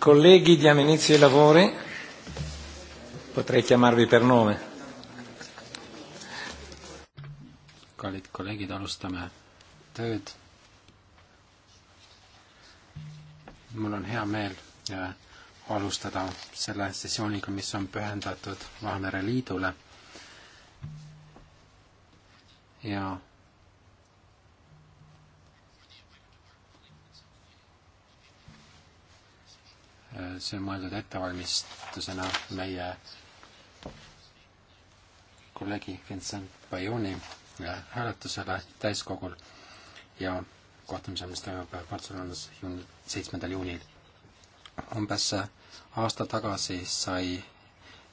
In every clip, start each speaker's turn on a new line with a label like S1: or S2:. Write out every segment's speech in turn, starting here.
S1: Colleghi, diamo inizio ai lavori. Potrei chiamarvi per nome. kallid kolleegid, alustame
S2: tööd. mul on hea meel äh, alustada selle sessiooniga, mis on pühendatud Vahemere Liidule ja Äh, see on mõeldud ettevalmistusena meie kolleegi Vincent Bajoni äh, hääletusele täiskogul ja kohtumisel, mis toimub Barcelonas seitsmendal juunil. umbes aasta tagasi sai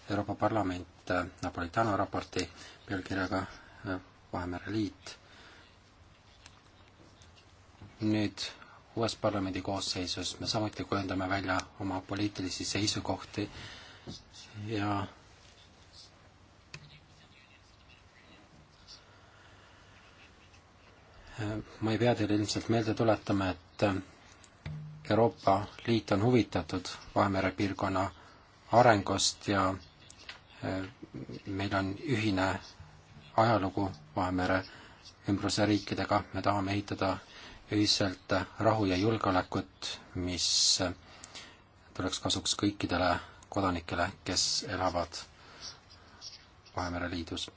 S2: Euroopa Parlament äh, Napolitano raporti pealkirjaga Vahemere liit. nüüd uues parlamendi koosseisus me samuti kujundame välja oma poliitilisi seisukohti ja ma ei pea teile ilmselt meelde tuletama, et Euroopa Liit on huvitatud Vahemere piirkonna arengust ja eh, meil on ühine ajalugu Vahemere ümbruse riikidega, me tahame ehitada ühiselt rahu ja julgeolekut, mis tuleks kasuks kõikidele kodanikele, kes elavad Vahemere Liidus.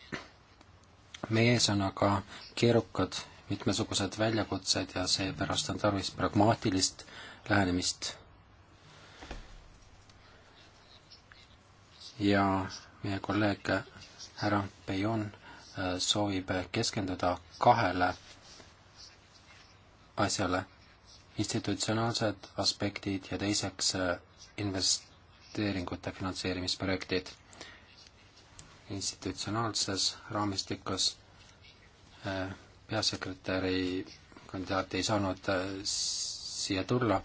S2: meie ees on aga keerukad mitmesugused väljakutsed ja seepärast on tarvis pragmaatilist lähenemist. ja meie kolleeg härra Pejon soovib keskenduda kahele asjale, institutsionaalsed aspektid ja teiseks äh, investeeringute finantseerimisprojektid. institutsionaalses raamistikus äh, peasekretäri kandidaat ei saanud äh, siia tulla,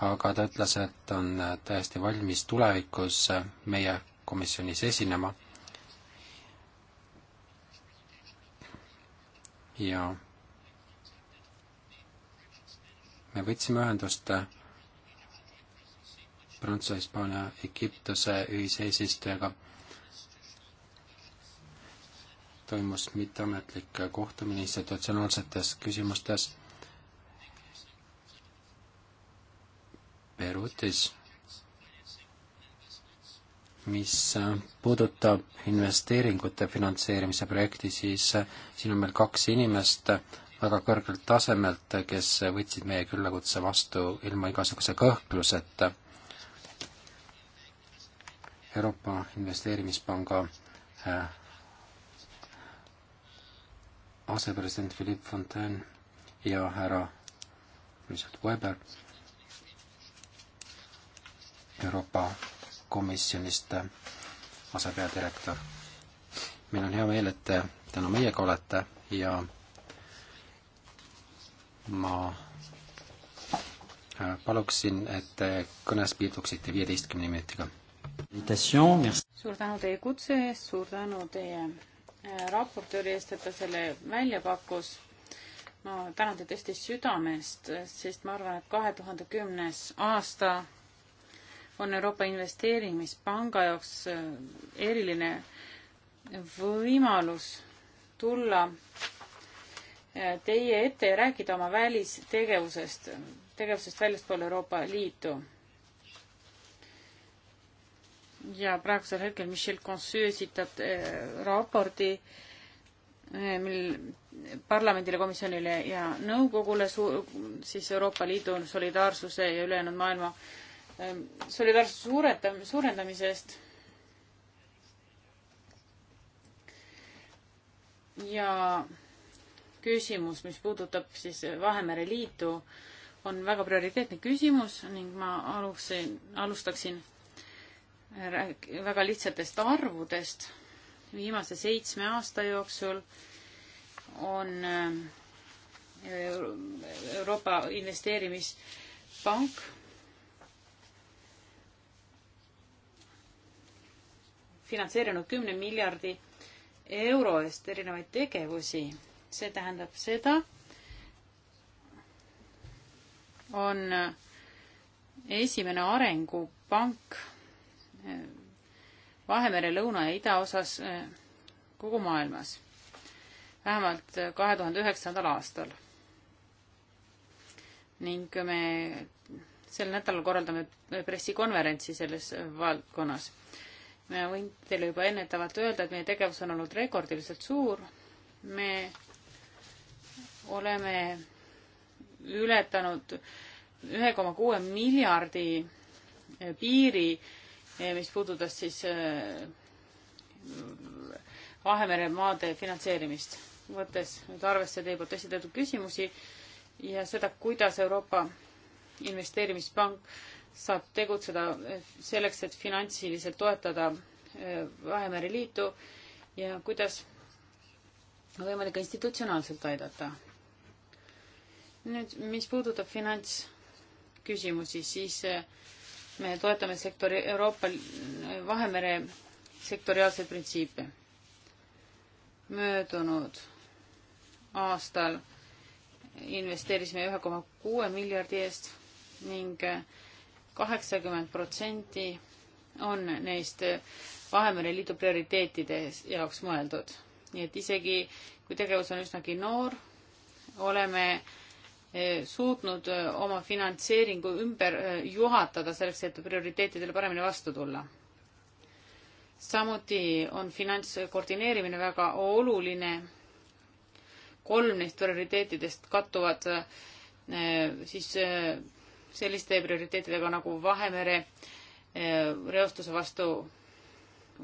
S2: aga ta ütles, et on täiesti valmis tulevikus meie komisjonis esinema ja me võtsime ühendust äh, Prantsuse, Hispaania, Egiptuse ühiseesistujaga toimus mitteametlik kohtumine institutsionaalsetes küsimustes Beirutis, mis äh, puudutab investeeringute finantseerimise projekti, siis äh, siin on meil kaks inimest, väga kõrgelt tasemelt, kes võtsid meie küllakutse vastu ilma igasuguse kõhkluseta. Euroopa Investeerimispanga äh, asepresident Philippe Fontaine ja härra Richard Weber Euroopa Komisjonist äh, asepeadirektor. meil on hea meel, et te täna meiega olete ja ma äh, paluksin, et te kõnes piirduksite viieteistkümne minutiga.
S3: suur tänu teie kutse eest, suur tänu teie äh, raportööri eest, et ta selle välja pakkus. ma tänan teid tõesti südamest, sest ma arvan, et kahe tuhande kümnes aasta on Euroopa Investeerimispanga jaoks äh, eriline võimalus tulla teie ette ja rääkida oma välistegevusest, tegevusest väljaspool Euroopa Liitu. ja praegusel hetkel Michel Consu esitab eh, raporti, eh, mil parlamendile, komisjonile ja nõukogule su-, siis Euroopa Liidu solidaarsuse ja ülejäänud maailma eh, solidaarsuse suurendam-, suurendamisest ja küsimus, mis puudutab siis Vahemere Liitu, on väga prioriteetne küsimus ning ma alusin, alustaksin väga lihtsatest arvudest. viimase seitsme aasta jooksul on äh, Euroopa Investeerimispank finantseerinud kümne miljardi euro eest erinevaid tegevusi see tähendab seda, on esimene arengupank eh, Vahemere lõuna ja idaosas eh, kogu maailmas, vähemalt eh, kahe tuhande üheksandal aastal. ning me sel nädalal korraldame pressikonverentsi selles valdkonnas. ma võin teile juba ennetavalt öelda, et meie tegevus on olnud rekordiliselt suur. me oleme ületanud ühe koma kuue miljardi piiri, mis puudutas siis äh, Vahemere maade finantseerimist, võttes nüüd arvesse teie poolt esitatud küsimusi ja seda, kuidas Euroopa Investeerimispank saab tegutseda äh, selleks, et finantsiliselt toetada äh, Vahemere Liitu ja kuidas on võimalik institutsionaalselt aidata nüüd, mis puudutab finantsküsimusi, siis äh, me toetame sektori, Euroopa äh, Vahemere sektoriaalseid printsiipe. möödunud aastal investeerisime ühe koma kuue miljardi eest ning äh, kaheksakümmend protsenti on neist Vahemere Liidu prioriteetide jaoks mõeldud. nii et isegi kui tegevus on üsnagi noor, oleme äh, Eh, suutnud eh, oma finantseeringu ümber eh, juhatada selleks, et prioriteetidele paremini vastu tulla. samuti on finantskoordineerimine väga oluline. kolm neist prioriteetidest kattuvad siis selliste prioriteetidega nagu Vahemere reostuse vastu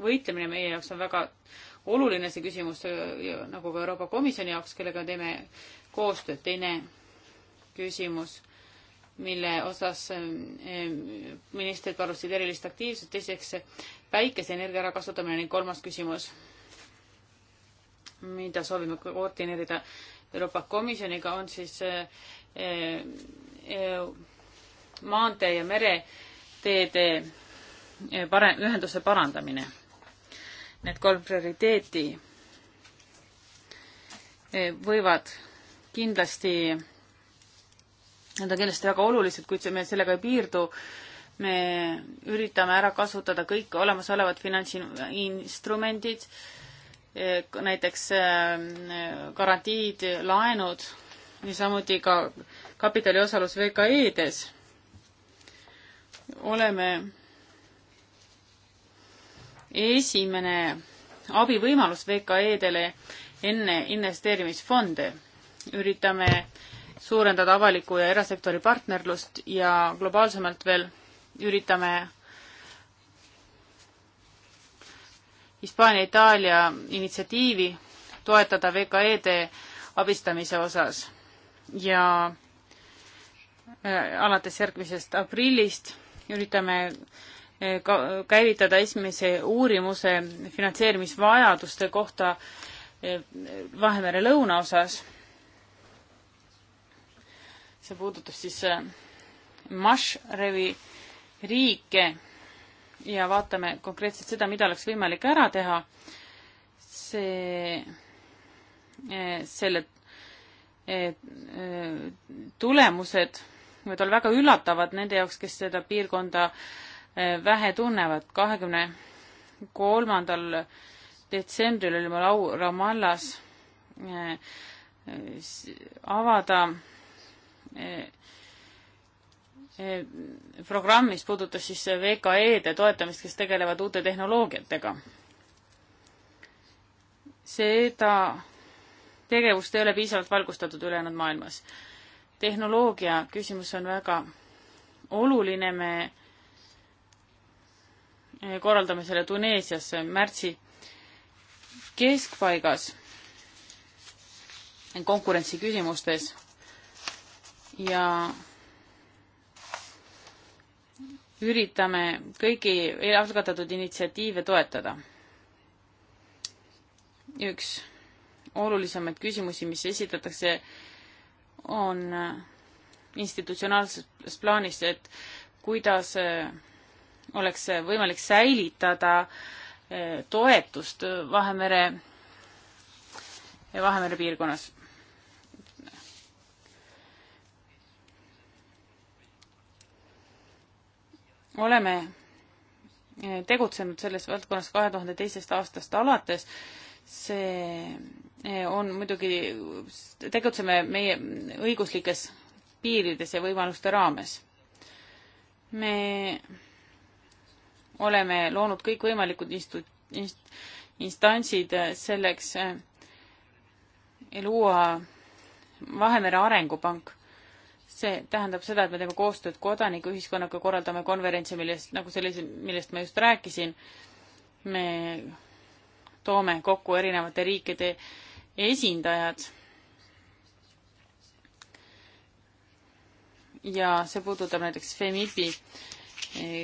S3: võitlemine meie jaoks on väga oluline see küsimus nagu ka Euroopa Komisjoni jaoks, kellega teeme koostööd. teine küsimus, mille osas ehm, ministrid palusid erilist aktiivsust, teiseks päikeseenergia ärakasutamine ning kolmas küsimus, mida soovime koordineerida Euroopa Komisjoniga, on siis eh, eh, maantee ja mereteede eh, pare-, ühenduse parandamine. Need kolm prioriteeti võivad kindlasti Need on kindlasti väga olulised, kuid see, me sellega ei piirdu. me üritame ära kasutada kõik olemasolevad finantsinstrumendid, eh, näiteks eh, garantiid, laenud, niisamuti ka kapitaliosalus VKE-des. oleme esimene abivõimalus VKE-dele enne investeerimisfonde. üritame äh, suurendada avaliku ja erasektori partnerlust ja globaalsemalt veel üritame Hispaania, Itaalia initsiatiivi toetada VKE-de abistamise osas ja äh, alates järgmisest aprillist üritame äh, käivitada esimese uurimuse finantseerimisvajaduste kohta äh, Vahemere lõunaosas see puudutab siis äh, Mašrevi riike ja vaatame konkreetselt seda, mida oleks võimalik ära teha. see, äh, selle äh, tulemused võivad olla väga üllatavad nende jaoks, kes seda piirkonda vähe tunnevad. kahekümne kolmandal detsembril oli mul au Ramallas avada programm, mis puudutas siis VKE-de toetamist, kes tegelevad uute tehnoloogiatega. seda tegevust ei ole piisavalt valgustatud ülejäänud maailmas. tehnoloogia küsimus on väga oluline, me korraldame selle Tuneesias märtsi keskpaigas konkurentsi küsimustes ja üritame kõiki algatatud initsiatiive toetada. üks olulisemaid küsimusi, mis esitatakse, on institutsionaalses plaanis, et kuidas eh, oleks võimalik säilitada eh, toetust Vahemere, Vahemere piirkonnas oleme eh, tegutsenud selles valdkonnas kahe tuhande teisest aastast alates. see eh, on muidugi, tegutseme meie õiguslikes piirides ja võimaluste raames. me oleme loonud kõikvõimalikud instu-, inst-, instantsid eh, selleks luua Vahemere Arengupank, see tähendab seda, et me teeme koostööd kodanikuühiskonnaga, korraldame konverentsi, millest, nagu sellise, millest ma just rääkisin. me toome kokku erinevate riikide esindajad. ja see puudutab näiteks FEMIP-i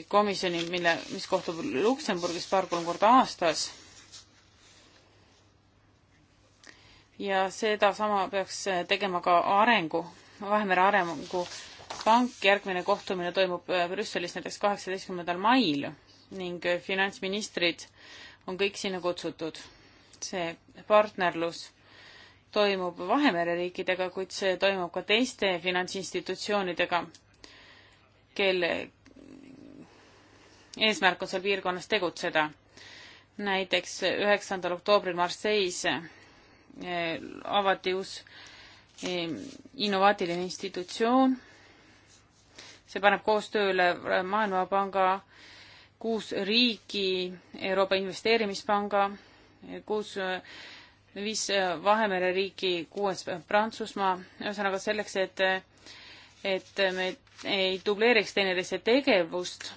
S3: komisjoni, mille, mis kohtub Luksemburgis paar-kolm korda aastas ja sedasama peaks tegema ka arengu Vahemere Arengupank, järgmine kohtumine toimub äh, Brüsselis näiteks kaheksateistkümnendal mail ning äh, finantsministrid on kõik sinna kutsutud. see partnerlus toimub Vahemere riikidega, kuid see toimub ka teiste finantsinstitutsioonidega, kelle eesmärk on seal piirkonnas tegutseda. näiteks üheksandal oktoobril Marseilles äh, avati uus Ehm, innovaatiline institutsioon. see paneb koostööle Maailmapanga kuus riiki, Euroopa Investeerimispanga, kuus, viis Vahemere riiki, kuues Prantsusmaa, ühesõnaga selleks, et et me ei dubleeriks teineteise tegevust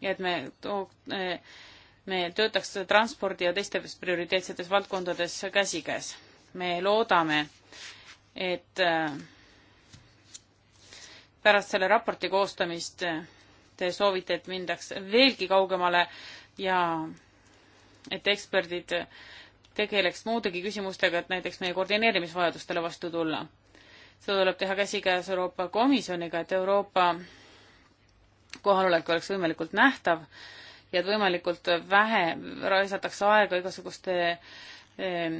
S3: ja et me too-, me töötaks transpordi ja teistes prioriteetsetes valdkondades käsikäes. me loodame äh, et äh, pärast selle raporti koostamist äh, te soovite, et mindaks veelgi kaugemale ja et eksperdid äh, tegeleks muudegi küsimustega, et näiteks meie koordineerimisvajadustele vastu tulla. seda tuleb teha käsikäes Euroopa Komisjoniga, et Euroopa kohalolek oleks võimalikult nähtav ja et võimalikult vähe raisatakse aega igasuguste ähm,,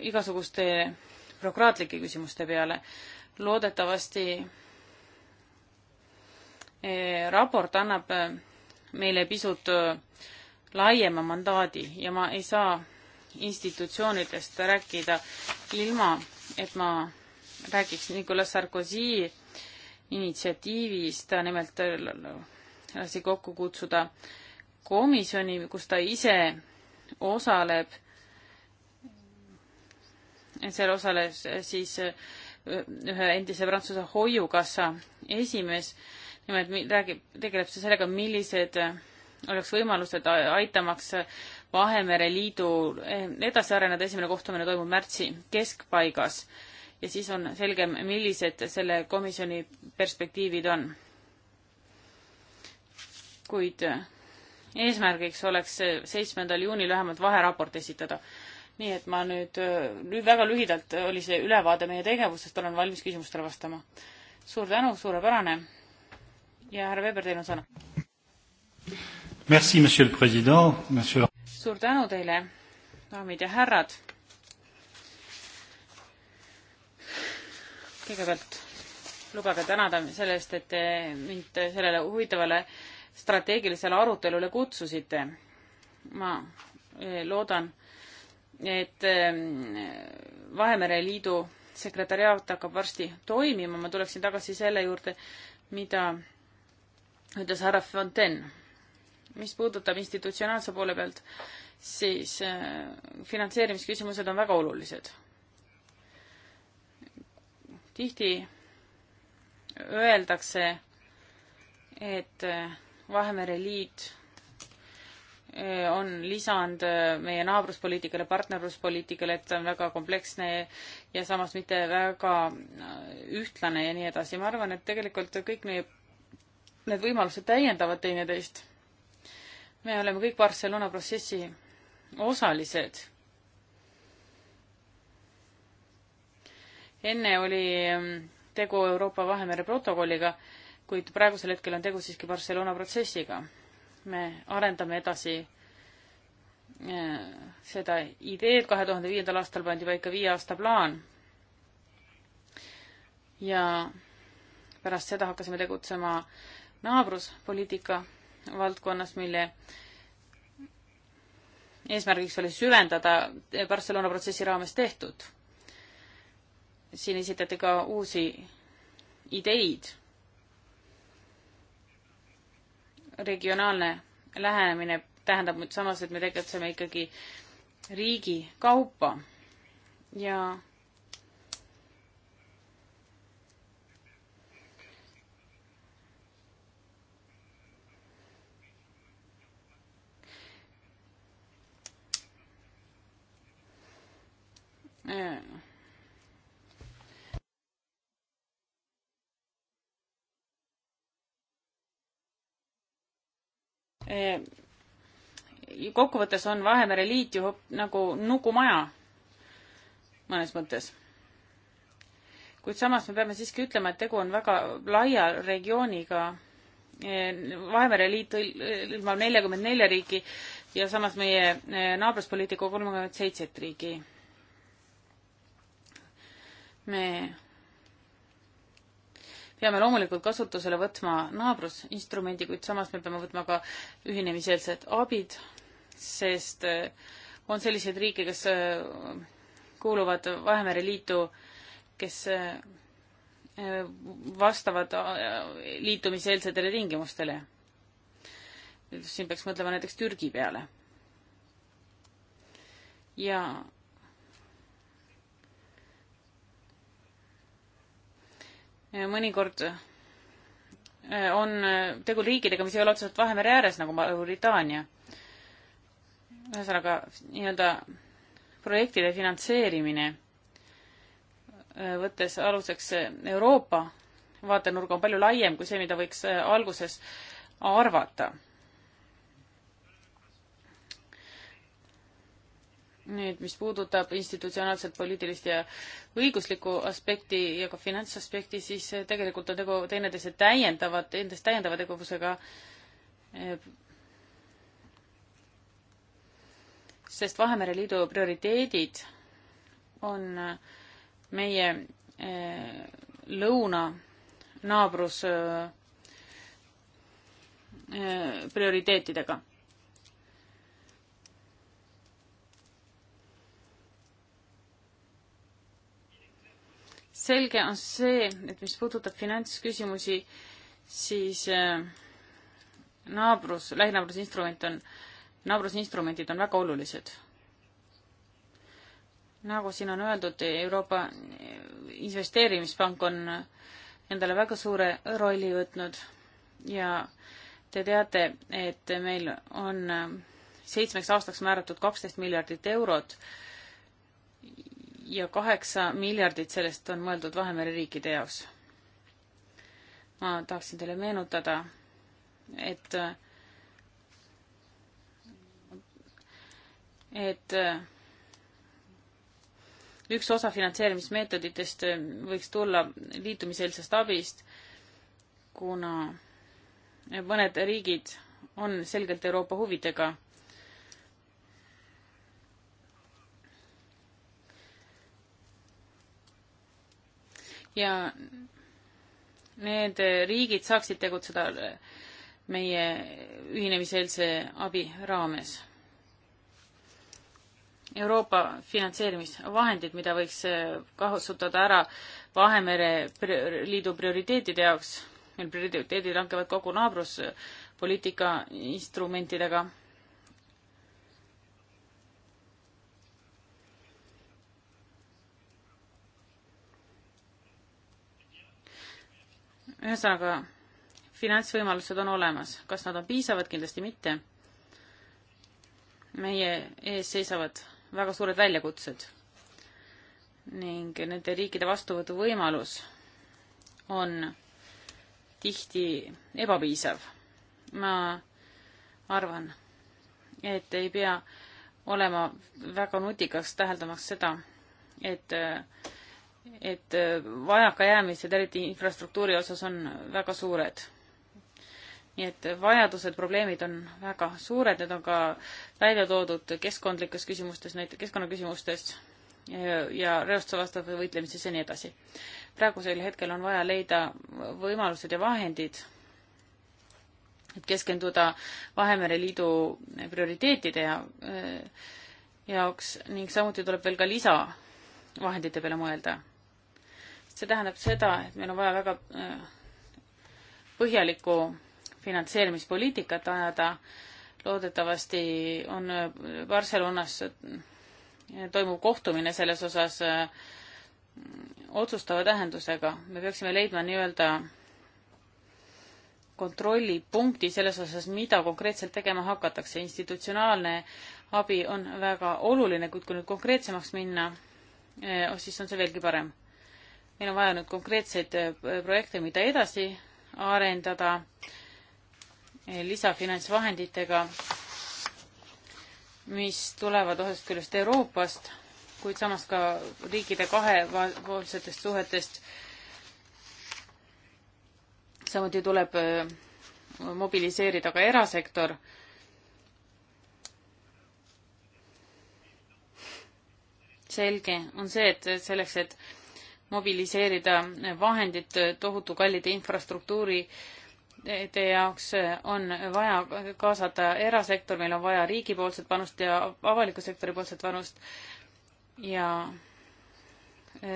S3: igasuguste bürokraatlike küsimuste peale. loodetavasti eh, raport annab eh, meile pisut eh, laiema mandaadi ja ma ei saa institutsioonidest rääkida ilma, et ma räägiks Nicolas Sarkozy initsiatiivist, ta nimelt lasi kokku kutsuda komisjoni, kus ta ise osaleb seal osales eh, siis eh, ühe endise Prantsuse hoiukassa esimees, nimelt räägib, tegeleb see sellega, millised eh, oleks võimalused aitamaks Vahemere Liidu edasi areneda, esimene kohtumine toimub märtsi keskpaigas ja siis on selgem, millised selle komisjoni perspektiivid on. kuid eesmärgiks oleks seitsmendal juunil vähemalt vaheraport esitada nii et ma äh, nüüd väga lühidalt oli see ülevaade meie tegevusest, olen valmis küsimustele vastama. suur tänu, suurepärane. ja härra Weber, teil on sõna.
S1: Merci, monsieur le president, monsieur.
S3: suur tänu teile, daamid ja härrad. kõigepealt lubage tänada selle eest, et te mind sellele huvitavale strateegilisele arutelule kutsusite. ma eh, loodan et ehm, Vahemere Liidu sekretäriaat hakkab varsti toimima, ma tuleksin tagasi selle juurde, mida ütles härra Fontaine. mis puudutab institutsionaalse poole pealt, siis ehm, finantseerimisküsimused on väga olulised. tihti öeldakse, et ehm, Vahemere Liit Eh, on lisand eh, meie naabruspoliitikale, partnerluspoliitikale, et see on väga kompleksne ja samas mitte väga eh, ühtlane ja nii edasi. ma arvan, et tegelikult kõik meie, need võimalused täiendavad teineteist. me oleme kõik Barcelona protsessi osalised. enne oli mm, tegu Euroopa Vahemere protokolliga, kuid praegusel hetkel on tegu siiski Barcelona protsessiga me arendame edasi äh, seda ideed, kahe tuhande viiendal aastal pandi paika viie aasta plaan. ja pärast seda hakkasime tegutsema naabruspoliitika valdkonnas, mille eesmärgiks oli süvendada Barcelona protsessi raames tehtud. siin esitati ka uusi ideid regionaalne lähenemine tähendab samas, et me tegutseme ikkagi riigi kaupa ja Yeah äh, Ehm, kokkuvõttes on Vahemere liit ju nagu nukumaja mõnes mõttes. kuid samas me peame siiski ütlema, et tegu on väga laia regiooniga. Ehm, Vahemere liit hõlmab neljakümmend nelja riiki ja samas meie ehm, naabruspoliitika kolmkümmend seitset riigi. me peame loomulikult kasutusele võtma naabrusinstrumendi, kuid samas me peame võtma ka ühinemiseelsed abid, sest äh, on selliseid riike, kes äh, kuuluvad Vahemere Liitu, kes äh, vastavad liitumiseelsetele tingimustele. siin peaks mõtlema näiteks Türgi peale. ja mõnikord äh, on äh, tegu riikidega, mis ei ole otseselt Vahemere ääres, nagu Mauritaania. ühesõnaga, nii-öelda projektide finantseerimine, äh, võttes aluseks Euroopa vaatenurga, on palju laiem kui see, mida võiks alguses arvata nüüd, mis puudutab institutsionaalset, poliitilist ja õiguslikku aspekti ja ka finantsaspekti, siis eh, tegelikult on tegu teineteise täiendavad, endast täiendava tegevusega. Eh, sest Vahemere Liidu prioriteedid on eh, meie lõunanaabrus prioriteetidega selge on see, et mis puudutab finantsküsimusi, siis äh, naabrus, lähinaabrusinstrument on, naabrusinstrumendid on väga olulised. nagu siin on öeldud, Euroopa Investeerimispank on endale väga suure rolli võtnud ja te teate, et meil on äh, seitsmeks aastaks määratud kaksteist miljardit eurot äh, ja kaheksa miljardit sellest on mõeldud Vahemere riikide jaoks. ma tahaksin teile meenutada, et et üks osa finantseerimismeetoditest võiks tulla liitumiseelsest abist, kuna mõned riigid on selgelt Euroopa huvidega ja need riigid saaksid tegutseda meie ühinemiseelse abi raames. Euroopa finantseerimisvahendid, mida võiks kasutada ära Vahemere Liidu prioriteetide jaoks, meil prioriteedid langevad kokku naabruspoliitika instrumentidega ühesõnaga, finantsvõimalused on olemas, kas nad on piisavad, kindlasti mitte. meie ees seisavad väga suured väljakutsed ning nende riikide vastuvõtuvõimalus on tihti ebapiisav. ma arvan, et ei pea olema väga nutikas täheldamaks seda, et äh, et äh, vajakajäämised, eriti infrastruktuuri osas, on väga suured. nii et vajadused, probleemid on väga suured, need on ka välja toodud keskkondlikes küsimustes, näiteks keskkonnaküsimustes ja reostuse vastase võitlemises ja nii edasi. praegusel hetkel on vaja leida võimalused ja vahendid, et keskenduda Vahemere Liidu prioriteetide ja, äh, jaoks ning samuti tuleb veel ka lisavahendite peale mõelda see tähendab seda, et meil on vaja väga äh, põhjalikku finantseerimispoliitikat ajada. loodetavasti on äh, Barcelonas äh, toimuv kohtumine selles osas otsustava tähendusega. me peaksime leidma nii-öelda kontrollipunkti selles osas, mida konkreetselt tegema hakatakse. institutsionaalne abi on väga oluline, kuid kui nüüd konkreetsemaks minna, siis on see veelgi parem meil on vaja nüüd konkreetseid äh, projekte, mida edasi arendada eh, lisafinantsvahenditega, mis tulevad ühest küljest Euroopast, kuid samas ka riikide kahepoolsetest suhetest. samuti tuleb äh, mobiliseerida ka erasektor selge on see, et selleks, et mobiliseerida vahendid tohutu kallide infrastruktuuri teie jaoks on vaja kaasata erasektor, meil on vaja riigipoolset panust ja avaliku sektori poolset panust ja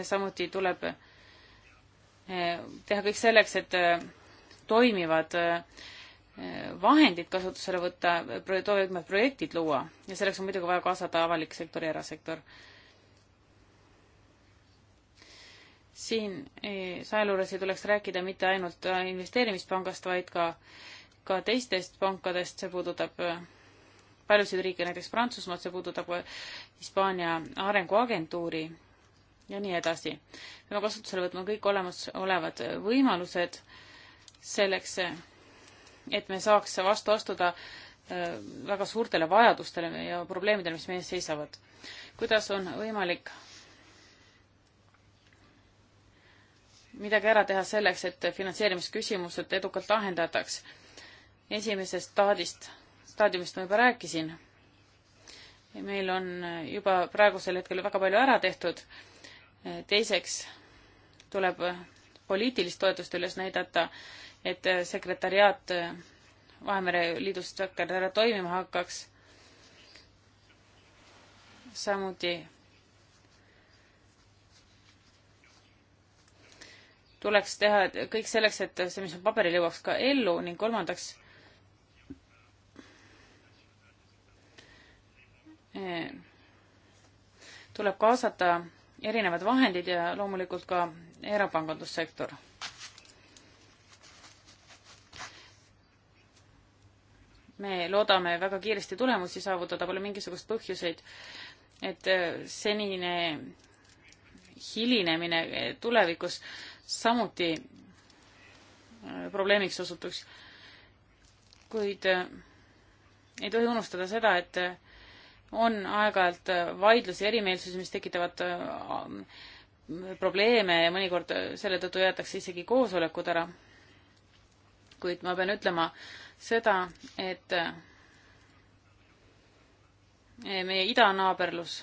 S3: samuti tuleb eh, teha kõik selleks, et eh, toimivad eh, vahendid kasutusele võtta, toimivad projektid luua ja selleks on muidugi vaja kaasata avalik sektor ja erasektor siin eh, sõeluures ei tuleks rääkida mitte ainult äh, investeerimispangast, vaid ka, ka teistest pankadest, see puudutab äh, paljusid riike, näiteks Prantsusmaad, see puudutab äh, Hispaania arenguagentuuri ja nii edasi. peame kasutusele võtma kõik olemasolevad võimalused selleks, et me saaks vastu astuda väga suurtele vajadustele ja probleemidele, mis meie ees seisavad. kuidas on võimalik midagi ära teha selleks, et finantseerimisküsimused edukalt lahendataks. esimesest staadist, staadiumist ma juba rääkisin. meil on juba praegusel hetkel väga palju ära tehtud. teiseks tuleb poliitilist toetust üles näidata, et sekretariaat Vahemere Liidust sekretär toimima hakkaks. samuti tuleks teha kõik selleks, et see, mis on paberil, jõuaks ka ellu ning kolmandaks eh, tuleb kaasata erinevad vahendid ja loomulikult ka erapangandussektor. me loodame väga kiiresti tulemusi saavutada, pole mingisugust põhjuseid, et eh, senine hilinemine eh, tulevikus samuti äh, probleemiks osutuks. kuid äh, ei tohi unustada seda, et äh, on aeg-ajalt vaidlusi, erimeelsusi, mis tekitavad probleeme ja mõnikord selle tõttu jäetakse isegi koosolekud ära. kuid ma pean ütlema seda, et meie idanaaberlus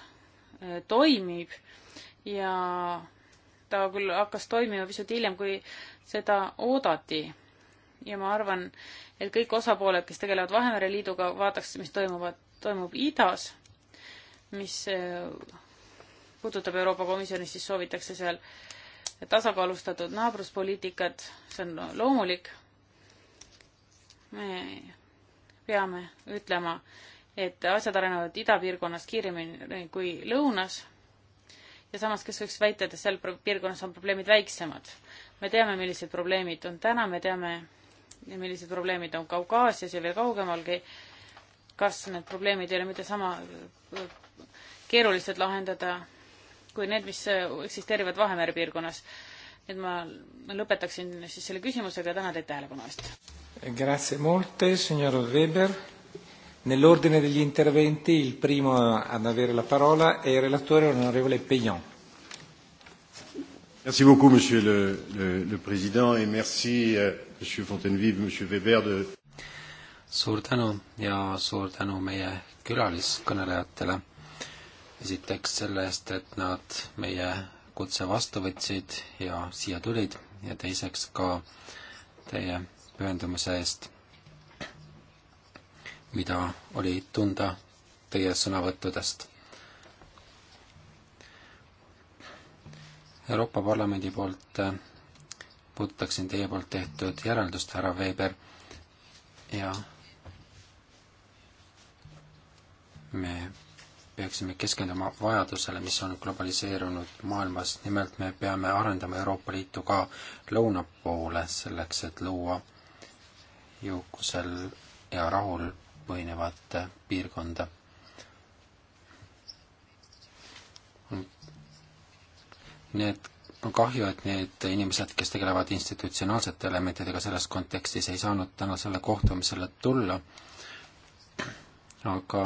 S3: toimib ja ta küll hakkas toimima pisut hiljem, kui seda oodati. ja ma arvan, et kõik osapooled, kes tegelevad Vahemere Liiduga, vaataks, mis toimuvad, toimub idas, mis äh, puudutab Euroopa Komisjoni, siis soovitakse seal tasakaalustatud naabruspoliitikat, see on loomulik. me peame ütlema, et asjad arenevad idapiirkonnas kiiremini kui lõunas ja samas, kes võiks väita, et seal piirkonnas on probleemid väiksemad. me teame, millised probleemid on täna, me teame, millised probleemid on Kaukaasias ja veel kaugemalgi. kas need probleemid ei ole mitte sama äh, keerulised lahendada kui need, mis äh, eksisteerivad Vahemere piirkonnas? et ma lõpetaksin siis selle küsimusega ja tänan teid tähelepanu eest.
S1: Grazie molte, signor Weber Nell'ordine degli interventi il primo ad avere la parola è il relatore onorevole Payan.
S4: Merci beaucoup, Monsieur le, le, le Président, et merci euh, Monsieur Fontainevive, Monsieur
S2: Weber de. suur tänu ja suur tänu meie külaliskõnelejatele. esiteks selle eest, et nad meie kutse vastu võtsid ja siia tulid ja teiseks ka teie pühendumise eest mida oli tunda teie sõnavõttudest. Euroopa Parlamendi poolt äh, puudutaksin teie poolt tehtud järeldust, härra Weber, ja me peaksime keskenduma vajadusele, mis on globaliseerunud maailmas, nimelt me peame arendama Euroopa Liitu ka lõuna poole, selleks et luua jõukusel ja rahul põhinevat äh, piirkonda. nii et on kahju, et need inimesed, kes tegelevad institutsionaalsete elementidega selles kontekstis, ei saanud täna selle kohtumisele tulla, aga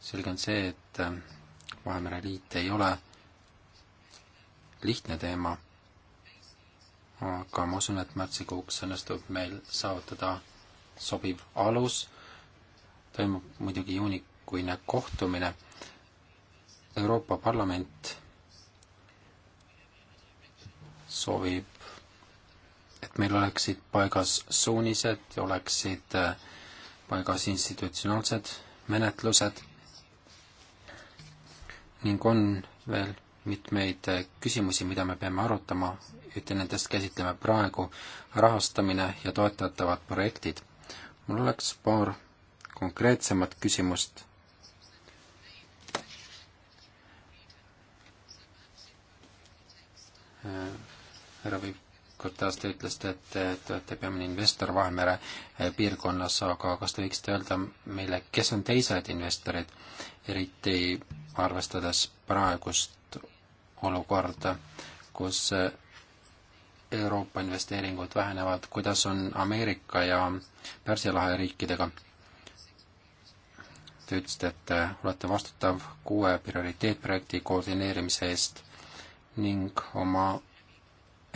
S2: selge on see, et äh, Vahemere liit ei ole lihtne teema, aga ma usun, et märtsikuuks õnnestub meil saavutada sobiv alus, toimub muidugi juunikuine kohtumine. Euroopa Parlament soovib, et meil oleksid paigas suunised ja oleksid äh, paigas institutsionaalsed menetlused ning on veel mitmeid äh, küsimusi, mida me peame arutama, ühte nendest käsitleme praegu, rahastamine ja toetatavad projektid mul oleks paar konkreetsemat küsimust. härra Viikortas, te ütlesite, et te olete peamine investor Vahemere piirkonnas, aga kas te võiksite öelda meile, kes on teised investorid, eriti arvestades praegust olukorda, kus Euroopa investeeringud vähenevad, kuidas on Ameerika ja Pärsia lahe riikidega? Te ütlesite, et olete vastutav kuue prioriteetprojekti koordineerimise eest ning oma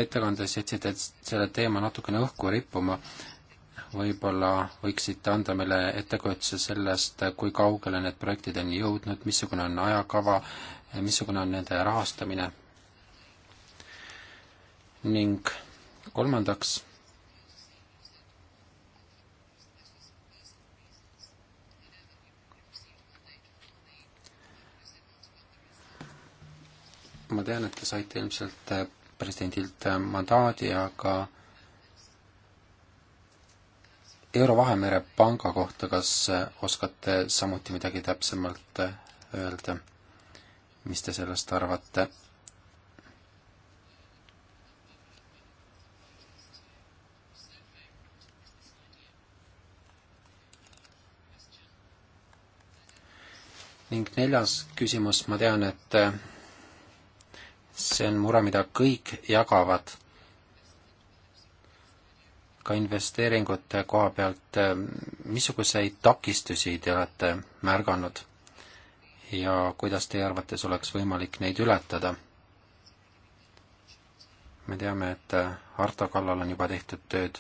S2: ettekandes jätsite selle teema natukene õhku rippuma. võib-olla võiksite anda meile ettekujutuse sellest, kui kaugele need projektid on jõudnud, missugune on ajakava, missugune on nende rahastamine ning kolmandaks ma tean, et te saite ilmselt äh, presidendilt äh, mandaadi, aga Euro-Vahemere panga kohta, kas äh, oskate samuti midagi täpsemalt öelda? mis te sellest arvate? ning neljas küsimus, ma tean, et äh, see on mure, mida kõik jagavad, ka investeeringute koha pealt, äh, missuguseid takistusi te olete märganud ja kuidas teie arvates oleks võimalik neid ületada? me teame, et äh, harta kallal on juba tehtud tööd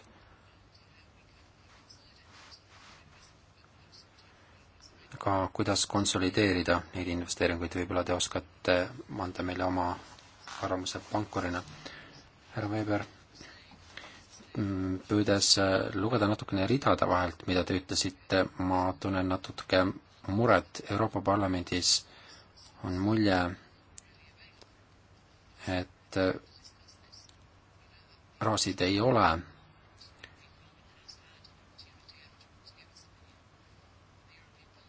S2: ka kuidas konsolideerida neid investeeringuid, võib-olla te oskate anda meile oma arvamuse pankurina. härra Weber, mm, püüdes äh, lugeda natukene ridade vahelt, mida te ütlesite, ma tunnen natuke muret, Euroopa Parlamendis on mulje, et äh, rahasid ei ole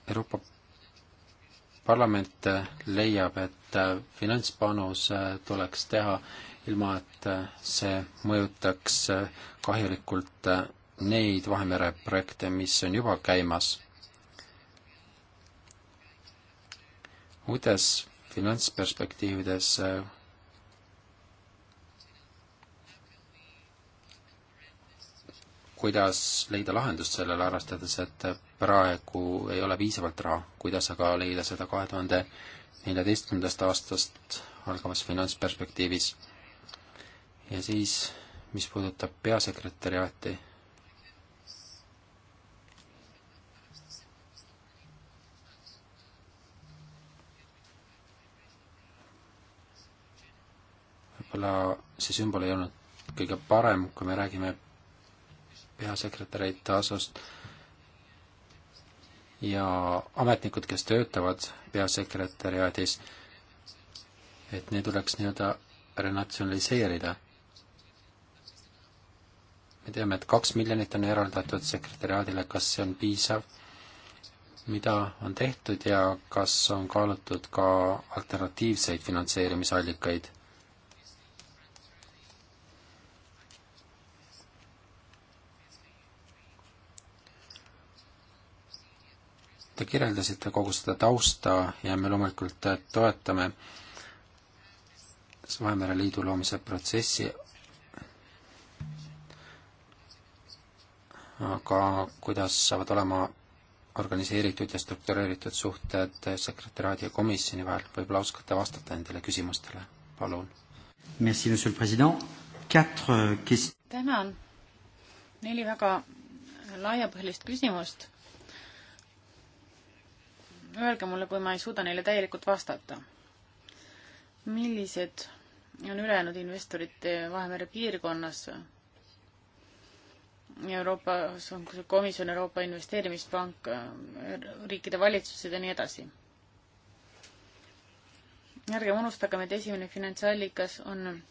S2: Euroopa Parlament leiab, et finantspanus tuleks teha ilma, et see mõjutaks kahjulikult neid Vahemere projekte, mis on juba käimas. uutes finantsperspektiivides kuidas leida lahendust sellele, arvestades, et praegu ei ole piisavalt raha, kuidas aga leida seda kahe tuhande neljateistkümnendast aastast algavas finantsperspektiivis. ja siis, mis puudutab peasekretäriaati, võib-olla see sümbol ei olnud kõige parem, kui me räägime peasekretäreid TASO-st ja ametnikud, kes töötavad peasekretäriaadis, et need tuleks nii-öelda renatsionaliseerida. me teame, et kaks miljonit on eraldatud sekretäriaadile, kas see on piisav, mida on tehtud ja kas on kaalutud ka alternatiivseid finantseerimisallikaid? Te kirjeldasite kogu seda tausta ja me loomulikult toetame Vahemere Liidu loomise protsessi, aga kuidas saavad olema organiseeritud ja struktureeritud suhted sekretäraadi ja komisjoni vahel, võib-olla oskate vastata nendele küsimustele, palun?
S3: tänan, neli väga laiapõhjalist küsimust öelge mulle, kui ma ei suuda neile täielikult vastata. millised on ülejäänud investorite Vahemere piirkonnas? Euroopas on komisjon, Euroopa Investeerimispank, riikide valitsused ja nii edasi. ärgem unustagem, et esimene finantsallikas on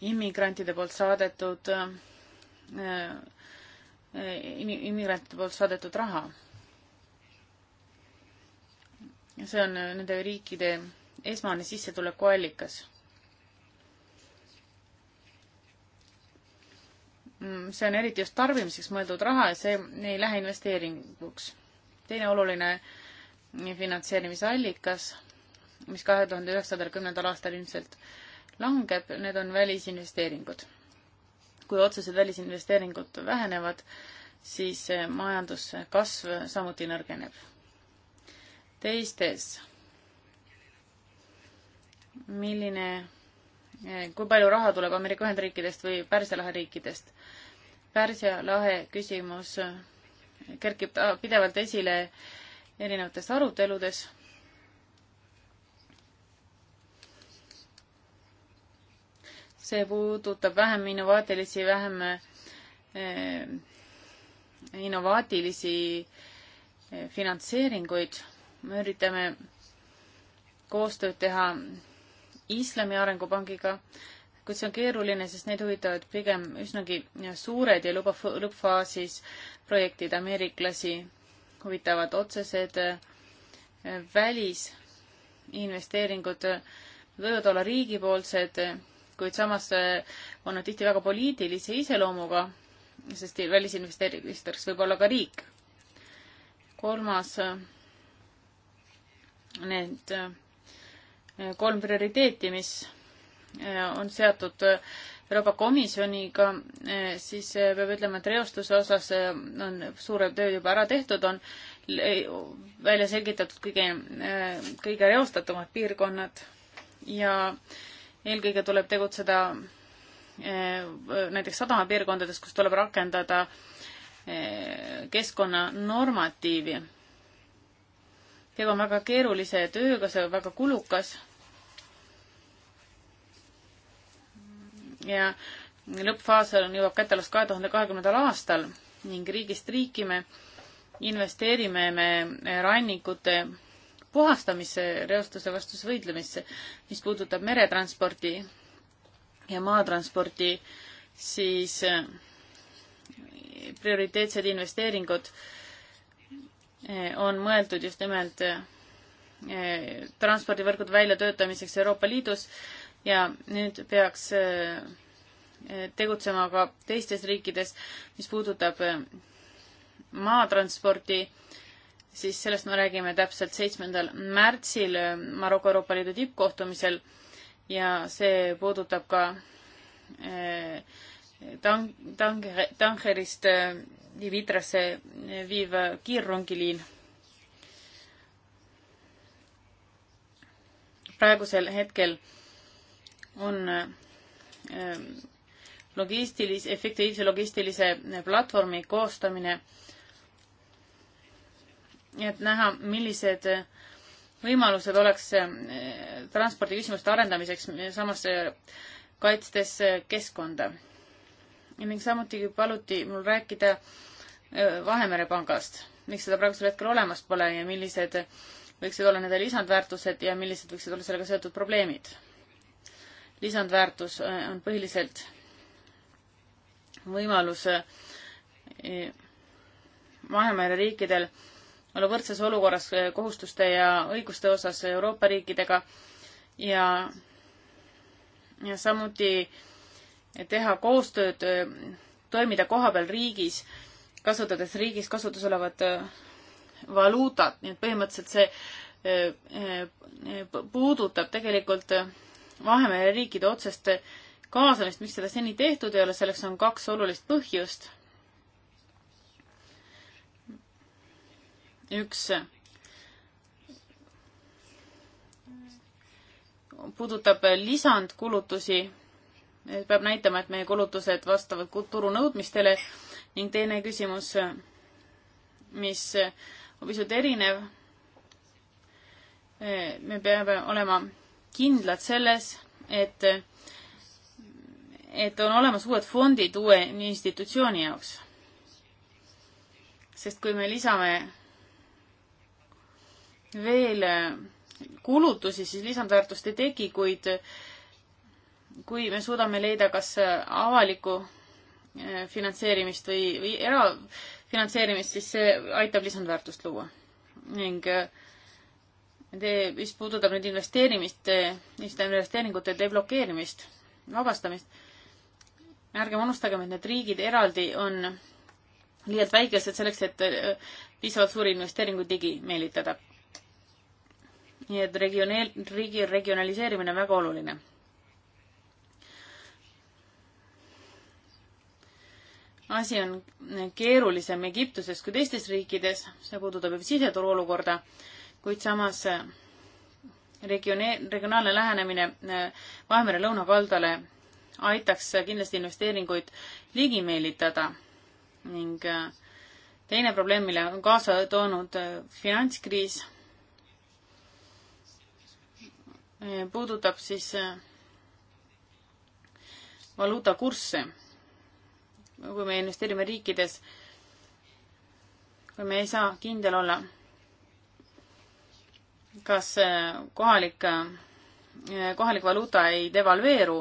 S3: immigrantide poolt saadetud äh, äh immigrantide poolt saadetud raha see on äh, nende riikide esmane sissetulekuallikas. Mm, see on eriti just tarbimiseks mõeldud raha ja see ei lähe investeeringuks. teine oluline finantseerimisallikas, mis kahe tuhande üheksandal, kümnendal aastal ilmselt langeb, need on välisinvesteeringud. kui otsesed välisinvesteeringud vähenevad, siis äh, majanduskasv samuti nõrgeneb teistes. milline, eh, kui palju raha tuleb Ameerika Ühendriikidest või Pärsia lahe riikidest? Pärsia lahe küsimus eh, kerkib pidevalt esile erinevates aruteludes. see puudutab vähem innovaatilisi, vähem eh, innovaatilisi eh, finantseeringuid me üritame koostööd teha Islami Arengupangiga, kuid see on keeruline, sest neid huvitavad pigem üsnagi suured ja luba lõppfaasis projektid. ameeriklasi huvitavad otsesed äh, välisinvesteeringud, äh, võivad olla riigipoolsed, kuid samas äh, on nad tihti väga poliitilise iseloomuga, sest välisinvesteeringuteks võib olla ka riik. kolmas need äh, kolm prioriteeti, mis äh, on seatud äh, Euroopa Komisjoniga, siis peab ütlema, et reostuse osas on suured tööd juba ära tehtud, on välja selgitatud kõige, kõige reostatumad piirkonnad ja eelkõige tuleb tegutseda näiteks sadamapiirkondades, kus tuleb rakendada keskkonnanormatiivi tegu on väga keerulise tööga, see on väga kulukas. ja lõppfaas on, jõuab kätte alles kahe tuhande kahekümnendal aastal ning riigist riiki me investeerime me rannikute puhastamisse, reostuse vastus võitlemisse, mis puudutab meretransporti ja maatransporti, siis prioriteetsed investeeringud äh, Eh, on mõeldud just nimelt eh, transpordivõrgude väljatöötamiseks Euroopa Liidus ja nüüd peaks eh, tegutsema ka teistes riikides, mis puudutab maatransporti, siis sellest me räägime täpselt seitsmendal märtsil Maroko Euroopa Liidu tippkohtumisel ja see puudutab ka Tangerist tang Vitrasse eh, viiv eh, kiirrongiliin. praegusel hetkel on eh, logistilis-, efektiivse logistilise platvormi koostamine, et näha, millised võimalused oleks transpordiküsimuste arendamiseks, samas kaitstes keskkonda ning samuti paluti mul rääkida Vahemere pangast, miks seda praegusel hetkel olemas pole ja millised võiksid olla nende lisandväärtused ja millised võiksid olla sellega seotud probleemid. lisandväärtus on põhiliselt võimalus Vahemere riikidel olla võrdses olukorras kohustuste ja õiguste osas Euroopa riikidega ja, ja samuti äh, teha koostööd, toimida kohapeal riigis, kasutades riigis kasutusel olevat valuutat, nii et põhimõtteliselt see puudutab tegelikult Vahemere riikide otsest kaasamist, miks seda seni tehtud ei ole, selleks on kaks olulist põhjust. üks puudutab lisandkulutusi peab näitama, et meie kulutused vastavad turu nõudmistele ning teine küsimus, mis on pisut erinev. me peame olema kindlad selles, et, et on olemas uued fondid uue institutsiooni jaoks. sest kui me lisame veel kulutusi, siis lisandväärtust ei teki, kuid kui me suudame leida kas äh, avalikku äh, finantseerimist või, või erafinantseerimist, siis see aitab lisandväärtust luua. ning te, äh, mis puudutab nüüd investeerimist, investeeringute deblokeerimist, vabastamist, ärgem unustagem, et need riigid eraldi on liialt väikesed selleks, et piisavalt suuri investeeringuid ligi meelitada. nii et regioneel-, riigi regionaliseerimine on väga oluline asi on keerulisem Egiptuses kui teistes riikides, see puudutab juba siseturu olukorda, kuid samas äh, regione-, regionaalne lähenemine äh, Vahemere lõunakaldale aitaks äh, kindlasti investeeringuid ligi meelitada ning teine probleem, mille on kaasa toonud finantskriis, puudutab siis valuutakursse kui me investeerime riikides, kui me ei saa kindel olla, kas eh, kohalik, eh, kohalik valuuta ei devalveeru,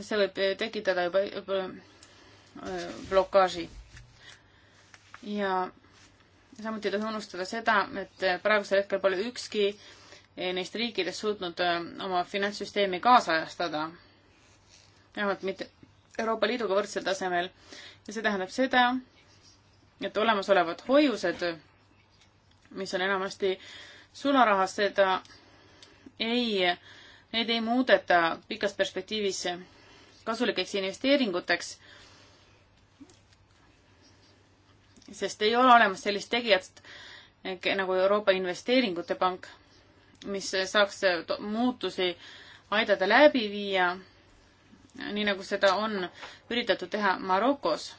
S3: see võib tekitada juba, juba eh, blokaaži. ja samuti ei tohi unustada seda, et praegusel hetkel pole ükski neist riikidest suutnud oma finantssüsteemi kaasajastada. vähemalt mitte Euroopa Liiduga võrdsel tasemel ja see tähendab seda, et olemasolevad hoiused, mis on enamasti sularahas, seda ei, neid ei muudeta pikas perspektiivis kasulikeks investeeringuteks, sest ei ole olemas sellist tegijat eh, nagu Euroopa Investeeringute Pank, mis saaks muutusi aidata läbi viia nii nagu seda on üritatud teha Marokos.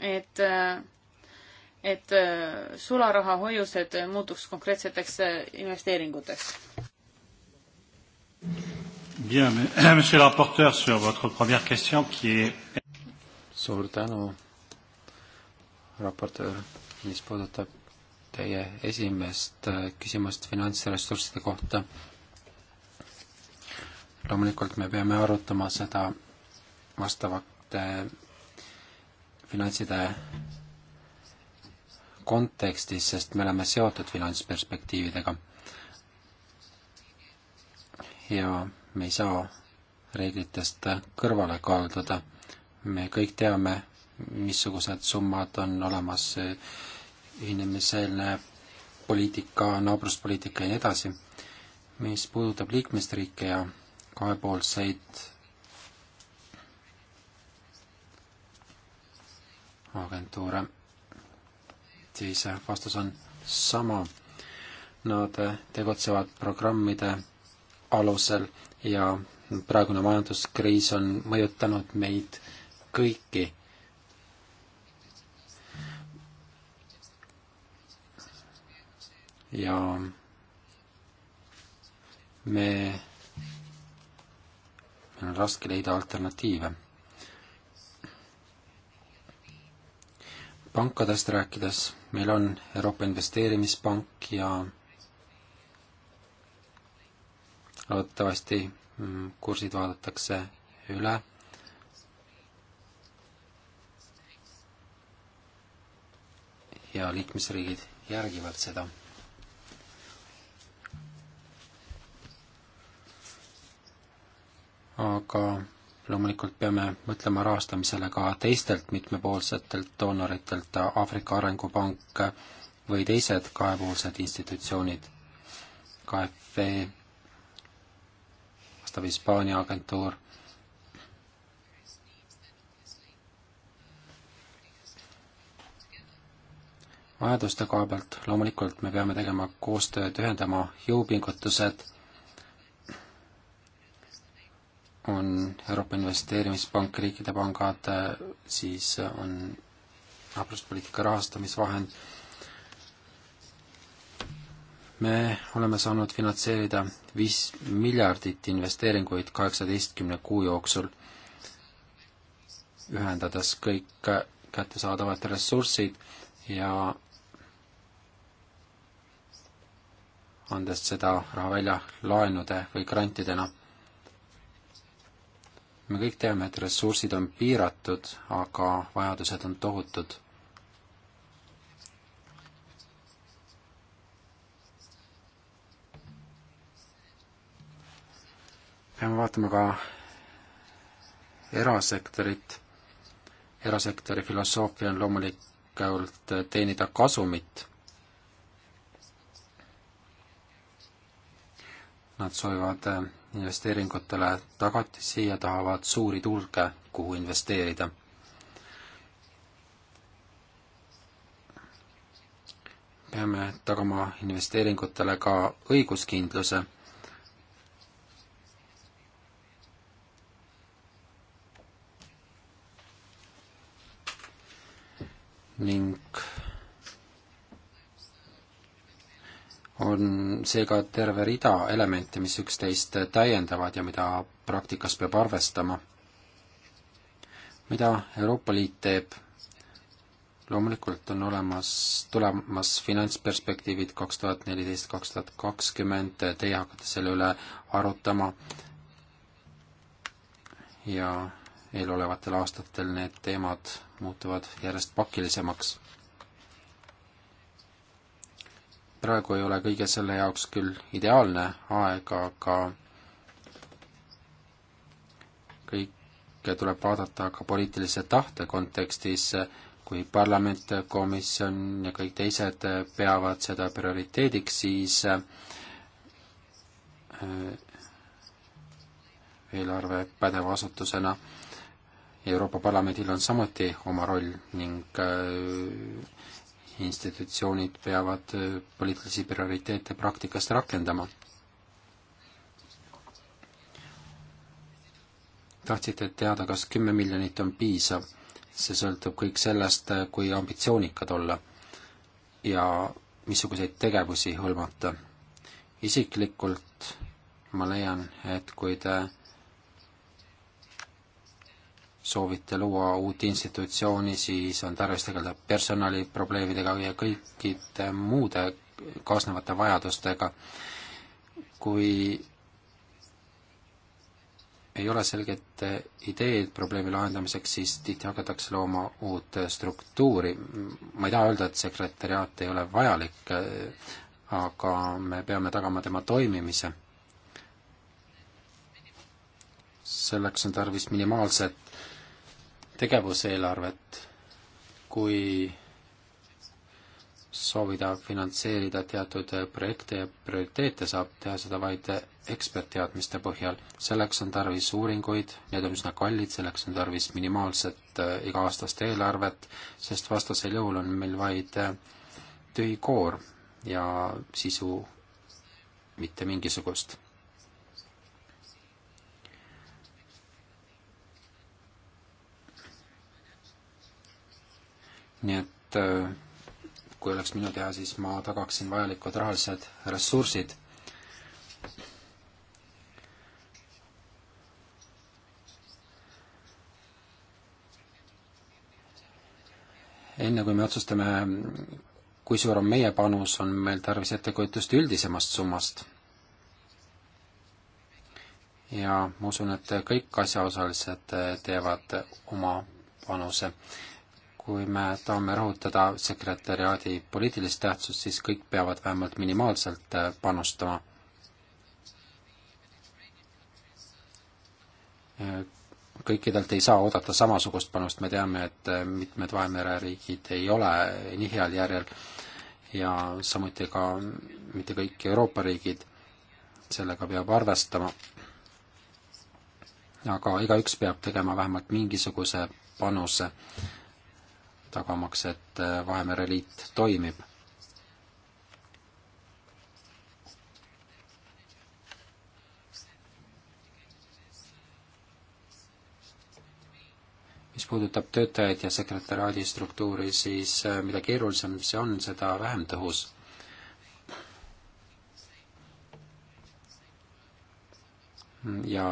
S3: et, et äh, sularahahoiused muutuks konkreetseteks äh, investeeringuteks.
S2: Bien, monsieur le rapporteur, sur votre première question qui est... suur tänu, raportöör, mis puudutab teie esimest äh, küsimust finantsressursside kohta loomulikult me peame arutama seda vastavate finantside kontekstis, sest me oleme seotud finantsperspektiividega. ja me ei saa reeglitest kõrvale kalduda. me kõik teame, missugused summad on olemas ühinemiseelne poliitika, naabruspoliitika ja nii edasi. mis puudutab liikmesriike ja kahepoolseid agentuure, siis vastus on sama. Nad tegutsevad programmide alusel ja praegune majanduskriis on mõjutanud meid kõiki. ja me on raske leida alternatiive. pankadest rääkides, meil on Euroopa Investeerimispank ja loodetavasti mm, kursid vaadatakse üle. ja liikmesriigid järgivad seda aga loomulikult peame mõtlema rahastamisele ka teistelt mitmepoolsetelt doonoritelt, Aafrika Arengupank või teised kahepoolsed institutsioonid, KFV, vastav Hispaania agentuur. vajaduste koha pealt loomulikult me peame tegema koostööd, ühendama jõupingutused on Euroopa Investeerimispank, riikide pangad, siis on naabruspoliitika rahastamisvahend. me oleme saanud finantseerida viis miljardit investeeringuid kaheksateistkümne kuu jooksul, ühendades kõik kättesaadavad ressursid ja andes seda raha välja laenude või grantidena me kõik teame, et ressursid on piiratud, aga vajadused on tohutud. peame vaatama ka erasektorit. erasektori filosoofia on loomulikult teenida kasumit. Nad soovivad investeeringutele tagatisi ja tahavad suuri turge, kuhu investeerida. peame tagama investeeringutele ka õiguskindluse. ning on seega terve rida elemente, mis üksteist täiendavad ja mida praktikas peab arvestama. mida Euroopa Liit teeb? loomulikult on olemas, tulemas finantsperspektiivid kaks tuhat neliteist, kaks tuhat kakskümmend, teie hakkate selle üle arutama ja eelolevatel aastatel need teemad muutuvad järjest pakilisemaks praegu ei ole kõige selle jaoks küll ideaalne aeg, aga kõike tuleb vaadata ka poliitilise tahte kontekstis, kui parlament, komisjon ja kõik teised peavad seda prioriteediks, siis äh, eelarve pädeva asutusena Euroopa Parlamendil on samuti oma roll ning äh, institutsioonid peavad äh, poliitilisi prioriteete praktikas rakendama. tahtsite teada, kas kümme miljonit on piisav? see sõltub kõik sellest, äh, kui ambitsioonikad olla ja missuguseid tegevusi hõlmata. isiklikult ma leian, et kui te soovite luua uut institutsiooni, siis on tarvis tegeleda personaliprobleemidega ja kõikide muude kaasnevate vajadustega. kui ei ole selget ideed probleemi lahendamiseks, siis tihti hakatakse looma uut struktuuri. ma ei taha öelda, et sekretäriaat ei ole vajalik, aga me peame tagama tema toimimise. selleks on tarvis minimaalset tegevuseelarvet, kui soovida finantseerida teatud projekte ja prioriteete, saab teha seda vaid ekspertteadmiste põhjal. selleks on tarvis uuringuid, need on üsna kallid, selleks on tarvis minimaalset äh, iga-aastast eelarvet, sest vastasel juhul on meil vaid äh, tühi koor ja sisu mitte mingisugust nii et äh, kui oleks minu teha, siis ma tagaksin vajalikud rahalised ressursid. enne kui me otsustame, kui suur on meie panus, on meil tarvis ettekujutust üldisemast summast. ja ma usun, et kõik asjaosalised äh, teevad oma panuse kui me tahame rõhutada sekretäriaadi poliitilist tähtsust, siis kõik peavad vähemalt minimaalselt äh, panustama. Äh, kõikidelt ei saa oodata samasugust panust, me teame, et äh, mitmed Vahemere riigid ei ole nii heal järjel ja samuti ka mitte kõik Euroopa riigid, sellega peab arvestama. aga igaüks peab tegema vähemalt mingisuguse panuse tagamaks, et äh, Vahemere liit toimib. mis puudutab töötajaid ja sekretäraadi struktuuri, siis äh, mida keerulisem see on, seda vähem tõhus ja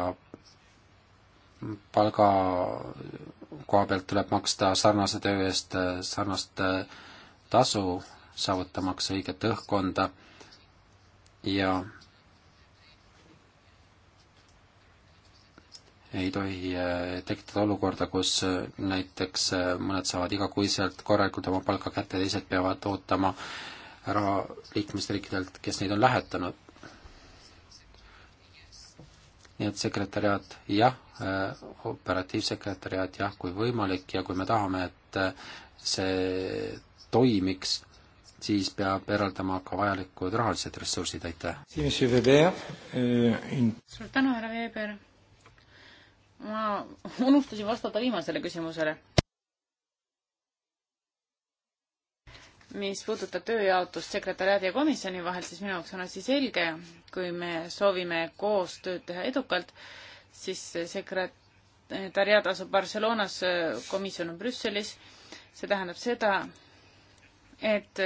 S2: palga koha pealt tuleb maksta sarnase töö eest äh, sarnast äh, tasu, saavutamaks õiget õhkkonda ja ei tohi äh, tekitada olukorda, kus näiteks mõned saavad igakuiselt korralikult oma palka kätte, teised peavad ootama raha liikmesriikidelt, kes neid on lähetanud nii et sekretäriaat jah, äh, operatiivsekretäriaat jah, kui võimalik ja kui me tahame, et äh, see toimiks, siis peab eraldama ka vajalikud rahalised ressursid, aitäh.
S1: Euh,
S3: suur tänu, härra Weber. ma unustasin vastata viimasele küsimusele mis puudutab tööjaotust sekretäriaadi ja komisjoni vahel, siis minu jaoks on asi selge. kui me soovime koostööd teha edukalt, siis sekretäriaad asub Barcelonas, komisjon on Brüsselis. see tähendab seda, et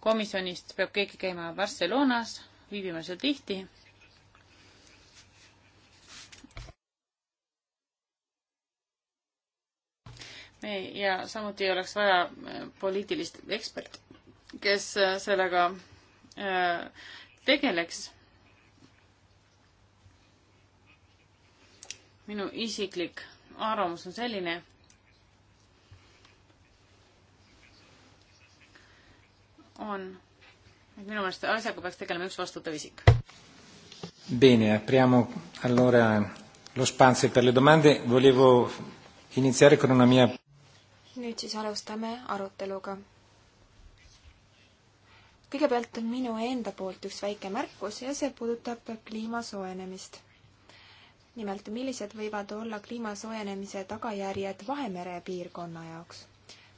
S3: komisjonist peab keegi käima Barcelonas, viibima seal tihti ja samuti oleks vaja äh, poliitilist eksperti, kes äh, sellega äh, tegeleks. minu isiklik arvamus on selline, on, et minu meelest asjaga peaks tegelema üks vastutav isik.
S1: Bene, apriamo allora lo spazio per le domande. Volevo iniziare con una mia
S5: nüüd siis alustame aruteluga. kõigepealt on minu enda poolt üks väike märkus ja see puudutab kliima soojenemist. nimelt, millised võivad olla kliima soojenemise tagajärjed Vahemere piirkonna jaoks?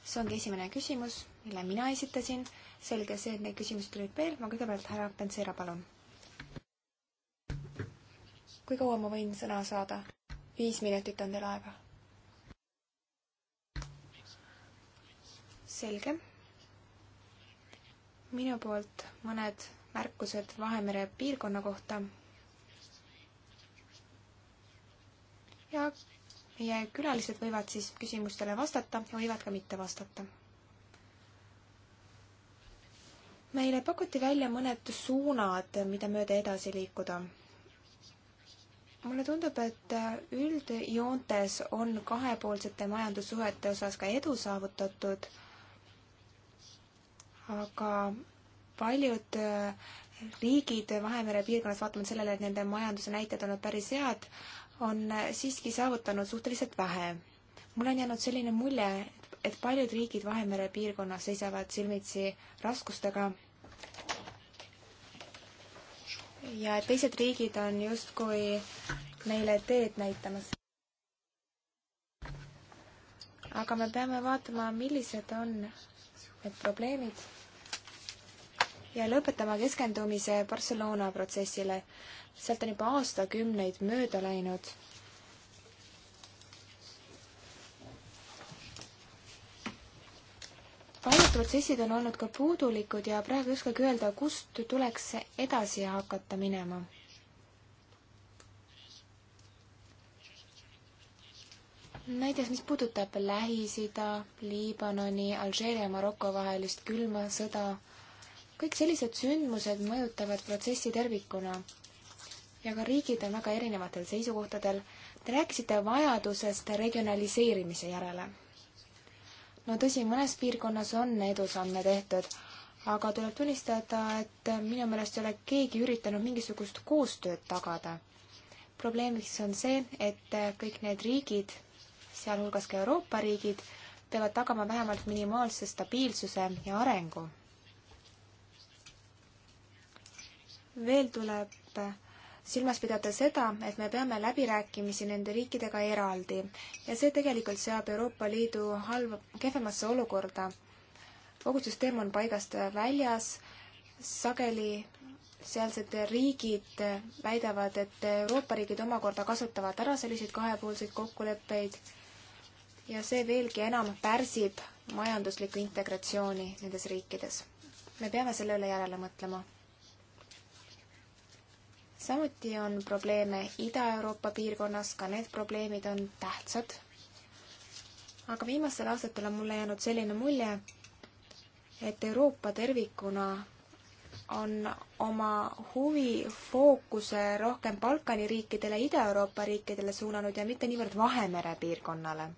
S5: see ongi esimene küsimus, mille mina esitasin. selge see, et neid küsimusi tuleb veel, ma kõigepealt härra Penseera, palun. kui kaua ma võin sõna saada? viis minutit on teil aega selge. minu poolt mõned märkused Vahemere piirkonna kohta. ja meie külalised võivad siis küsimustele vastata ja võivad ka mitte vastata. meile pakuti välja mõned suunad, mida mööda edasi liikuda mulle tundub, et üldjoontes on kahepoolsete majandussuhete osas ka edu saavutatud, aga paljud äh, riigid Vahemere piirkonnas, vaatamata sellele, et nende majanduse näitajad on olnud päris head, on äh, siiski saavutanud suhteliselt vähe. mul on jäänud selline mulje, et paljud riigid Vahemere piirkonnas seisavad silmitsi raskustega ja et teised riigid on justkui neile teed näitamas. aga me peame vaatama, millised on need probleemid ja lõpetama keskendumise Barcelona protsessile. sealt on juba aastakümneid mööda läinud. paljud protsessid on olnud ka puudulikud ja praegu ei oskagi öelda, kust tuleks edasi hakata minema näiteks mis puudutab Lähis-Ida, Liibanoni, Alžeeria ja Maroko vahelist külma sõda, kõik sellised sündmused mõjutavad protsessi tervikuna. ja ka riigid on väga erinevatel seisukohtadel. Te rääkisite vajadusest regionaliseerimise järele. no tõsi, mõnes piirkonnas on edusamme tehtud, aga tuleb tunnistada, et minu meelest ei ole keegi üritanud mingisugust koostööd tagada. probleemiks on see, et kõik need riigid, sealhulgas ka Euroopa riigid, peavad tagama vähemalt minimaalse stabiilsuse ja arengu. veel tuleb silmas pidada seda, et me peame läbirääkimisi nende riikidega eraldi ja see tegelikult seab Euroopa Liidu halva, kehvemasse olukorda. kogu süsteem on paigast väljas, sageli sealsed riigid väidavad, et Euroopa riigid omakorda kasutavad ära selliseid kahepoolseid kokkuleppeid ja see veelgi enam pärsib majanduslikku integratsiooni nendes riikides. me peame selle üle järele mõtlema. samuti on probleeme Ida-Euroopa piirkonnas, ka need probleemid on tähtsad. aga viimastel aastatel on mulle jäänud selline mulje, et Euroopa tervikuna on oma huvi fookuse rohkem Balkani riikidele, Ida-Euroopa riikidele suunanud ja mitte niivõrd Vahemere piirkonnale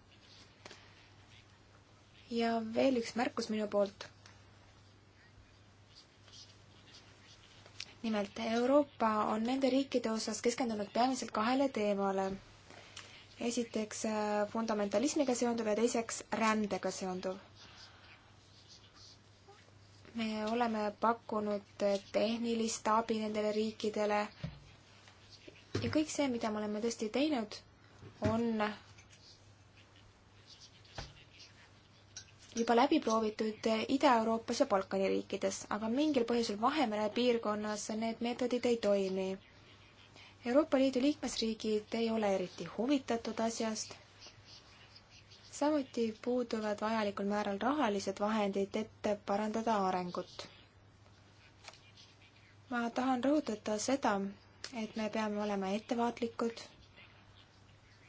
S5: ja veel üks märkus minu poolt. nimelt Euroopa on nende riikide osas keskendunud peamiselt kahele teemale. esiteks äh, fundamentalismiga seonduv ja teiseks rändega seonduv. me oleme pakkunud tehnilist abi nendele riikidele ja kõik see, mida me oleme tõesti teinud, on juba läbi proovitud Ida-Euroopas ja Balkani riikides, aga mingil põhjusel Vahemere piirkonnas need meetodid ei toimi. Euroopa Liidu liikmesriigid ei ole eriti huvitatud asjast. samuti puuduvad vajalikul määral rahalised vahendid, et parandada arengut. ma tahan rõhutada seda, et me peame olema ettevaatlikud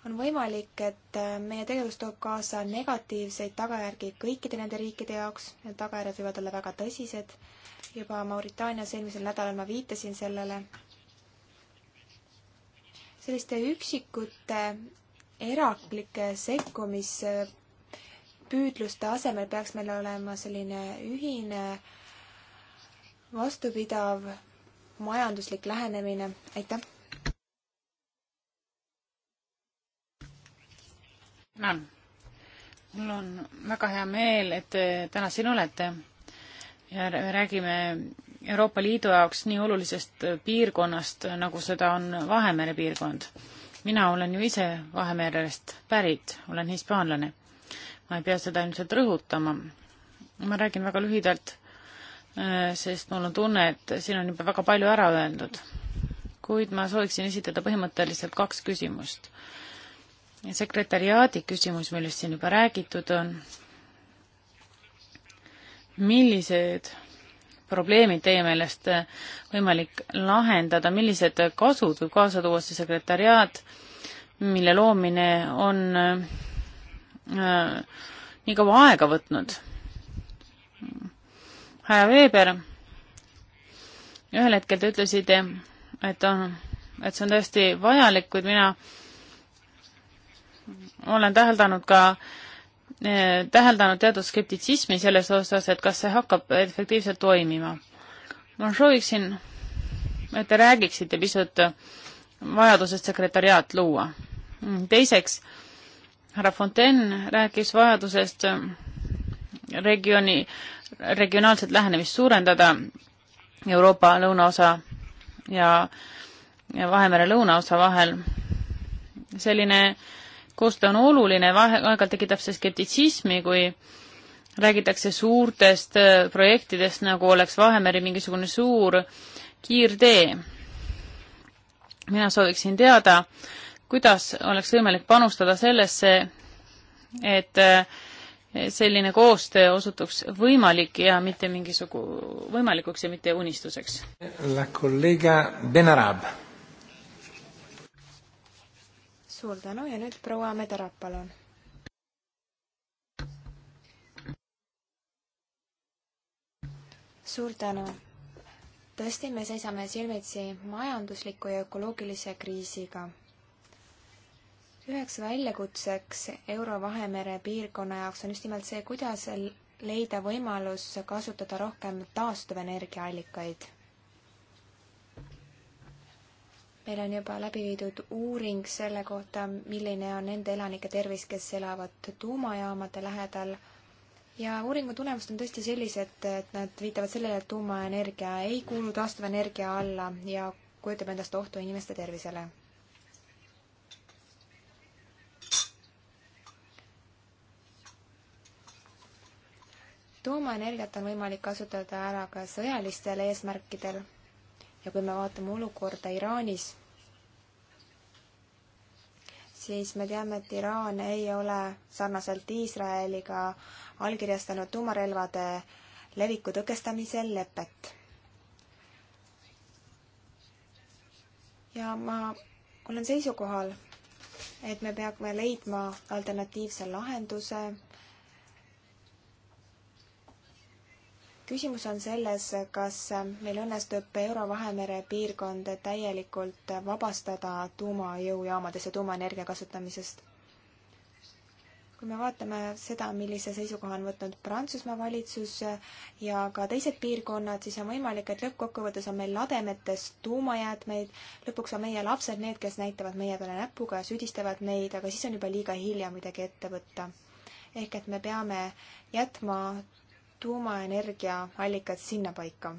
S5: on võimalik, et äh, meie tegevus toob kaasa negatiivseid tagajärgi kõikide nende riikide jaoks, need tagajärjed võivad olla väga tõsised. juba Mauritaanias eelmisel nädalal ma viitasin sellele. selliste üksikute eraklike sekkumispüüdluste asemel peaks meil olema selline ühine vastupidav majanduslik lähenemine, aitäh!
S3: tänan. mul on väga hea meel, et te täna siin olete ja räägime Euroopa Liidu jaoks nii olulisest piirkonnast, nagu seda on Vahemere piirkond. mina olen ju ise Vahemerest pärit, olen hispaanlane. ma ei pea seda ilmselt rõhutama. ma räägin väga lühidalt, äh, sest mul on tunne, et siin on juba väga palju ära öeldud. kuid ma sooviksin esitada põhimõtteliselt kaks küsimust sekretäriaadi küsimus, millest siin juba räägitud on. millised probleemid teie meelest võimalik lahendada, millised kasud võib kaasa tuua see sekretäriaat, mille loomine on äh, nii kaua aega võtnud? härra Veeber, ühel hetkel te ütlesite, et on, et see on tõesti vajalik, kuid mina äh, olen täheldanud ka eh, täheldanud teatud skeptitsismi selles osas, et kas see hakkab efektiivselt toimima. ma sooviksin, et te räägiksite pisut vajadusest sekretäriaat luua. teiseks, härra Fontaine rääkis vajadusest regiooni, regionaalset lähenemist suurendada Euroopa lõunaosa ja, ja Vahemere lõunaosa vahel. selline äh, koostöö on oluline, aeg-ajalt tekitab see skeptitsismi, kui räägitakse suurtest äh, projektidest, nagu oleks Vahemeri mingisugune suur kiirtee. mina sooviksin teada, kuidas oleks võimalik panustada sellesse, et äh, selline koostöö osutuks võimalik ja mitte mingisugu, võimalikuks ja mitte unistuseks.
S1: La collega Benarab
S5: suur tänu ja nüüd proua Mederap, palun. suur tänu. tõesti, me seisame silmitsi majandusliku ja ökoloogilise kriisiga. üheks väljakutseks Euro-Vahemere piirkonna jaoks on just nimelt see, kuidas leida võimalus kasutada rohkem taastuvenergiaallikaid meil on juba läbi viidud uuring selle kohta, milline on nende elanike tervis, kes elavad tuumajaamade lähedal. ja uuringu tulemused on tõesti sellised, et nad viitavad sellele, et tuumaenergia ei kuulu taastuvenergia alla ja kujutab endast ohtu inimeste tervisele. tuumaenergiat on võimalik kasutada ära ka sõjalistel eesmärkidel ja kui me vaatame olukorda Iraanis, siis me teame, et Iraan ei ole sarnaselt Iisraeliga allkirjastanud tuumarelvade leviku tõkestamise lepet. ja ma olen seisukohal, et me peame leidma alternatiivse lahenduse küsimus on selles, kas meil õnnestub Euro-Vahemere piirkond täielikult vabastada tuumajõujaamades ja tuumaenergia kasutamisest. kui me vaatame seda, millise seisukoha on võtnud Prantsusmaa valitsus ja ka teised piirkonnad, siis on võimalik, et lõppkokkuvõttes on meil lademetes tuumajäätmeid, lõpuks on meie lapsed need, kes näitavad meie peale näpuga ja süüdistavad meid, aga siis on juba liiga hilja midagi ette võtta ehk et me peame jätma tuumaenergiaallikad sinnapaika.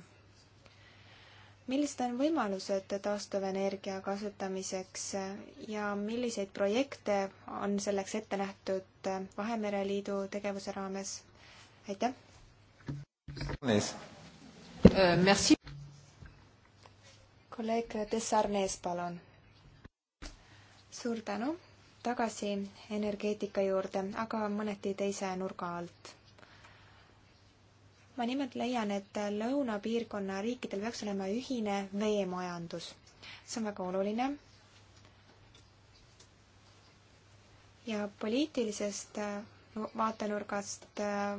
S5: millised on võimalused taastuvenergia kasutamiseks ja milliseid projekte on selleks ette nähtud Vahemere Liidu tegevuse raames? aitäh! Äh, kolleeg Dessarnes, palun! suur tänu! tagasi energeetika juurde, aga mõneti teise nurga alt ma nimelt leian, et lõunapiirkonna riikidel peaks olema ühine veemajandus. see on väga oluline. ja poliitilisest vaatenurgast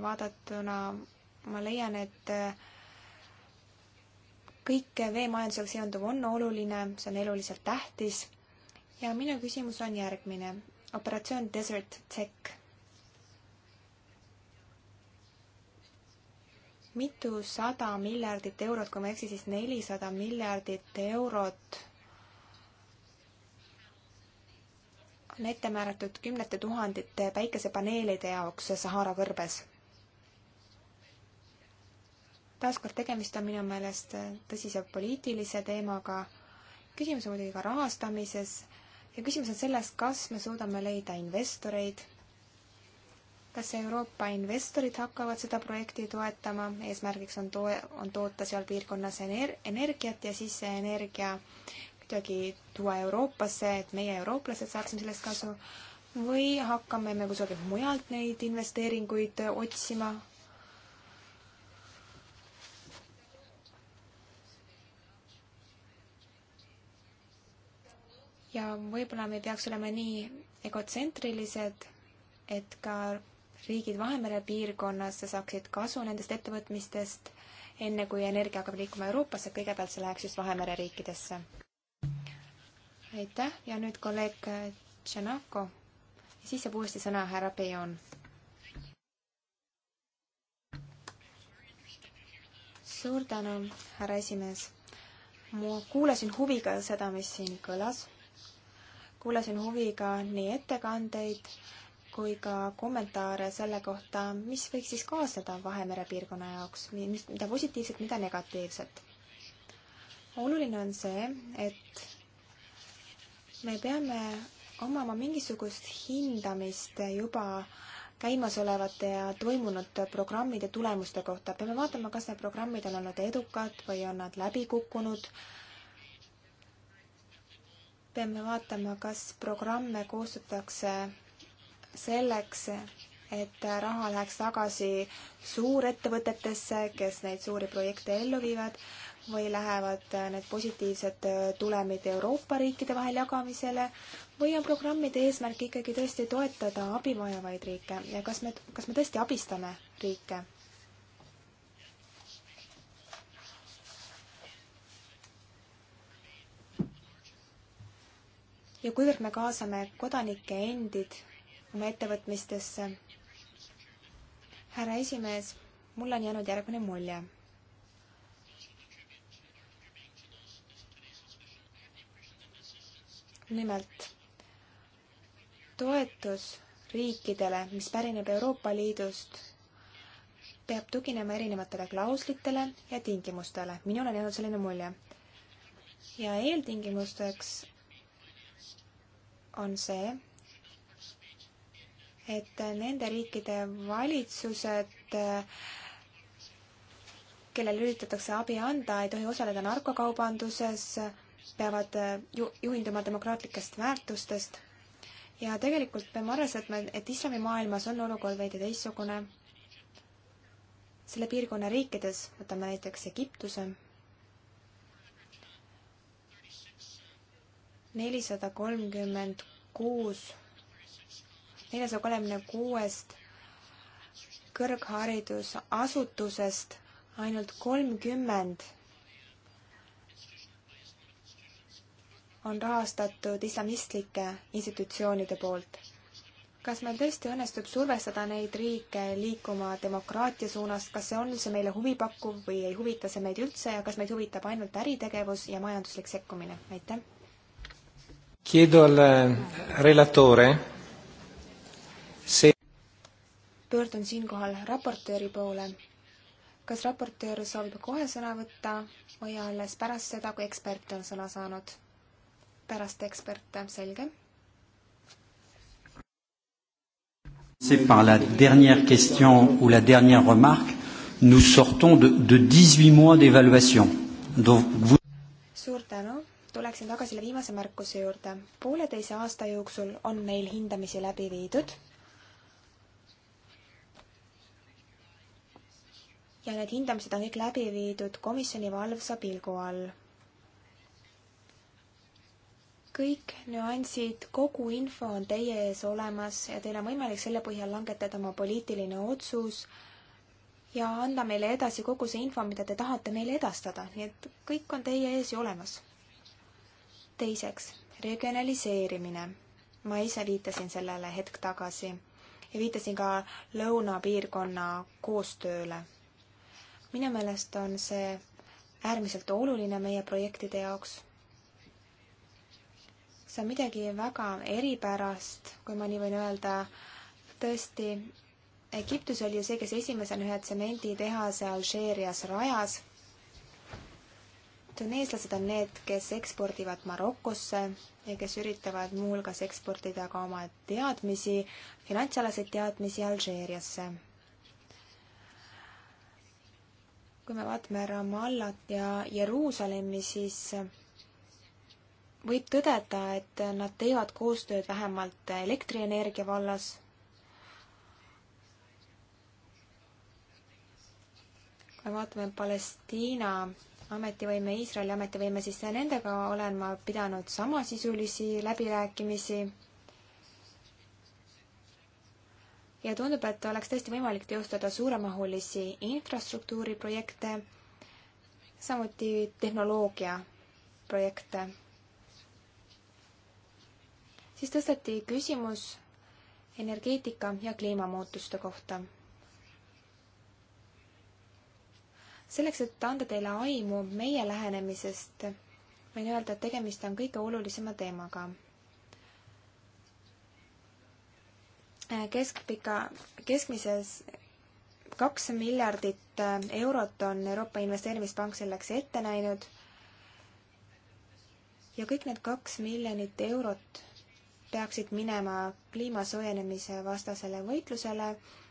S5: vaadatuna ma leian, et kõik veemajandusega seonduv on oluline, see on eluliselt tähtis. ja minu küsimus on järgmine. operatsioon Desert Tech mitusada miljardit eurot, kui ma ei eksi, siis nelisada miljardit eurot on ette määratud kümnete tuhandete päikesepaneelide jaoks Sahara kõrbes. taaskord tegemist on minu meelest tõsise poliitilise teemaga. küsimus on muidugi ka rahastamises ja küsimus on selles, kas me suudame leida investoreid kas Euroopa investorid hakkavad seda projekti toetama, eesmärgiks on toe, on toota seal piirkonnas ener-, energiat ja siis see energia kuidagi tuua Euroopasse, et meie, eurooplased, saaksime sellest kasu, või hakkame me kusagilt mujalt neid investeeringuid otsima? ja võib-olla me peaks olema nii egotsentrilised, et ka riigid Vahemere piirkonnas saaksid kasu nendest ettevõtmistest, enne kui energia hakkab liikuma Euroopasse, kõigepealt see läheks just Vahemere riikidesse. aitäh ja nüüd kolleeg Tšenako. siis saab uuesti sõna härra Peon. suur tänu, härra esimees. ma kuulasin huviga seda, mis siin kõlas. kuulasin huviga nii ettekandeid kui ka kommentaare selle kohta, mis võiks siis kaasneda Vahemere piirkonna jaoks, mis, mida positiivset, mida negatiivset. oluline on see, et me peame omama mingisugust hindamist juba käimasolevate ja toimunud programmide tulemuste kohta. peame vaatama, kas need programmid on olnud edukad või on nad läbi kukkunud. peame vaatama, kas programme koostatakse selleks, et raha läheks tagasi suurettevõtetesse, kes neid suuri projekte ellu viivad või lähevad need positiivsed tulemid Euroopa riikide vahel jagamisele või on programmide eesmärk ikkagi tõesti toetada abivajavaid riike ja kas me, kas me tõesti abistame riike? ja kuivõrd me kaasame kodanikke endid oma ettevõtmistesse. härra esimees, mulle on jäänud järgmine mulje. nimelt, toetus riikidele, mis pärineb Euroopa Liidust, peab tuginema erinevatele klauslitele ja tingimustele. minul on jäänud selline mulje. ja eeltingimusteks on see, et nende riikide valitsused, kellele üritatakse abi anda, ei tohi osaleda narkokaubanduses, peavad ju-, juhinduma demokraatlikest väärtustest ja tegelikult peame arvestama, et islamimaailmas on olukord veidi teistsugune. selle piirkonna riikides, võtame näiteks Egiptuse, nelisada kolmkümmend kuus neljasaja kolmekümne kuuest kõrgharidusasutusest ainult kolmkümmend on rahastatud islamistlike institutsioonide poolt. kas meil tõesti õnnestub survestada neid riike liikuma demokraatia suunas, kas see on see meile huvipakkuv või ei huvita see meid üldse ja kas meid huvitab ainult äritegevus ja majanduslik sekkumine, aitäh?
S1: Chiedo al relatore see
S5: pöördun siinkohal raportööri poole. kas raportöör soovib kohe sõna võtta või alles pärast seda, kui ekspert on sõna saanud? pärast eksperte, selge.
S4: C'est par la dernière question ou la dernière remarque, nous sortons de, de 18 mois d'évaluation. Donc vous...
S5: Suur tänu. Tuleksin tagasi viimase märkuse juurde. Pooleteise aasta jooksul on meil hindamisi läbi viidud ja need hindamised on kõik läbi viidud komisjoni valvsa pilgu all. kõik nüansid, kogu info on teie ees olemas ja teil on võimalik selle põhjal langetada oma poliitiline otsus ja anda meile edasi kogu see info, mida te tahate meile edastada, nii et kõik on teie ees ju olemas. teiseks, regionaliseerimine. ma ise viitasin sellele hetk tagasi ja viitasin ka lõunapiirkonna koostööle minu meelest on see äärmiselt oluline meie projektide jaoks. see on midagi väga eripärast, kui ma nii võin öelda. tõesti, Egiptus oli ju see, kes esimesena ühe tsemenditehase Alžeerias rajas. tuneeslased on need, kes ekspordivad Marokosse ja kes üritavad muuhulgas eksportida ka oma teadmisi, finantsalaseid teadmisi Alžeeriasse kui me vaatame Ramallat ja Jeruusalemmi, siis võib tõdeda, et nad teevad koostööd vähemalt elektrienergia vallas. kui me vaatame Palestiina ametivõime, Iisraeli ametivõime, siis nendega olen ma pidanud samasisulisi läbirääkimisi ja tundub, et oleks tõesti võimalik teostada suuremahulisi infrastruktuuriprojekte, samuti tehnoloogiaprojekte. siis tõsteti küsimus energeetika ja kliimamuutuste kohta. selleks, et anda teile aimu meie lähenemisest, võin öelda, et tegemist on kõige olulisema teemaga keskpika, keskmises kaks miljardit äh, eurot on Euroopa Investeerimispank selleks ette näinud ja kõik need kaks miljonit eurot peaksid minema kliima soojenemise vastasele võitlusele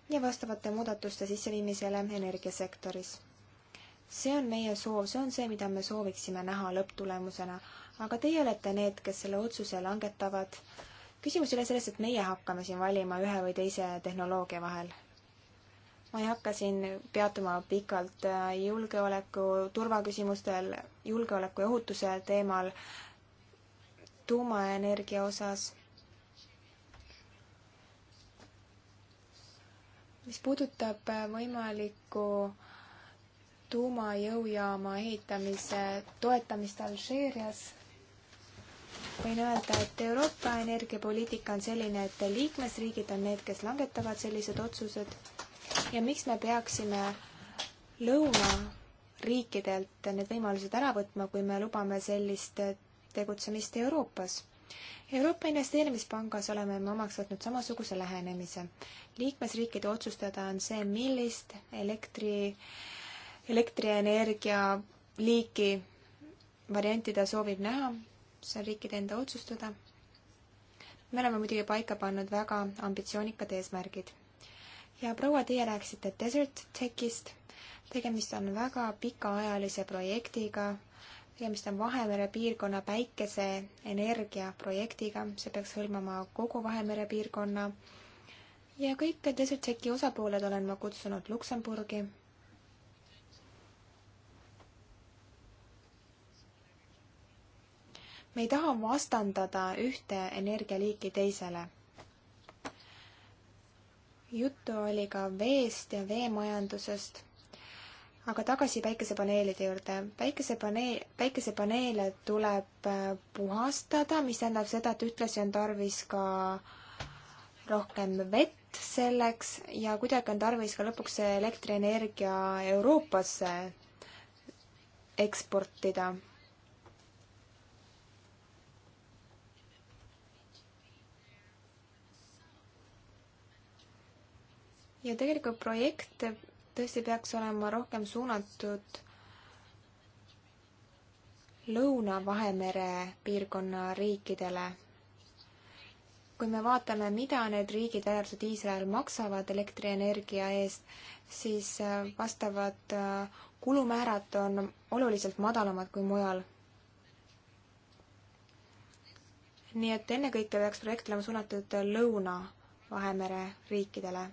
S5: ja vastavate muudatuste sisseviimisele energiasektoris. see on meie soov, see on see, mida me sooviksime näha lõpptulemusena, aga teie olete need, kes selle otsuse langetavad küsimus ei ole selles, et meie hakkame siin valima ühe või teise tehnoloogia vahel. ma ei hakka siin peatuma pikalt äh, julgeoleku, turvaküsimustel, julgeoleku ja ohutuse teemal, tuumaenergia osas. mis puudutab äh, võimalikku tuumajõujaama ehitamise toetamist Alžeerias võin öelda, et Euroopa energiapoliitika on selline, et liikmesriigid on need, kes langetavad sellised otsused ja miks me peaksime lõunariikidelt need võimalused ära võtma, kui me lubame sellist tegutsemist Euroopas Euroopa Investeerimispangas oleme me omaks võtnud samasuguse lähenemise. liikmesriikide otsustada on see, millist elektri, elektrienergia liiki varianti ta soovib näha see on riikide enda otsustada. me oleme muidugi paika pannud väga ambitsioonikad eesmärgid. ja proua, teie rääkisite Desert Techist. tegemist on väga pikaajalise projektiga. tegemist on Vahemere piirkonna päikeseenergia projektiga, see peaks hõlmama kogu Vahemere piirkonna. ja kõik Desert Techi osapooled olen ma kutsunud Luksemburgi me ei taha vastandada ühte energialiiki teisele. juttu oli ka veest ja veemajandusest. aga tagasi päikesepaneelide juurde. päikesepaneel, päikesepaneele tuleb äh, puhastada, mis tähendab seda, et ühtlasi on tarvis ka rohkem vett selleks ja kuidagi on tarvis ka lõpuks elektrienergia Euroopasse eksportida ja tegelikult projekt tõesti peaks olema rohkem suunatud Lõuna-Vahemere piirkonna riikidele. kui me vaatame, mida need riigid, välja arvatud Iisrael, maksavad elektrienergia eest, siis äh, vastavad äh, kulumäärad on oluliselt madalamad kui mujal. nii et ennekõike peaks projekt olema suunatud Lõuna-Vahemere riikidele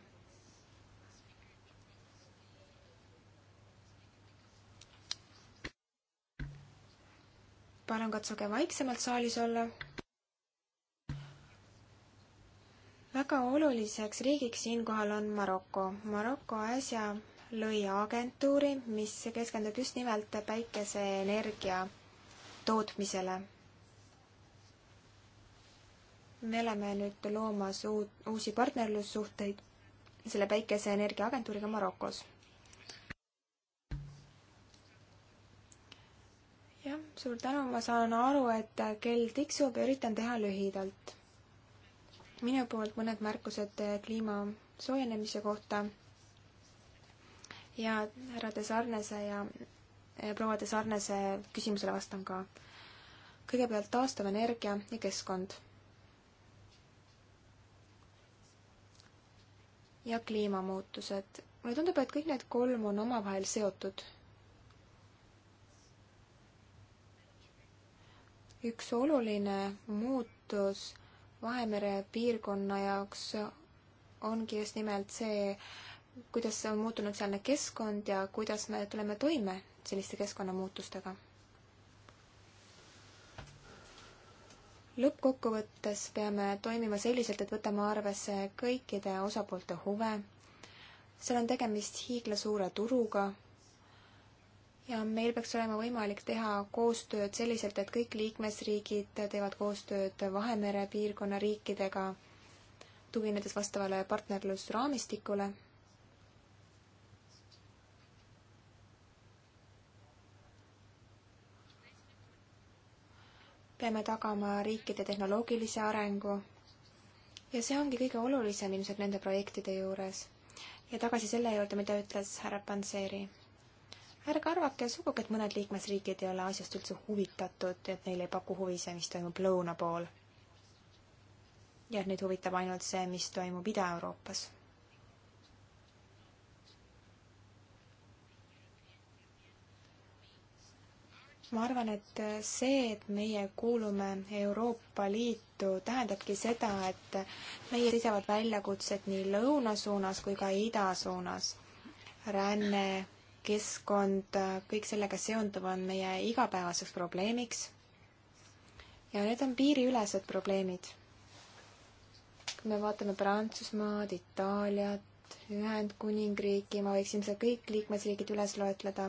S5: palun katsuge vaiksemalt saalis olla. väga oluliseks riigiks siinkohal on Maroko. Maroko äsja lõi agentuuri, mis keskendub just nimelt päikeseenergia tootmisele. me oleme nüüd loomas uut, uusi partnerlussuhteid selle päikeseenergia agentuuriga Marokos jah, suur tänu, ma saan aru, et kell tiksub ja üritan teha lühidalt. minu poolt mõned märkused kliima soojenemise kohta. ja härra De Sarnase ja proua De Sarnase küsimusele vastan ka. kõigepealt taastuvenergia ja keskkond. ja kliimamuutused. mulle tundub, et kõik need kolm on omavahel seotud üks oluline muutus Vahemere piirkonna jaoks ongi just nimelt see, kuidas on muutunud sealne keskkond ja kuidas me tuleme toime selliste keskkonnamuutustega. lõppkokkuvõttes peame toimima selliselt, et võtame arvesse kõikide osapoolte huve. seal on tegemist hiiglasuure turuga ja meil peaks olema võimalik teha koostööd selliselt, et kõik liikmesriigid teevad koostööd Vahemere piirkonna riikidega, tuginedes vastavale partnerlusraamistikule. peame tagama riikide tehnoloogilise arengu ja see ongi kõige olulisem ilmselt nende projektide juures. ja tagasi selle juurde, mida ütles härra Panseri ärge arvake sugugi, et mõned liikmesriigid ei ole asjast üldse huvitatud, et neile ei paku huvi see, mis toimub lõuna pool. ja et neid huvitab ainult see, mis toimub Ida-Euroopas ma arvan, et see, et meie kuulume Euroopa Liitu, tähendabki seda, et meie seisavad väljakutsed nii lõuna suunas kui ka ida suunas. ränne, keskkond, kõik sellega seonduv on meie igapäevaseks probleemiks. ja need on piiriülesed probleemid. kui me vaatame Prantsusmaad, Itaaliat, Ühendkuningriiki, ma võiks ilmselt kõik liikmesriigid üles loetleda.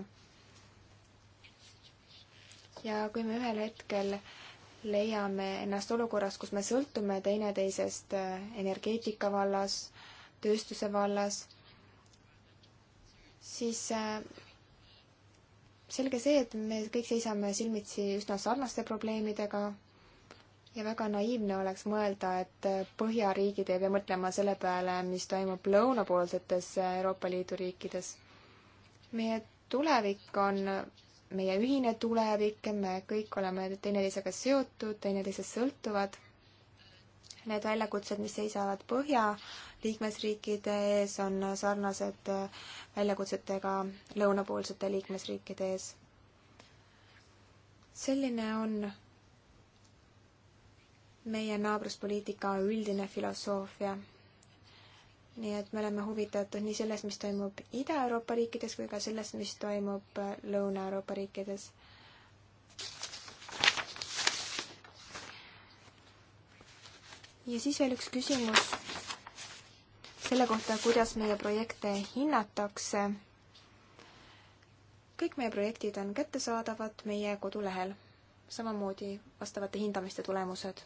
S5: ja kui me ühel hetkel leiame ennast olukorras, kus me sõltume teineteisest äh, energeetika vallas, tööstuse vallas siis äh, selge see, et me kõik seisame silmitsi üsna sarnaste probleemidega ja väga naiivne oleks mõelda, et äh, põhjariigid ei pea mõtlema selle peale, mis toimub lõunapoolsetes äh, Euroopa Liidu riikides. meie tulevik on meie ühine tulevik, me kõik oleme teineteisega seotud, teineteisest sõltuvad. Need väljakutsed, mis seisavad põhja liikmesriikide ees, on sarnased äh, väljakutsetega lõunapoolsete liikmesriikide ees. selline on meie naabruspoliitika üldine filosoofia. nii et me oleme huvitatud nii sellest, mis toimub Ida-Euroopa riikides kui ka sellest, mis toimub äh, Lõuna-Euroopa riikides. ja siis veel üks küsimus selle kohta, kuidas meie projekte hinnatakse. kõik meie projektid on kättesaadavad meie kodulehel, samamoodi vastavate hindamiste tulemused.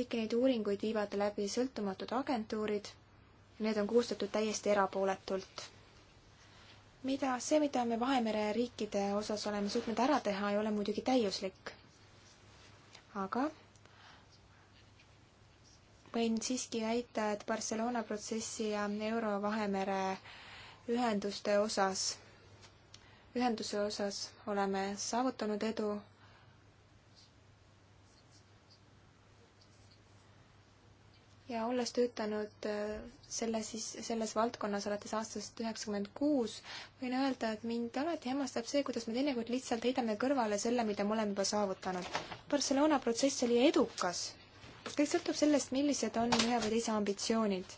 S5: kõiki neid uuringuid viivad läbi sõltumatud agentuurid. Need on koostatud täiesti erapooletult mida, see, mida me Vahemere riikide osas oleme suutnud ära teha, ei ole muidugi täiuslik. aga võin siiski väita, et Barcelona protsessi ja Euro-Vahemere ühenduste osas, ühenduse osas oleme saavutanud edu. ja olles töötanud äh, selle siis, selles valdkonnas alates aastast üheksakümmend kuus, võin öelda, et mind alati hämmastab see, kuidas me teinekord lihtsalt heidame kõrvale selle, mida me oleme juba saavutanud. Barcelona protsess oli edukas kõik sõltub sellest, millised on ühe või teise ambitsioonid.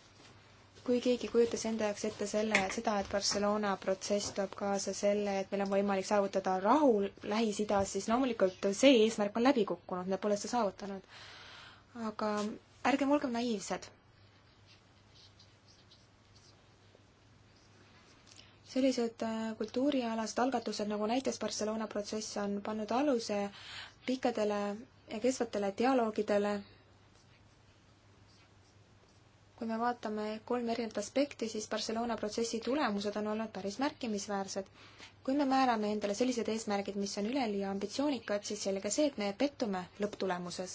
S5: kui keegi kujutas enda jaoks ette selle, seda, et Barcelona protsess toob kaasa selle, et meil on võimalik saavutada rahu Lähis-Idas, siis loomulikult see eesmärk on läbi kukkunud, me pole seda saavutanud. aga ärgem olgem naiivsed sellised äh, kultuurialased algatused nagu näiteks Barcelona protsess on pannud aluse pikkadele ja kestvatele dialoogidele kui me vaatame kolme erinevat aspekti, siis Barcelona protsessi tulemused on olnud päris märkimisväärsed. kui me määrame endale sellised eesmärgid, mis on üleliia ambitsioonikad, siis selge see, et me pettume lõpptulemuses.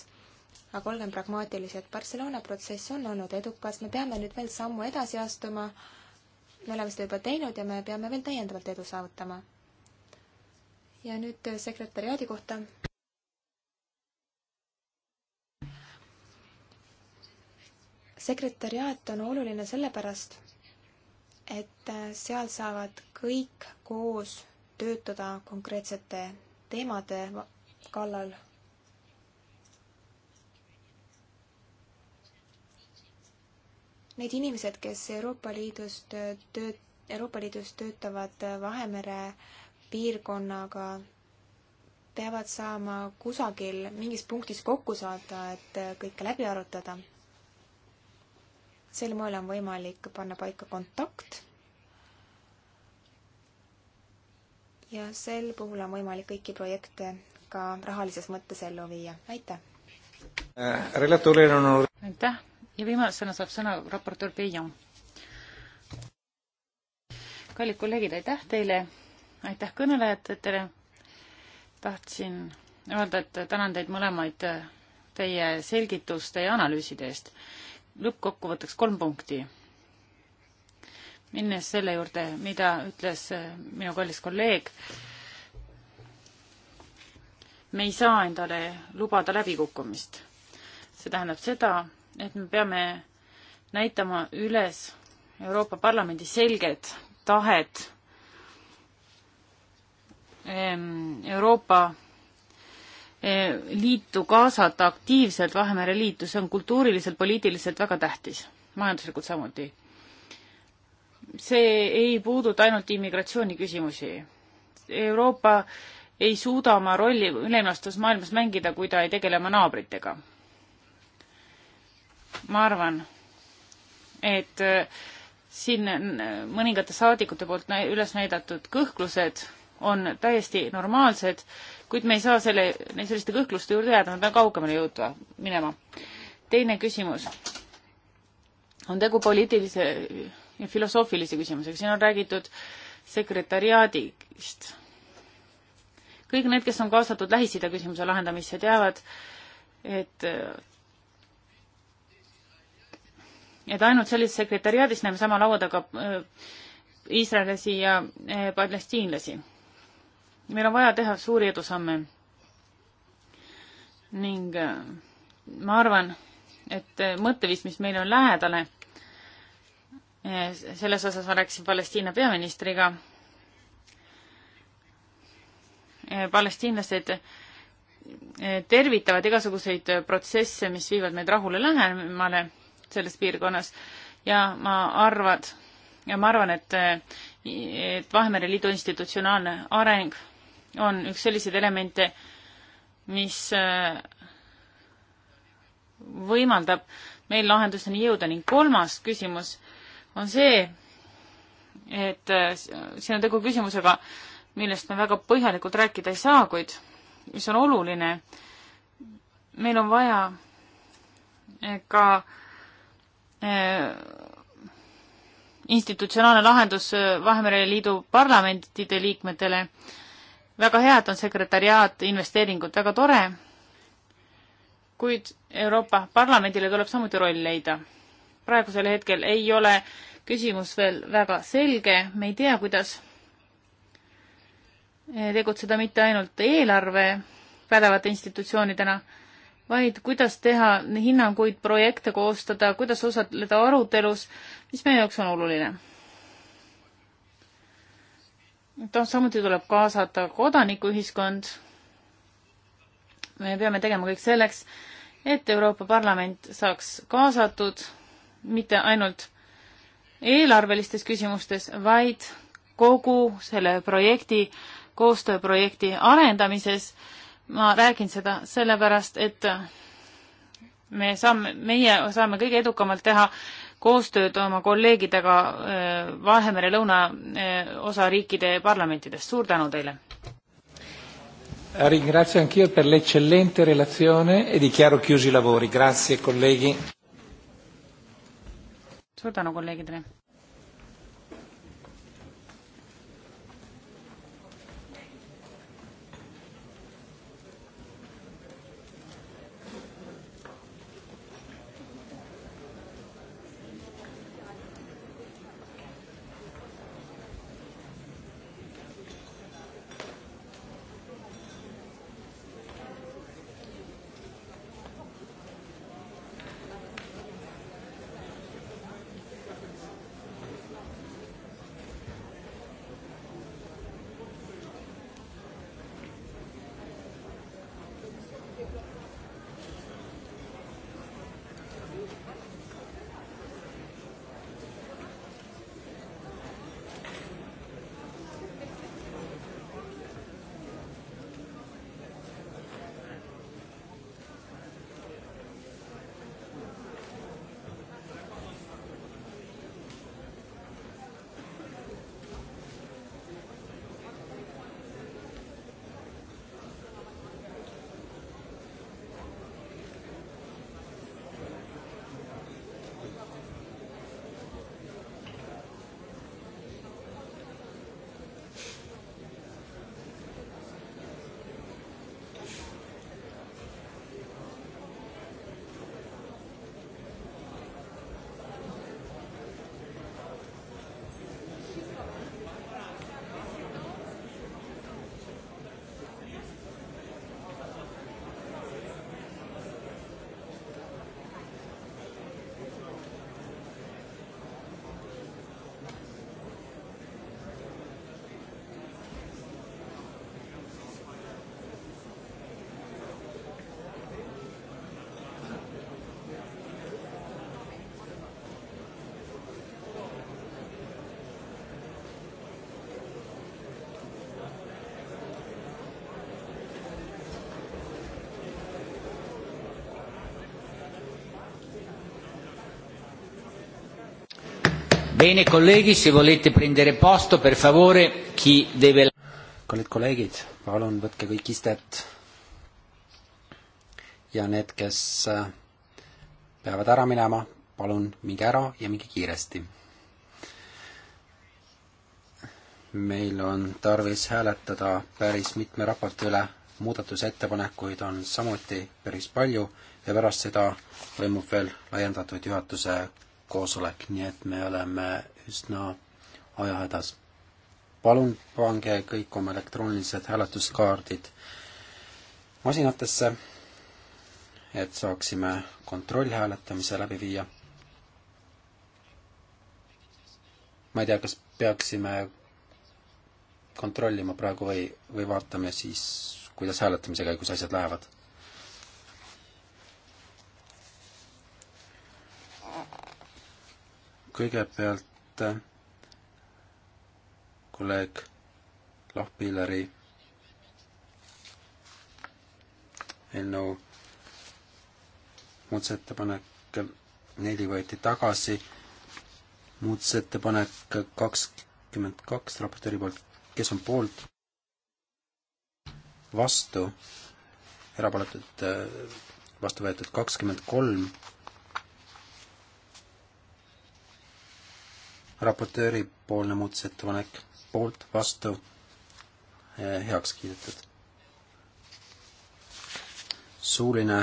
S5: aga olgem pragmaatilised, Barcelona protsess on olnud edukas, me peame nüüd veel sammu edasi astuma, me oleme seda juba teinud ja me peame veel täiendavalt edu saavutama. ja nüüd äh, sekretäriaadi kohta sekretäriaat on oluline sellepärast, et seal saavad kõik koos töötada konkreetsete teemade kallal. Need inimesed, kes Euroopa Liidust tööt-, Euroopa Liidus töötavad Vahemere piirkonnaga, peavad saama kusagil mingis punktis kokku saada, et kõike läbi arutada sel moel on võimalik panna paika kontakt. ja sel puhul on võimalik kõiki projekte ka rahalises mõttes ellu viia. aitäh!
S1: Äh,
S5: aitäh ja viimasena saab sõna raportöör Peijon. kallid
S3: kolleegid, aitäh teile, aitäh kõnelejatele. tahtsin öelda, et tänan teid mõlemaid teie selgituste ja analüüside eest lõppkokkuvõtteks kolm punkti. minnes selle juurde, mida ütles äh, minu kallis kolleeg, me ei saa endale lubada läbikukkumist. see tähendab seda, et me peame näitama üles Euroopa Parlamendi selget tahet ähm, Euroopa liitu kaasata aktiivselt Vahemere liitu, see on kultuuriliselt, poliitiliselt väga tähtis, majanduslikult samuti. see ei puuduta ainult immigratsiooniküsimusi. Euroopa ei suuda oma rolli ülemlastes maailmas mängida, kui ta ei tegele oma naabritega. ma arvan, et äh, siin äh, mõningate saadikute poolt üles näidatud kõhklused on täiesti normaalsed, kuid me ei saa selle, selliste kõhkluste juurde jääda, me peame kaugemale jõudma, minema. teine küsimus. on tegu poliitilise ja filosoofilise küsimusega, siin on räägitud sekretariaadist. kõik need, kes on kaasatud Lähis-Ida küsimuse lahendamisse, teavad, et et ainult sellises sekretariaadis näeme sama laua taga äh, Iisraelasi ja äh, palestiinlasi meil on vaja teha suuri edusamme. ning äh, ma arvan, et äh, mõtteviis, mis meile on lähedane, äh, selles osas ma rääkisin Palestiina peaministriga, palestiinlased tervitavad igasuguseid protsesse, mis viivad meid rahule lähemale selles piirkonnas ja ma arvad, ja ma arvan, et, et Vahemere Liidu institutsionaalne areng on üks selliseid elemente, mis äh, võimaldab meil lahendusteni jõuda ning kolmas küsimus on see, et äh, siin on tegu küsimusega, millest me väga põhjalikult rääkida ei saa, kuid mis on oluline, meil on vaja äh, ka institutsionaalne lahendus Vahemere Liidu parlamentide liikmetele äh, väga head on sekretäriaat, investeeringud, väga tore, kuid Euroopa Parlamendile tuleb samuti roll leida. praegusel hetkel ei ole küsimus veel väga selge, me ei tea, kuidas tegutseda mitte ainult eelarve pädevate institutsioonidena, vaid kuidas teha hinnanguid, projekte koostada, kuidas osaleda arutelus, mis meie jaoks on oluline samuti tuleb kaasata kodanikuühiskond. me peame tegema kõik selleks, et Euroopa Parlament saaks kaasatud mitte ainult eelarvelistes küsimustes, vaid kogu selle projekti, koostööprojekti arendamises. ma räägin seda sellepärast, et me saame, meie saame kõige edukamalt teha koostööd oma kolleegidega äh, Vahemere lõunaosa äh, riikide parlamentidest. suur tänu teile!
S1: Eh, ringrazio anch'io per l'eccellente relazione e dichiaro chiusi i lavori. Grazie colleghi.
S3: Suur tänu kolleegidele.
S4: Bene, kolleegid, se volete prendere posto, per
S2: favore, chi deve... kallid kolleegid, palun võtke kõik istet. ja need, kes äh, peavad ära minema, palun minge ära ja minge kiiresti. meil on tarvis hääletada päris mitme raporti üle, muudatusettepanekuid on samuti päris palju ja pärast seda toimub veel laiendatud juhatuse koosolek, nii et me oleme üsna ajahädas. palun pange kõik oma elektroonilised hääletuskaardid masinatesse, et saaksime kontrollhääletamise läbi viia. ma ei tea, kas peaksime kontrollima praegu või, või vaatame siis, kuidas hääletamise käigus asjad lähevad kõigepealt kolleeg Lahpilleri eelnõu muudatusettepanek neli võeti tagasi, muudatusettepanek kakskümmend kaks raportööri poolt, kes on poolt, vastu, erapooletud, vastu võetud kakskümmend kolm raportööri poolne muudatusettepanek poolt, vastu, heaks kiidetud. suuline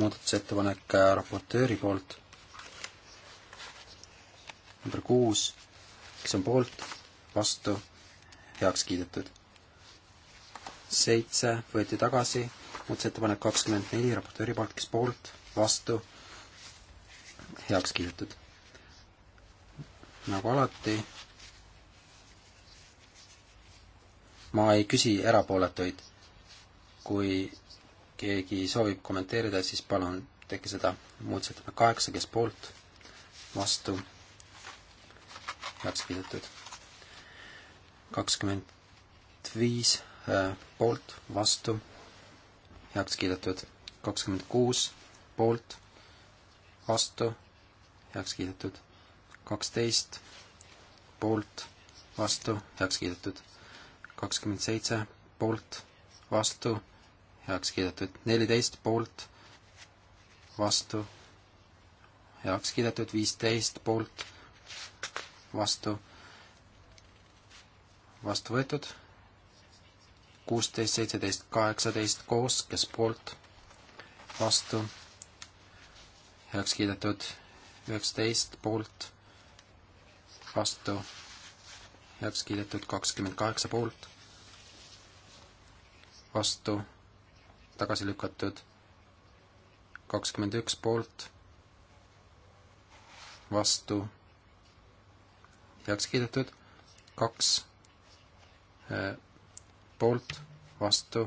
S2: muudatusettepanek raportööri poolt, number kuus, kes on poolt, vastu, heaks kiidetud. seitse võeti tagasi, muudatusettepanek kakskümmend neli raportööri poolt, kes poolt, vastu, heaks kiidetud nagu alati, ma ei küsi erapooletuid. kui keegi soovib kommenteerida, siis palun tehke seda muudatusettepanek kaheksa, kes poolt, vastu, heaks kiidetud. kakskümmend viis äh, poolt, vastu, heaks kiidetud. kakskümmend kuus poolt, vastu, heaks kiidetud kaksteist poolt, vastu, heaks kiidetud. kakskümmend seitse poolt, vastu, heaks kiidetud. neliteist poolt, vastu, heaks kiidetud. viisteist poolt, vastu, vastu võetud. kuusteist, seitseteist, kaheksateist koos, kes poolt, vastu, heaks kiidetud. üheksateist poolt vastu, heaks kiidetud kakskümmend kaheksa poolt, vastu, tagasi lükatud kakskümmend üks poolt, vastu, heaks kiidetud kaks eh, poolt, vastu,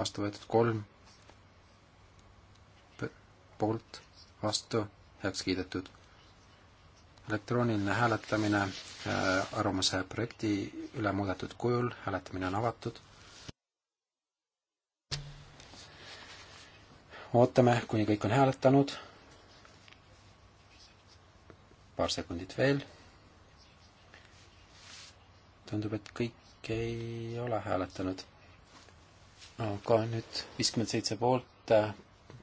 S2: vastu võetud kolm, poolt, vastu, heaks kiidetud elektrooniline hääletamine äh, arvamuse projekti üle muudetud kujul, hääletamine on avatud. ootame, kuni kõik on hääletanud. paar sekundit veel. tundub, et kõik ei ole hääletanud. aga nüüd viiskümmend seitse poolt, äh,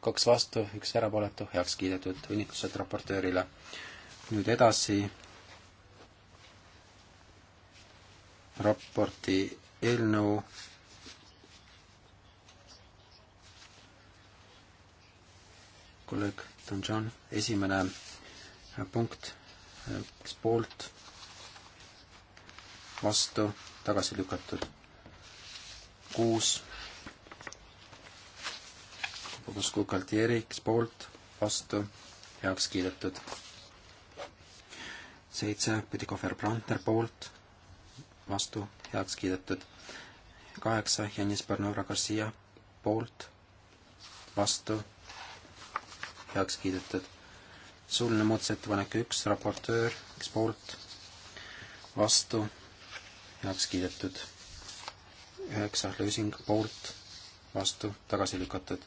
S2: kaks vastu, üks erapooletu, heaks kiidetud, õnnitlused raportöörile nüüd edasi raporti eelnõu kolleeg Donjon, esimene punkt, kes poolt, vastu, tagasi lükatud. kuus, Bobus Kukaltieri, kes poolt, vastu, heaks kiidetud seitse Püdikofer Branter poolt, vastu, heaks kiidetud. kaheksa Janis Barnora Garcia poolt, vastu, heaks kiidetud. suuline muudatusettepanek üks, raportöör, kes poolt, vastu, heaks kiidetud. üheksa Lösing poolt, vastu, tagasi lükatud.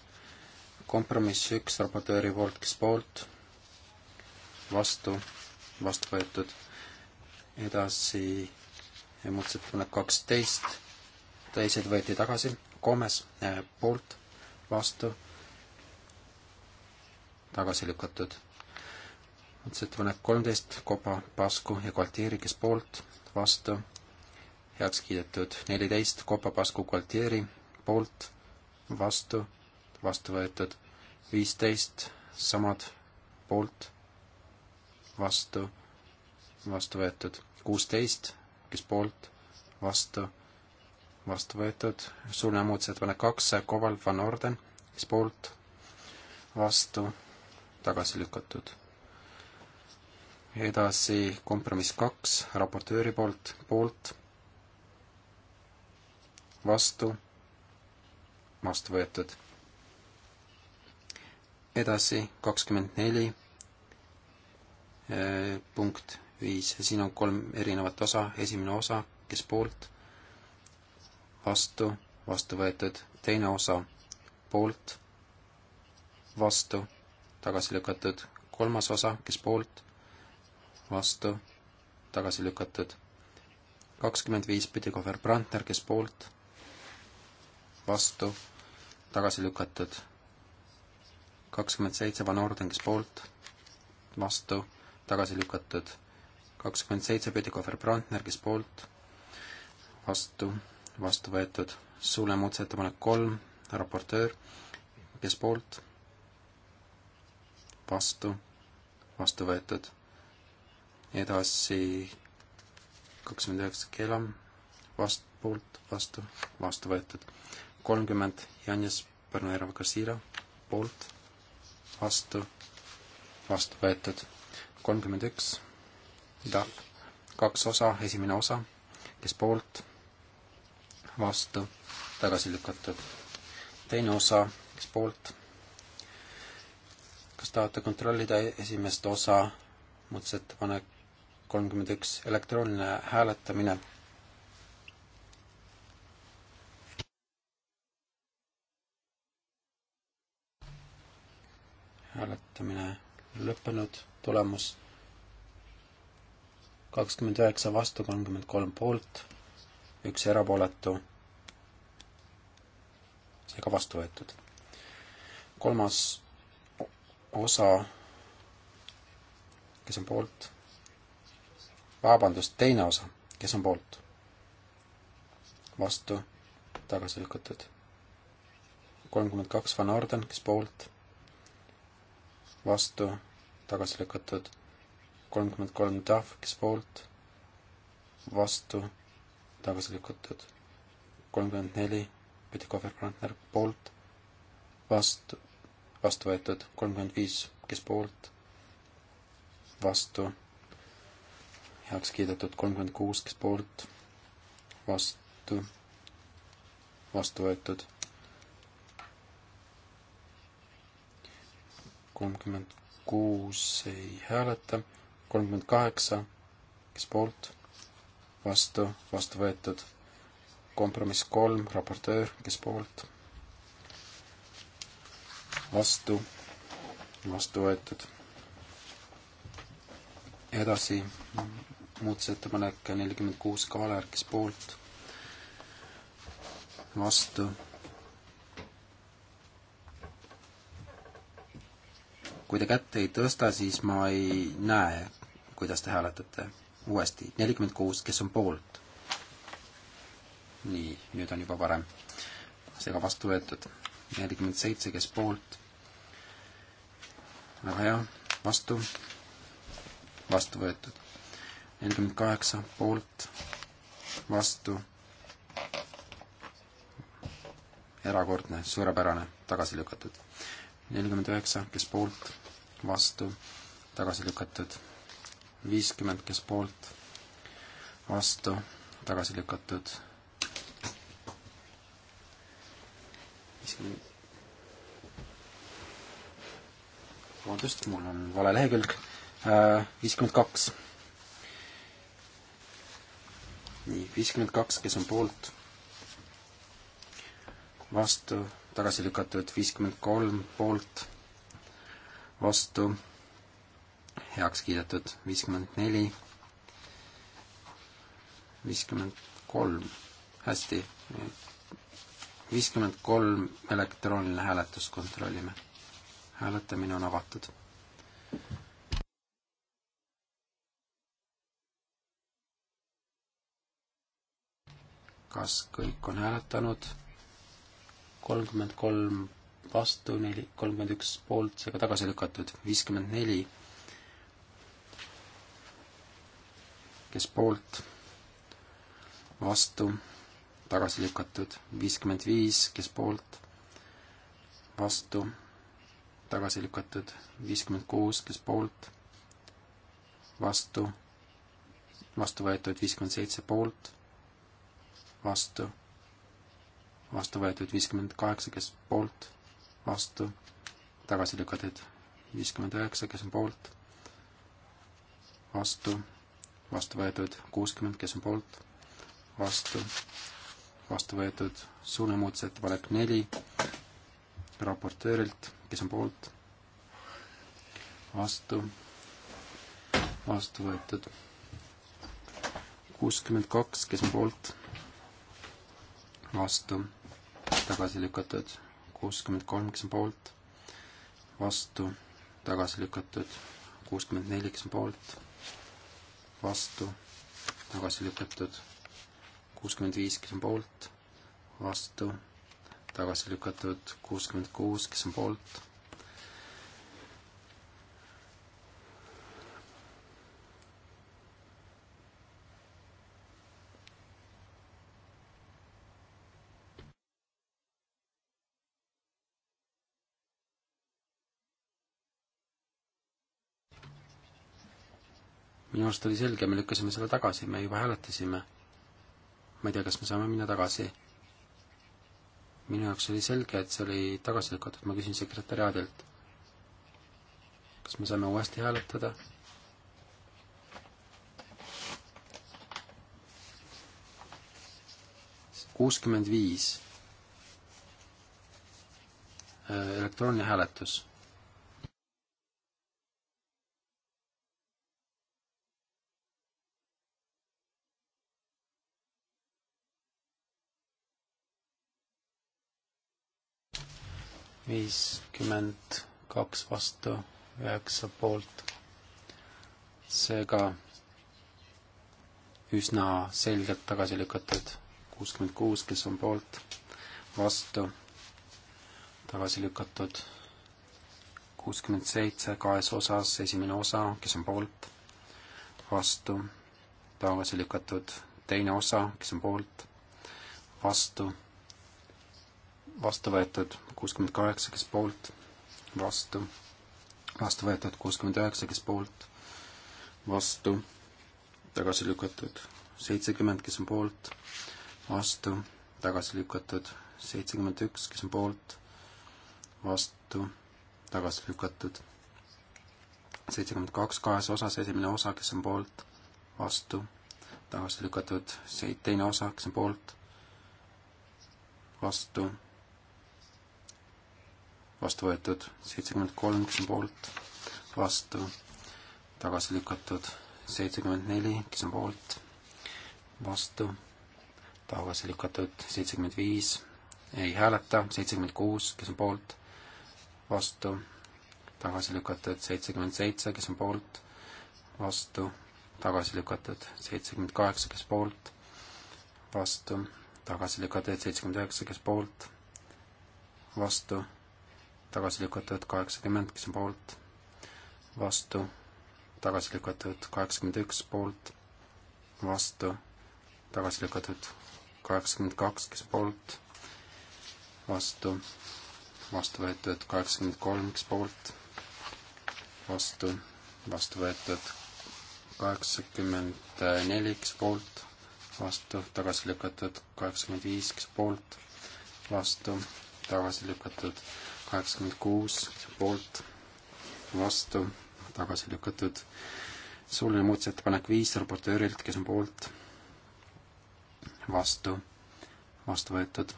S2: kompromiss üks, raportööri poolt, kes poolt, vastu vastu võetud. edasi muudatusettepanek kaksteist, teised võeti tagasi, Gomes äh, poolt, vastu, tagasi lükatud. muudatusettepanek kolmteist, Koba, Pasku ja Gualtieri, kes poolt, vastu, heaks kiidetud. neliteist, Koba, Pasku, Gualtieri, poolt, vastu, vastu võetud. viisteist, samad, poolt vastu, vastu võetud. kuusteist, kes poolt, vastu, vastu võetud. suuline muudatusettepanek kaks, Koval van Orden, kes poolt, vastu, tagasi lükatud. edasi kompromiss kaks, raportööri poolt, poolt, vastu, vastu võetud edasi kakskümmend neli punkt viis, siin on kolm erinevat osa, esimene osa, kes poolt, vastu, vastu võetud, teine osa, poolt, vastu, tagasi lükatud, kolmas osa, kes poolt, vastu, tagasi lükatud, kakskümmend viis Püdikohver Brandner, kes poolt, vastu, tagasi lükatud, kakskümmend seitse Van Orden, kes poolt, vastu tagasi lükatud. kakskümmend seitse Petikofer Brandner, kes poolt, vastu, vastu võetud. Suule muudatusettepanek kolm, raportöör, kes poolt, vastu, vastu võetud. edasi kakskümmend üheksa Kelam, vast-, poolt, vastu, vastu võetud. kolmkümmend Janis Põrnuerva Kasila, poolt, vastu, vastu võetud kolmkümmend üks, DAF, kaks osa, esimene osa, kes poolt, vastu, tagasi lükatud. teine osa, kes poolt, kas tahate kontrollida esimest osa, muudatusettepanek kolmkümmend üks, elektrooniline hääletamine hääletamine lõppenud, tulemus kakskümmend üheksa vastu, kolmkümmend kolm poolt, üks erapooletu, seega vastu võetud. kolmas osa, kes on poolt, vabandust, teine osa, kes on poolt, vastu, tagasi lükatud. kolmkümmend kaks Van Orden, kes poolt, vastu tagasi lükatud, kolmkümmend kolm tahv, kes poolt, vastu, tagasi lükatud, kolmkümmend neli, Pütikofer Brandner poolt, vastu, vastu võetud, kolmkümmend viis, kes poolt, vastu, heaks kiidetud, kolmkümmend kuus, kes poolt, vastu, vastu võetud, kolmkümmend kuus ei hääleta, kolmkümmend kaheksa, kes poolt, vastu, vastu võetud. kompromiss kolm, raportöör, kes poolt, vastu, vastu võetud. edasi muudatusettepanek nelikümmend kuus, Kaaler, kes poolt, vastu kui te kätt ei tõsta, siis ma ei näe, kuidas te hääletate. uuesti, nelikümmend kuus, kes on poolt? nii, nüüd on juba parem. seega vastu võetud. nelikümmend seitse, kes poolt? väga hea, vastu, vastu võetud. nelikümmend kaheksa, poolt, vastu, erakordne, suurepärane, tagasi lükatud nelikümmend üheksa, kes poolt, vastu, tagasi lükatud. viiskümmend, kes poolt, vastu, tagasi lükatud. viiskümmend vabandust, mul on vale lehekülg, äh, viiskümmend kaks. nii, viiskümmend kaks, kes on poolt, vastu tagasi lükatud viiskümmend kolm poolt, vastu, heaks kiidetud viiskümmend neli, viiskümmend kolm, hästi, viiskümmend kolm elektrooniline hääletus kontrollime. hääletamine on avatud. kas kõik on hääletanud? kolmkümmend kolm vastu, neli, kolmkümmend üks poolt, seega tagasi lükatud, viiskümmend neli, kes poolt, vastu, tagasi lükatud, viiskümmend viis, kes poolt, vastu, tagasi lükatud, viiskümmend kuus, kes poolt, vastu, vastu võetud viiskümmend seitse poolt, vastu vastu võetud viiskümmend kaheksa, kes poolt, vastu, tagasi lükatud viiskümmend üheksa, kes on poolt, vastu, vastu võetud kuuskümmend, kes on poolt, vastu, vastu võetud suunamuutusettepanek neli raportöörilt, kes on poolt, vastu, vastu võetud kuuskümmend kaks, kes on poolt vastu, tagasi lükatud, kuuskümmend kolm, kes on poolt, vastu, tagasi lükatud, kuuskümmend neli, kes on poolt, vastu, tagasi lükatud, kuuskümmend viis, kes on poolt, vastu, tagasi lükatud, kuuskümmend kuus, kes on poolt minu arust oli selge, me lükkasime selle tagasi, me juba hääletasime. ma ei tea, kas me saame minna tagasi. minu jaoks oli selge, et see oli tagasi lükatud, ma küsin sekretäriaadilt. kas me saame uuesti hääletada? kuuskümmend viis. elektrooniline hääletus viiskümmend kaks vastu, üheksa poolt. seega üsna selgelt tagasi lükatud. kuuskümmend kuus, kes on poolt, vastu, tagasi lükatud. kuuskümmend seitse kahes osas, esimene osa, kes on poolt, vastu, tagasi lükatud. teine osa, kes on poolt, vastu vastu võetud kuuskümmend kaheksa, kes poolt, vastu, vastu võetud kuuskümmend üheksa, kes poolt, vastu, tagasi lükatud seitsekümmend, kes on poolt, vastu, tagasi lükatud seitsekümmend üks, kes on poolt, vastu, tagasi lükatud seitsekümmend kaks kahes osas, esimene osa, kes on poolt, vastu, tagasi lükatud, see teine osa, kes on poolt, vastu vastu võetud seitsekümmend kolm, kes on poolt, vastu, tagasi lükatud seitsekümmend neli, kes on poolt, vastu, tagasi lükatud seitsekümmend viis, ei hääleta, seitsekümmend kuus, kes on poolt, vastu, tagasi lükatud seitsekümmend seitse, kes on poolt, vastu, tagasi lükatud seitsekümmend kaheksa, kes poolt, vastu, tagasi lükatud seitsekümmend üheksa, kes poolt, vastu tagasi lükatud kaheksakümmend, kes on poolt, vastu, tagasi lükatud kaheksakümmend üks poolt, vastu, tagasi lükatud kaheksakümmend kaks, kes poolt, vastu, vastu võetud kaheksakümmend kolm, kes poolt, vastu, vastu võetud kaheksakümmend neli, kes poolt, vastu, tagasi lükatud kaheksakümmend viis, kes poolt, vastu, tagasi lükatud kaheksakümmend kuus poolt, vastu, tagasi lükatud. suuline muudatusettepanek viis raportöörilt, kes on poolt, vastu, vastu võetud.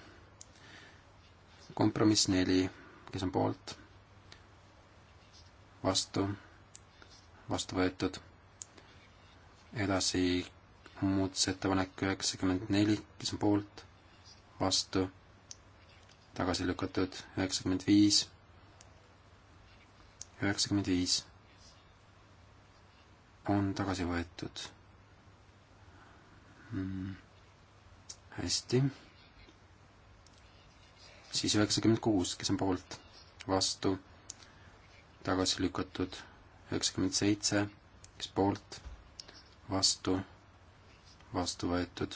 S2: kompromiss neli, kes on poolt, vastu, vastu võetud. edasi muudatusettepanek üheksakümmend neli, kes on poolt, vastu tagasi lükatud, üheksakümmend viis, üheksakümmend viis on tagasi võetud mm.. hästi. siis üheksakümmend kuus, kes on poolt, vastu, tagasi lükatud, üheksakümmend seitse, kes poolt, vastu, vastu võetud,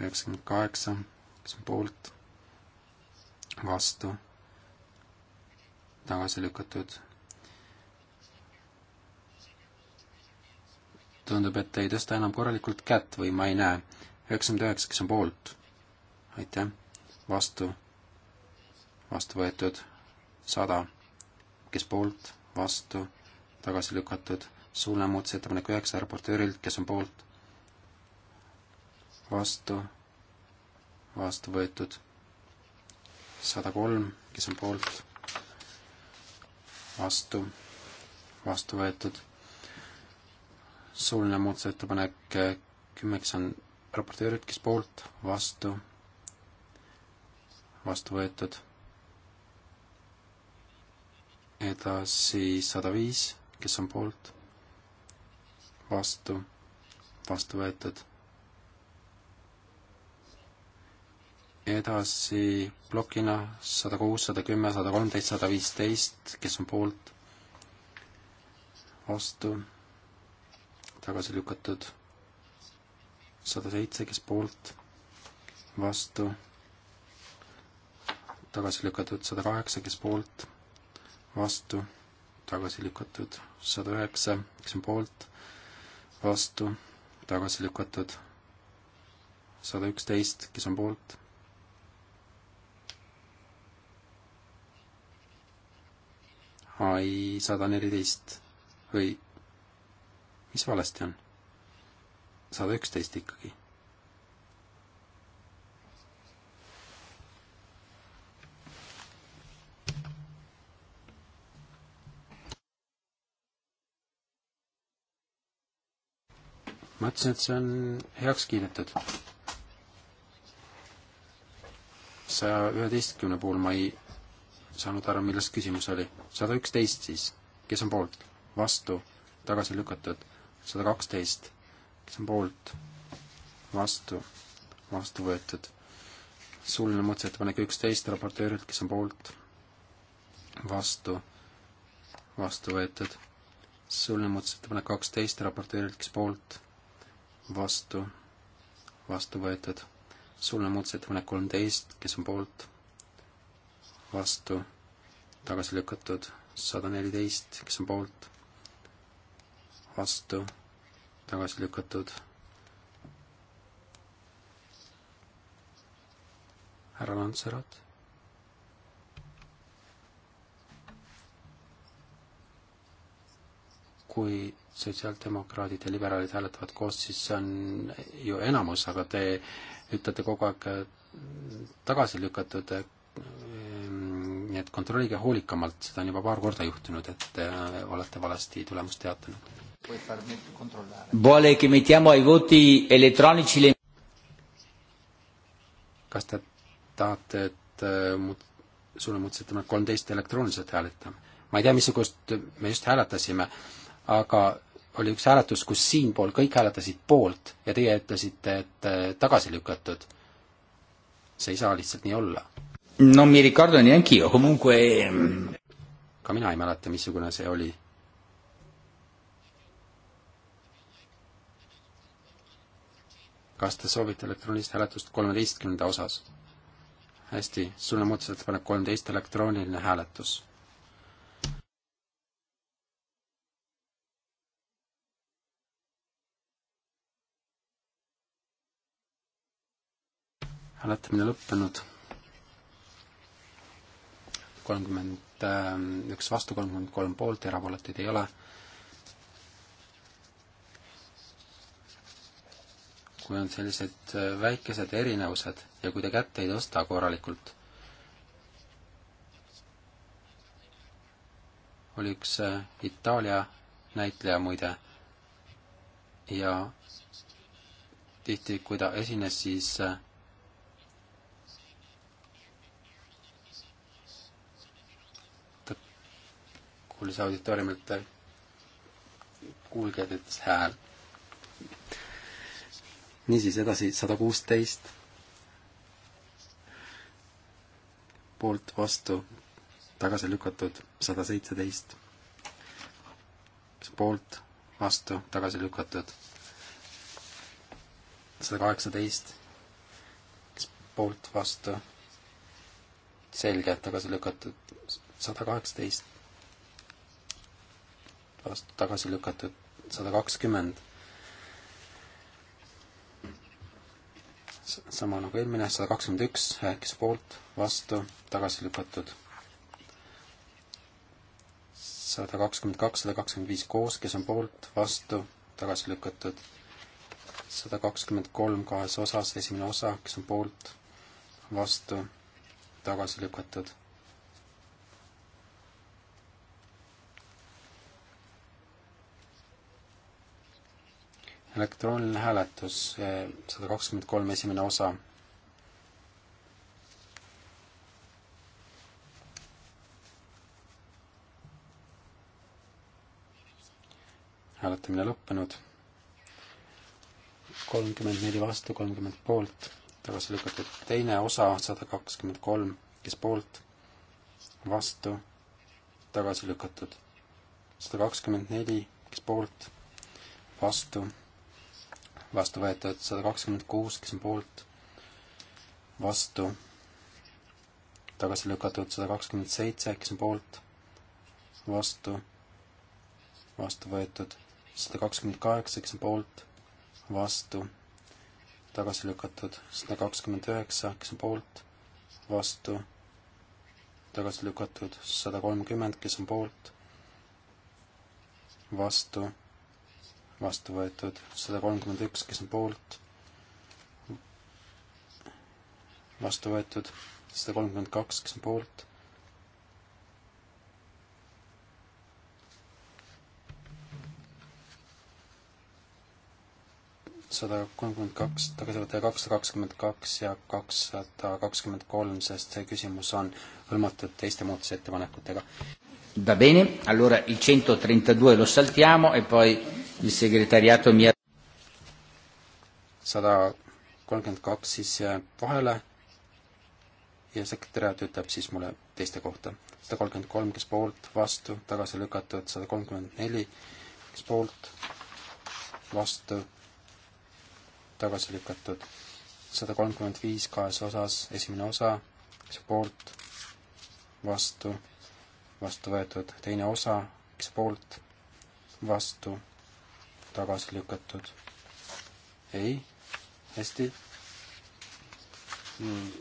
S2: üheksakümmend kaheksa, kes on poolt vastu, tagasi lükatud. tundub, et ei tõsta enam korralikult kätt või ma ei näe. üheksakümmend üheksa, kes on poolt? aitäh. vastu, vastu võetud, sada, kes poolt, vastu, tagasi lükatud, suuline muudatusettepanek üheksa raportöörilt, kes on poolt, vastu, vastu võetud sada kolm, kes on poolt, vastu, vastu võetud. suuline muudatusettepanek eh, kümme, kes on raportöörid, kes poolt, vastu, vastu võetud. edasi sada viis, kes on poolt, vastu, vastu võetud edasi plokina sada kuus, sada kümme, sada kolmteist, sada viisteist, kes on poolt, vastu, tagasi lükatud, sada seitse, kes poolt, vastu, tagasi lükatud, sada kaheksa, kes poolt, vastu, tagasi lükatud, sada üheksa, kes on poolt, vastu, tagasi lükatud, sada üksteist, kes on poolt ai sada neliteist või mis valesti on? sada üksteist ikkagi. ma ütlesin, et see on heaks kiidetud. saja üheteistkümne puhul ma ei saanud aru, milles küsimus oli. sada üksteist siis, kes on poolt, vastu, tagasi lükatud. sada kaksteist, kes on poolt, vastu, vastu võetud. suuline muudatusettepanek üksteist raportöörilt, kes on poolt, vastu, vastu võetud. suuline muudatusettepanek kaksteist raportöörilt, kes poolt, vastu, vastu võetud. suuline muudatusettepanek kolmteist, kes on poolt vastu, tagasi lükatud sada neliteist, kes on poolt, vastu, tagasi lükatud. härra Lantserat. kui sotsiaaldemokraadid ja liberaalid hääletavad koos, siis see on ju enamus, aga te ütlete kogu aeg tagasi lükatud nii et kontrollige hoolikamalt, seda on juba paar korda juhtunud, et te äh, olete valesti tulemust teatanud. kas te tahate, et äh, muud, sulle muudatusettepanek kolmteist elektrooniliselt hääletame? ma ei tea, missugust me just hääletasime, aga oli üks hääletus, kus siinpool kõik hääletasid poolt ja teie ütlesite, et äh, tagasi lükatud. see ei saa lihtsalt nii olla no mi ricordo neanch'io, comunque... Ehm, ka mina ei mäleta, missugune see oli. kas te soovite elektroonilist hääletust kolmeteistkümnenda osas? hästi, sulle muudatusettepanek kolmteist, elektrooniline hääletus. hääletamine lõppenud kolmkümmend üks vastu, kolmkümmend kolm poolt, erapooletuid ei ole. kui on sellised äh, väikesed erinevused ja kui te kätt ei tõsta korralikult, oli üks äh, Itaalia näitleja muide ja tihti, kui ta esines, siis äh, kuulis auditooriumilt kuulge nüüd hääl. niisiis, edasi sada kuusteist. poolt, vastu, tagasi lükatud sada seitseteist. poolt, vastu, tagasi lükatud sada kaheksateist. poolt, vastu, selge, tagasi lükatud sada kaheksateist vastu tagasi lükatud sada kakskümmend. sama nagu eelmine, sada kakskümmend üks, kes poolt, vastu, tagasi lükatud. sada kakskümmend kaks, sada kakskümmend viis koos, kes on poolt, vastu, tagasi lükatud. sada kakskümmend kolm kahes osas, esimene osa, kes on poolt, vastu, tagasi lükatud elektrooniline hääletus, sada kakskümmend kolm, esimene osa. hääletamine lõppenud. kolmkümmend neli vastu, kolmkümmend poolt, tagasi lükatud teine osa, sada kakskümmend kolm, kes poolt, vastu, tagasi lükatud. sada kakskümmend neli, kes poolt, vastu vastu võetud sada kakskümmend kuus, kes on poolt, vastu, tagasi lükatud sada kakskümmend seitse, kes on poolt, vastu, vastu võetud sada kakskümmend kaheksa, kes on poolt, vastu, tagasi lükatud sada kakskümmend üheksa, kes on poolt, vastu, tagasi lükatud sada kolmkümmend, kes on poolt, vastu vastu võetud sada kolmkümmend üks, kes on poolt, vastu võetud sada kolmkümmend kaks, kes on poolt, sada kolmkümmend kaks, tagasi võtta kakssada kakskümmend kaks ja kakssada kakskümmend kolm, sest see küsimus on hõlmatud teiste muudatusettepanekutega.
S4: Va bene, allora il centotrentadue lo saltiamo e poi mis sekretariato mi-
S2: sada kolmkümmend kaks siis jääb vahele ja sekretäriaat ütleb siis mulle teiste kohta. sada kolmkümmend kolm, kes poolt, vastu, tagasi lükatud, sada kolmkümmend neli, kes poolt, vastu, tagasi lükatud. sada kolmkümmend viis kahes osas, esimene osa, kes poolt, vastu, vastu võetud, teine osa, kes poolt, vastu tagasi lükatud? ei, hästi. Hmm.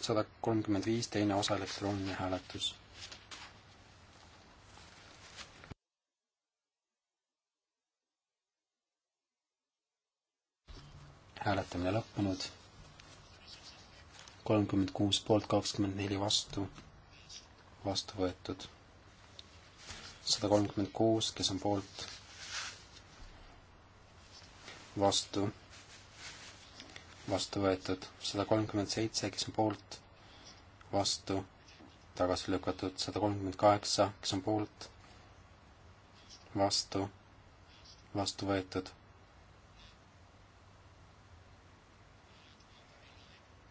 S2: sada kolmkümmend viis, teine osa elektrooniline hääletus. hääletamine lõppenud. kolmkümmend kuus poolt, kakskümmend neli vastu, vastu võetud sada kolmkümmend kuus, kes on poolt, vastu, vastu võetud sada kolmkümmend seitse, kes on poolt, vastu, tagasi lükatud sada kolmkümmend kaheksa, kes on poolt, vastu, vastu võetud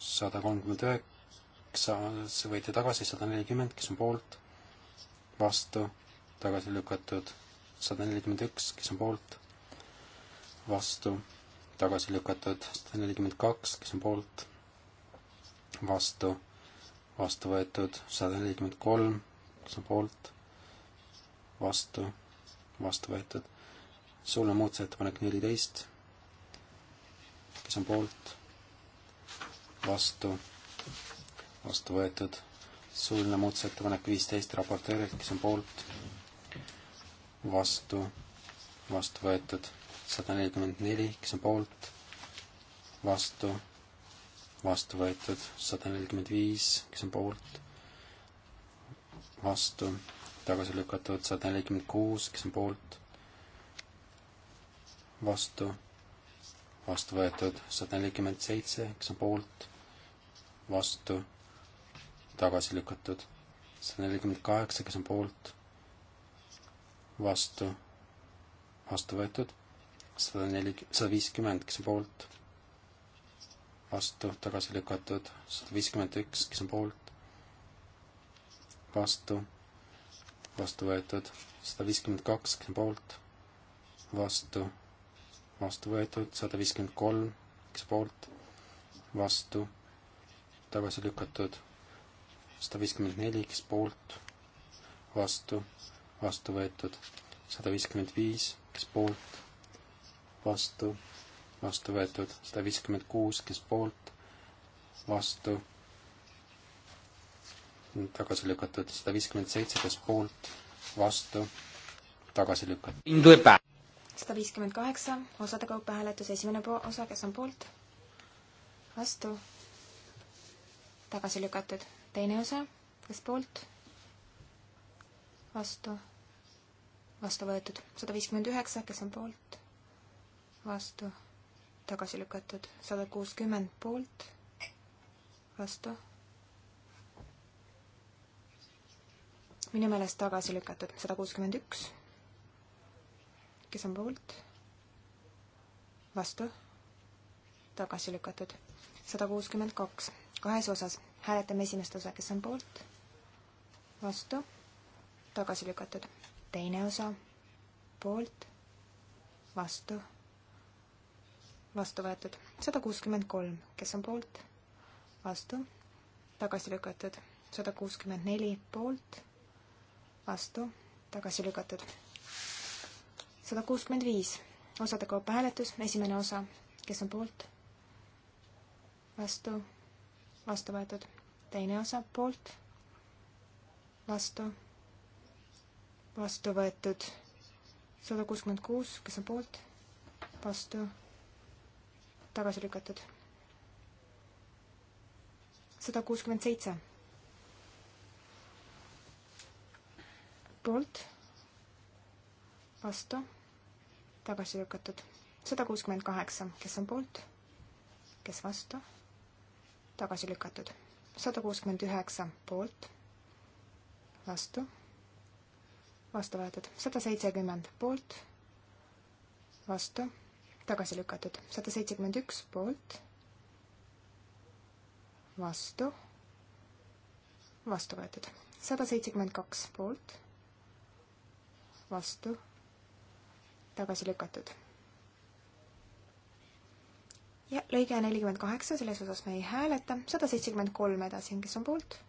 S2: sada kolmkümmend üheksa, see võeti tagasi, sada nelikümmend, kes on poolt, vastu, tagasi lükatud, sada nelikümmend üks, kes on poolt vastu, tagasi lükatud sada nelikümmend kaks, kes on poolt, vastu, vastu võetud sada nelikümmend kolm, kes on poolt, vastu, vastu võetud. sulle muudatusettepanek neliteist, kes on poolt, vastu, vastu võetud. suuline muudatusettepanek viisteist raportöörilt, kes on poolt, vastu, vastu võetud sada nelikümmend neli, kes on poolt, vastu, vastu võetud, sada nelikümmend viis, kes on poolt, vastu, tagasi lükatud, sada nelikümmend kuus, kes on poolt, vastu, vastu võetud, sada nelikümmend seitse, kes on poolt, vastu, tagasi lükatud, sada nelikümmend kaheksa, kes on poolt, vastu, vastu võetud sada neli, sada viiskümmend, kes on poolt, vastu, tagasi lükatud, sada viiskümmend üks, kes on poolt, vastu, vastu võetud, sada viiskümmend kaks, kes on poolt, vastu, vastu võetud, sada viiskümmend kolm, kes poolt, vastu, tagasi lükatud, sada viiskümmend neli, kes poolt, vastu, vastu võetud, sada viiskümmend viis, kes poolt, vastu, vastu võetud sada viiskümmend kuus, kes poolt, vastu, tagasi lükatud sada viiskümmend seitse, kes poolt, vastu, tagasi lükatud.
S5: sada viiskümmend kaheksa, osade kaupa hääletus, esimene po-, osa, kes on poolt, vastu, tagasi lükatud, teine osa, kes poolt, vastu, vastu võetud, sada viiskümmend üheksa, kes on poolt vastu, tagasi lükatud, sada kuuskümmend poolt, vastu. minu meelest tagasi lükatud, sada kuuskümmend üks. kes on poolt? vastu, tagasi lükatud, sada kuuskümmend kaks, kahes osas, hääletame esimest osa, kes on poolt, vastu, tagasi lükatud, teine osa, poolt, vastu vastu võetud. sada kuuskümmend kolm, kes on poolt, vastu, tagasi lükatud. sada kuuskümmend neli poolt, vastu, tagasi lükatud. sada kuuskümmend viis, osade kaupa hääletus, esimene osa, kes on poolt, vastu, vastu võetud. teine osa, poolt, vastu, vastu võetud. sada kuuskümmend kuus, kes on poolt, vastu tagasi lükatud. sada kuuskümmend seitse. poolt, vastu, tagasi lükatud. sada kuuskümmend kaheksa, kes on poolt, kes vastu, tagasi lükatud. sada kuuskümmend üheksa, poolt, vastu, vastu võetud. sada seitsekümmend, poolt, vastu tagasi lükatud. sada seitsekümmend üks poolt, vastu, vastu võetud. sada seitsekümmend kaks poolt, vastu, tagasi lükatud. ja lõige nelikümmend kaheksa, selles osas me ei hääleta. sada seitsekümmend kolm edasi, kes on poolt,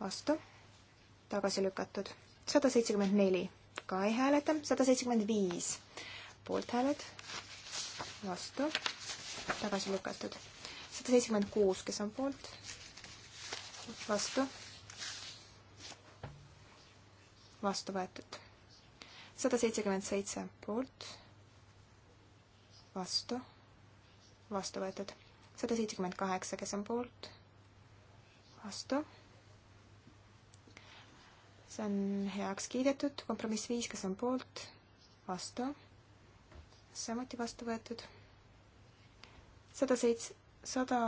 S5: vastu, tagasi lükatud. sada seitsekümmend neli, ka ei hääleta. sada seitsekümmend viis poolt hääled, vastu, tagasi lükatud. sada seitsekümmend kuus, kes on poolt, vastu, vastu võetud. sada seitsekümmend seitse poolt, vastu, vastu võetud. sada seitsekümmend kaheksa, kes on poolt, vastu see on heaks kiidetud, kompromiss viis, kes on poolt, vastu, samuti vastu võetud. sada seits-, sada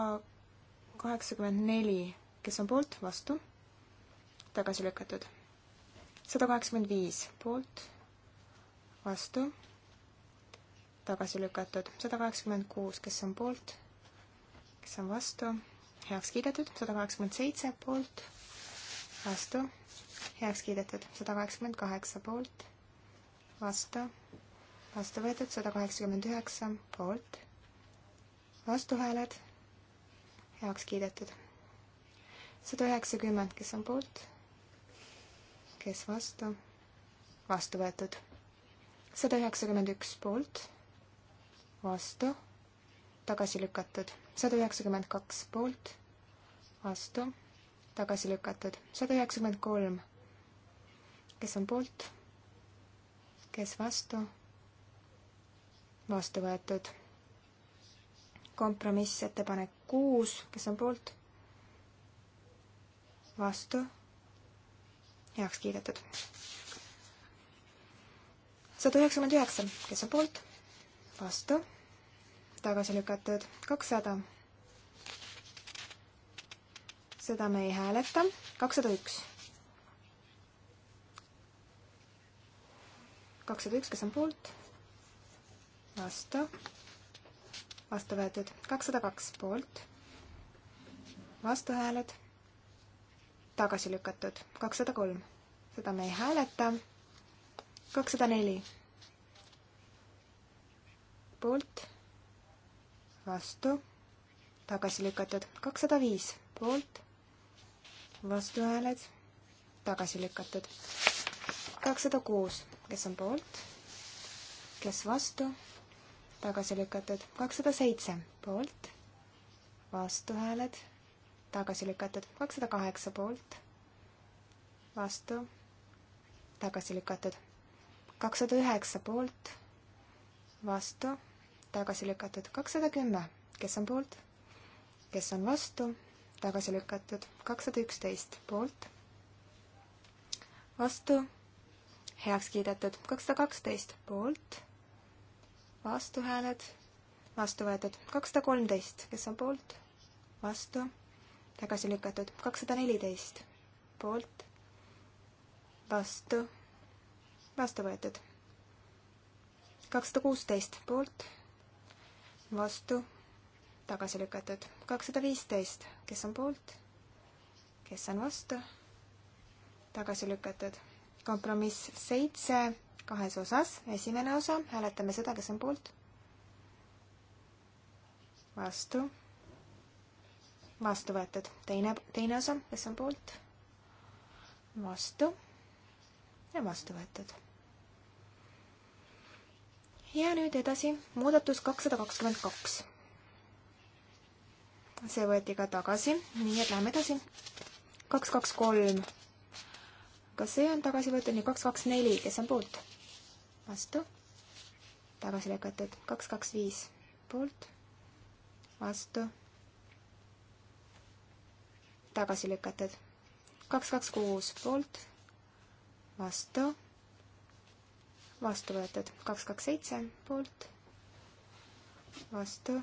S5: kaheksakümmend neli, kes on poolt, vastu, tagasi lükatud. sada kaheksakümmend viis poolt, vastu, tagasi lükatud. sada kaheksakümmend kuus, kes on poolt, kes on vastu, heaks kiidetud. sada kaheksakümmend seitse poolt, vastu, heaks kiidetud. sada kaheksakümmend kaheksa poolt, vastu vastu võetud sada kaheksakümmend üheksa poolt, vastuhääled heaks kiidetud. sada üheksakümmend, kes on poolt, kes vastu, vastu võetud. sada üheksakümmend üks poolt, vastu, tagasi lükatud. sada üheksakümmend kaks poolt, vastu, tagasi lükatud. sada üheksakümmend kolm, kes on poolt, kes vastu vastu võetud. kompromissettepanek kuus, kes on poolt? vastu? heaks kiidetud. sada üheksakümmend üheksa, kes on poolt? vastu? tagasi lükatud. kakssada. seda me ei hääleta. kakssada üks. kakssada üks, kes on poolt? vastu, vastu võetud kakssada kaks poolt, vastuhääled, tagasi lükatud kakssada kolm, seda me ei hääleta, kakssada neli poolt, vastu, tagasi lükatud kakssada viis poolt, vastuhääled, tagasi lükatud kakssada kuus, kes on poolt, kes vastu tagasi lükatud. kakssada seitse poolt, vastuhääled, tagasi lükatud. kakssada kaheksa poolt, vastu, tagasi lükatud. kakssada üheksa poolt, vastu, tagasi lükatud. kakssada kümme, kes on poolt, kes on vastu, tagasi lükatud. kakssada üksteist poolt, vastu heaks kiidetud kakssada kaksteist poolt, vastuhääled, vastu võetud. kakssada kolmteist, kes on poolt, vastu, tagasi lükatud. kakssada neliteist, poolt, vastu, vastu võetud. kakssada kuusteist, poolt, vastu, tagasi lükatud. kakssada viisteist, kes on poolt, kes on vastu, tagasi lükatud. kompromiss seitse kahes osas, esimene osa, hääletame seda, kes on poolt. vastu. vastu võetud, teine, teine osa, kes on poolt. vastu. ja vastu võetud. ja nüüd edasi, muudatus kakssada kakskümmend kaks. see võeti ka tagasi, nii et lähme edasi. kaks, kaks, kolm ka see on tagasi võetud, nii kaks, kaks, neli, kes on poolt? vastu, tagasi lükatud, kaks, kaks, viis poolt, vastu, tagasi lükatud, kaks, kaks, kuus poolt, vastu, vastu võetud, kaks, kaks, seitse poolt, vastu,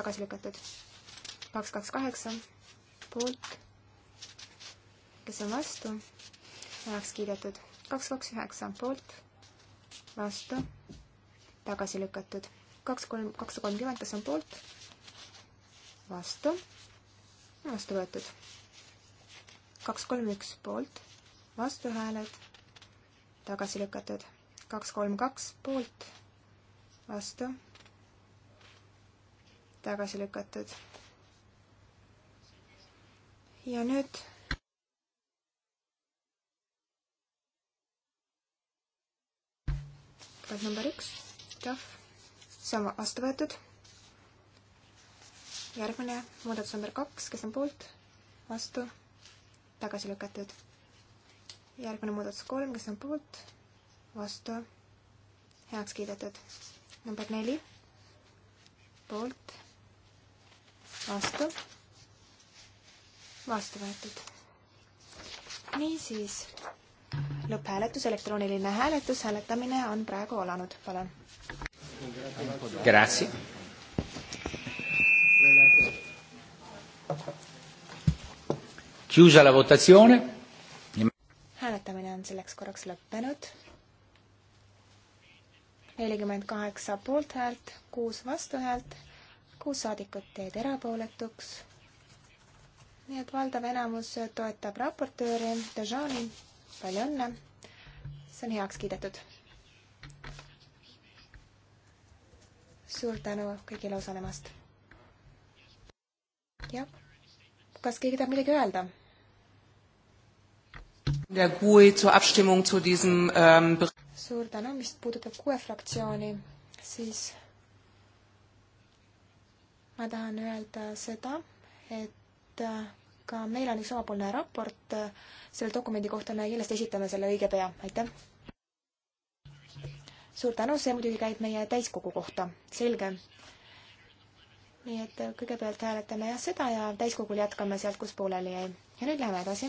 S5: tagasi lükatud, kaks, kaks, kaheksa poolt, kes on vastu heaks kiidetud. kaks, kaks, üheksa poolt, vastu, tagasi lükatud. kaks, kolm, kakssada kolmkümmend, kes on poolt, vastu, vastu võetud. kaks, kolm, üks poolt, vastuhääled, tagasi lükatud. kaks, kolm, kaks poolt, vastu, tagasi lükatud. ja nüüd muudatusettepanek number üks, Tšahv, see on vastu võetud. järgmine muudatus number kaks, kes on poolt, vastu, tagasi lükatud. järgmine muudatus kolm, kes on poolt, vastu, heaks kiidetud. number neli, poolt, vastu, vastu võetud. niisiis lõpphääletus, elektrooniline hääletus, hääletamine on praegu alanud, palun. Grazie.
S4: Chiusa la votazione.
S5: hääletamine on selleks korraks lõppenud. nelikümmend kaheksa poolthäält, kuus vastuhäält, kuus saadikut jäid erapooletuks nii et valdav enamus toetab raportööri Dejani palju õnne. see on heaks kiidetud. suur tänu kõigile osalemast. jah, kas keegi tahab midagi öelda?
S3: der GUE zur Abstimmung zu diesem ähm,
S5: Suur tänu, mis puudutab GUE fraktsiooni, siis ma tahan öelda seda, et äh, ka meil on üks omapoolne raport äh, selle dokumendi kohta, me kindlasti esitame selle õige pea, aitäh! suur tänu, see muidugi käib meie täiskogu kohta, selge. nii et äh, kõigepealt hääletame jah seda ja täiskogul jätkame sealt, kus pooleli jäi. ja nüüd läheme edasi.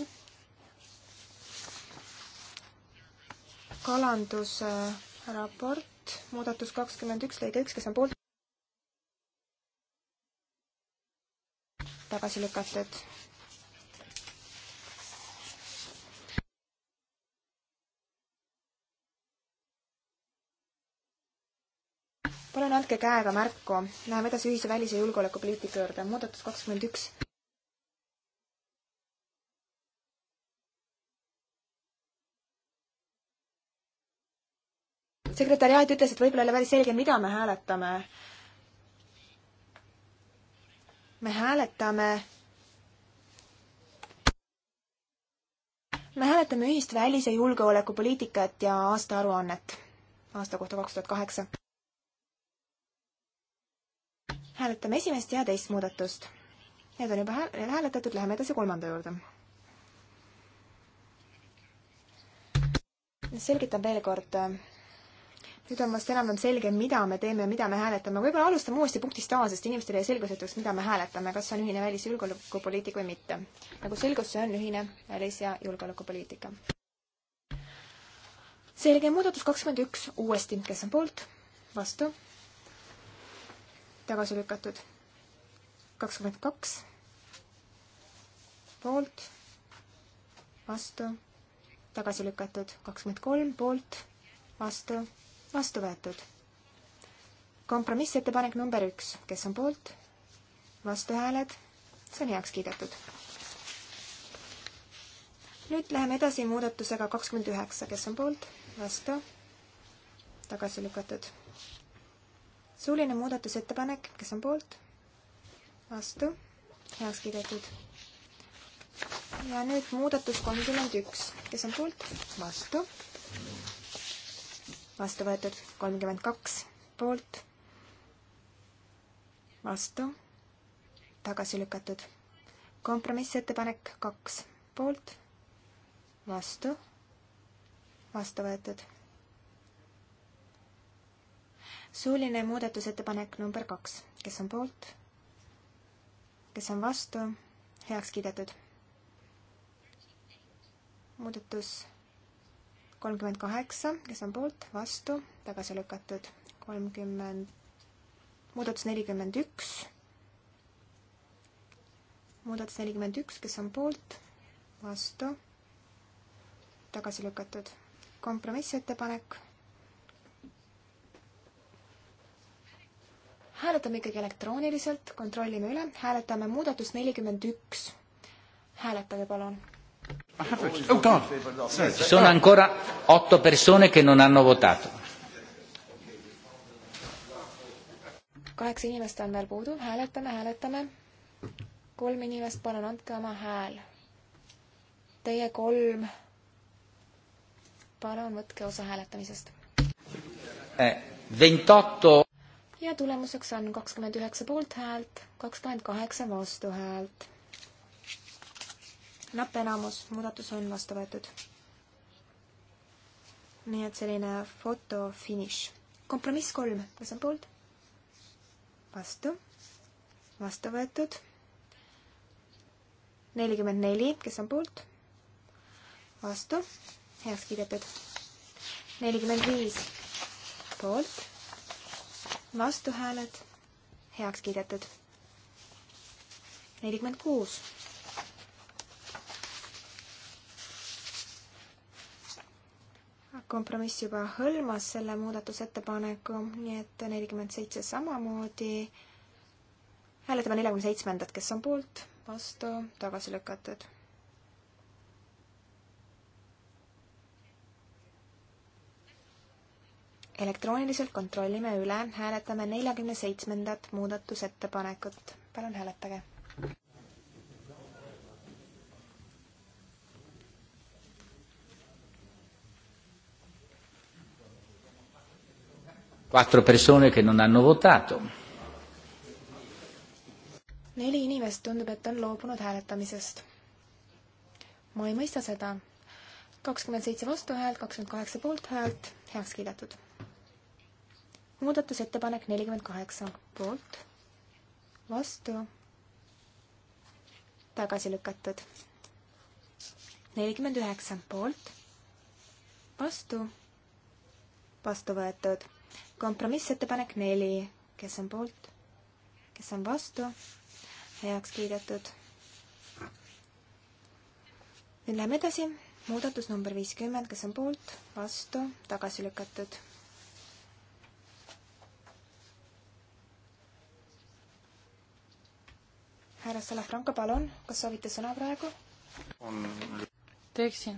S5: kalandusraport, äh, muudatus kakskümmend üks lõige üks, kes on poolt? tagasi lükatud. palun andke käega märku. Läheme edasi ühise välis- ja julgeolekupoliitika juurde. muudatus kakskümmend üks. sekretäriaat ütles, et võib-olla ei ole päris selge, mida me hääletame. me hääletame me hääletame ühist välis- ja julgeolekupoliitikat ja aastaaruannet aasta kohta kaks tuhat kaheksa hääletame esimest ja teist muudatust. Need on juba hääletatud, läheme edasi kolmanda juurde. selgitan veel kord. nüüd on vast enam-vähem selge, mida me teeme, mida me hääletame. võib-olla alustame uuesti punktist A, sest inimestele jäi selgusetuks, mida me hääletame, kas see on ühine välis- ja julgeolekupoliitika või mitte. nagu selgus, see on ühine välis- ja julgeolekupoliitika. selge, muudatus kakskümmend üks uuesti, kes on poolt, vastu tagasi lükatud. kakskümmend kaks poolt, vastu, tagasi lükatud. kakskümmend kolm poolt, vastu, vastu võetud. kompromissettepanek number üks, kes on poolt, vastuhääled, see on heaks kiidetud. nüüd läheme edasi muudatusega kakskümmend üheksa, kes on poolt, vastu, tagasi lükatud suuline muudatusettepanek, kes on poolt? vastu, heaks kiidetud. ja nüüd muudatus kolmkümmend üks, kes on poolt? vastu. vastu võetud kolmkümmend kaks, poolt. vastu, tagasi lükatud. kompromissettepanek kaks, poolt, vastu, vastu võetud suuline muudatusettepanek number kaks, kes on poolt, kes on vastu, heaks kiidetud. muudatus kolmkümmend kaheksa, kes on poolt, vastu, tagasi lükatud. kolmkümmend, muudatus nelikümmend üks, muudatus nelikümmend üks, kes on poolt, vastu, tagasi lükatud. kompromissettepanek hääletame ikkagi elektrooniliselt, kontrollime üle, hääletame muudatust nelikümmend üks. hääletage palun. Oh,
S4: Ci sono ancora otto persone che non hanno votato.
S5: kaheksa inimest on veel puudu, hääletame, hääletame. kolm inimest, palun andke oma hääl. Teie kolm, palun võtke osa hääletamisest
S1: eh,.
S4: Ventotto
S5: ja tulemuseks on kakskümmend üheksa poolthäält, kakskümmend kaheksa vastuhäält. napp enamus, muudatus on vastu võetud. nii et selline foto finiš. kompromiss kolm, kas on poolt? vastu, vastu võetud. nelikümmend neli, kes on poolt? vastu, heaks kiidetud. nelikümmend viis poolt vastuhääled heaks kiidetud. nelikümmend kuus. kompromiss juba hõlmas selle muudatusettepaneku, nii et nelikümmend seitse samamoodi. hääletame neljakümne seitsmendat, kes on poolt, vastu, tagasi lükatud elektrooniliselt kontrollime üle, hääletame neljakümne seitsmendat muudatusettepanekut. palun hääletage.
S4: Quattro persone che non hanno votato.
S5: neli inimest tundub, et on loobunud hääletamisest. ma ei mõista seda kakskümmend seitse vastuhäält, kakskümmend kaheksa poolthäält, heaks kiidetud muudatusettepanek nelikümmend kaheksa poolt, vastu, tagasi lükatud. nelikümmend üheksa poolt, vastu, vastu võetud. kompromissettepanek neli, kes on poolt, kes on vastu, heaks kiidetud. nüüd läheme edasi, muudatus number viiskümmend, kes on poolt, vastu, tagasi lükatud härra Salafranco, palun, kas soovite sõna praegu? teeksin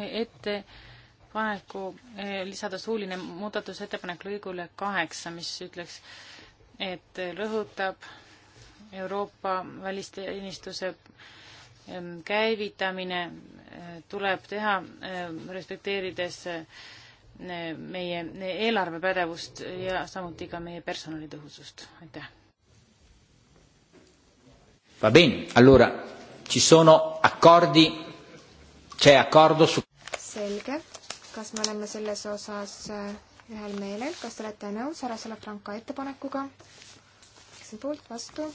S3: ettepaneku eh, lisada suuline muudatusettepanek lõigule kaheksa, mis ütleks, et rõhutab Euroopa välisteenistuse käivitamine eh, tuleb teha respekteerides eh, meie eelarvepädevust ja samuti ka meie personali tõhusust. aitäh!
S4: Va bene, allora ci sono accordi, c'è accordo su.
S5: selge, kas me oleme selles osas eh, ühel meelel, kas te olete nõus härra Salafranco ettepanekuga? kes on poolt, vastu?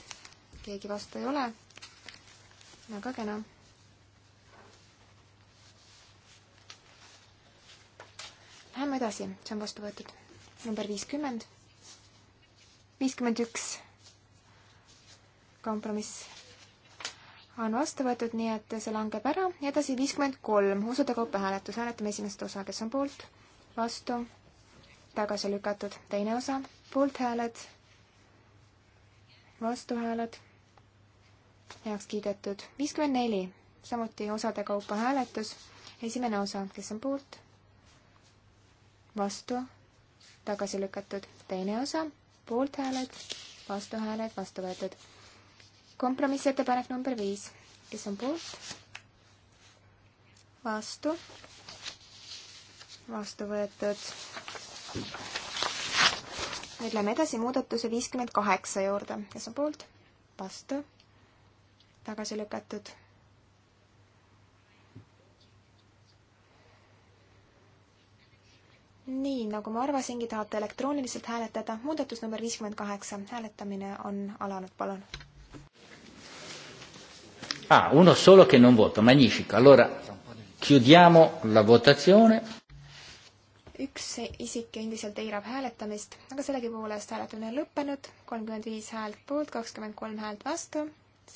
S5: keegi vastu ei ole? väga kena. Läheme edasi, see on vastu võetud. number viiskümmend, viiskümmend üks kompromiss on vastu võetud, nii et see langeb ära. edasi viiskümmend kolm, osude kaupa hääletus, hääletame esimest osa, kes on poolt, vastu, tagasi lükatud, teine osa, poolthääled, vastuhääled, heaks kiidetud. viiskümmend neli, samuti osade kaupa hääletus, esimene osa, kes on poolt, vastu, tagasi lükatud, teine osa, poolthääled, vastuhääled, vastu võetud kompromissettepanek number viis, kes on poolt? vastu, vastu võetud. nüüd lähme edasi muudatuse viiskümmend kaheksa juurde, kes on poolt? vastu, tagasi lükatud nii, nagu ma arvasingi, tahate elektrooniliselt hääletada. muudatus number viiskümmend kaheksa, hääletamine on alanud, palun
S4: Ah, uno solo che non vota, magnifico. Allora chiudiamo la votazione.
S5: üks isik endiselt eirab hääletamist, aga sellegipoolest hääletamine on lõppenud, kolmkümmend viis häält poolt, kakskümmend kolm häält vastu.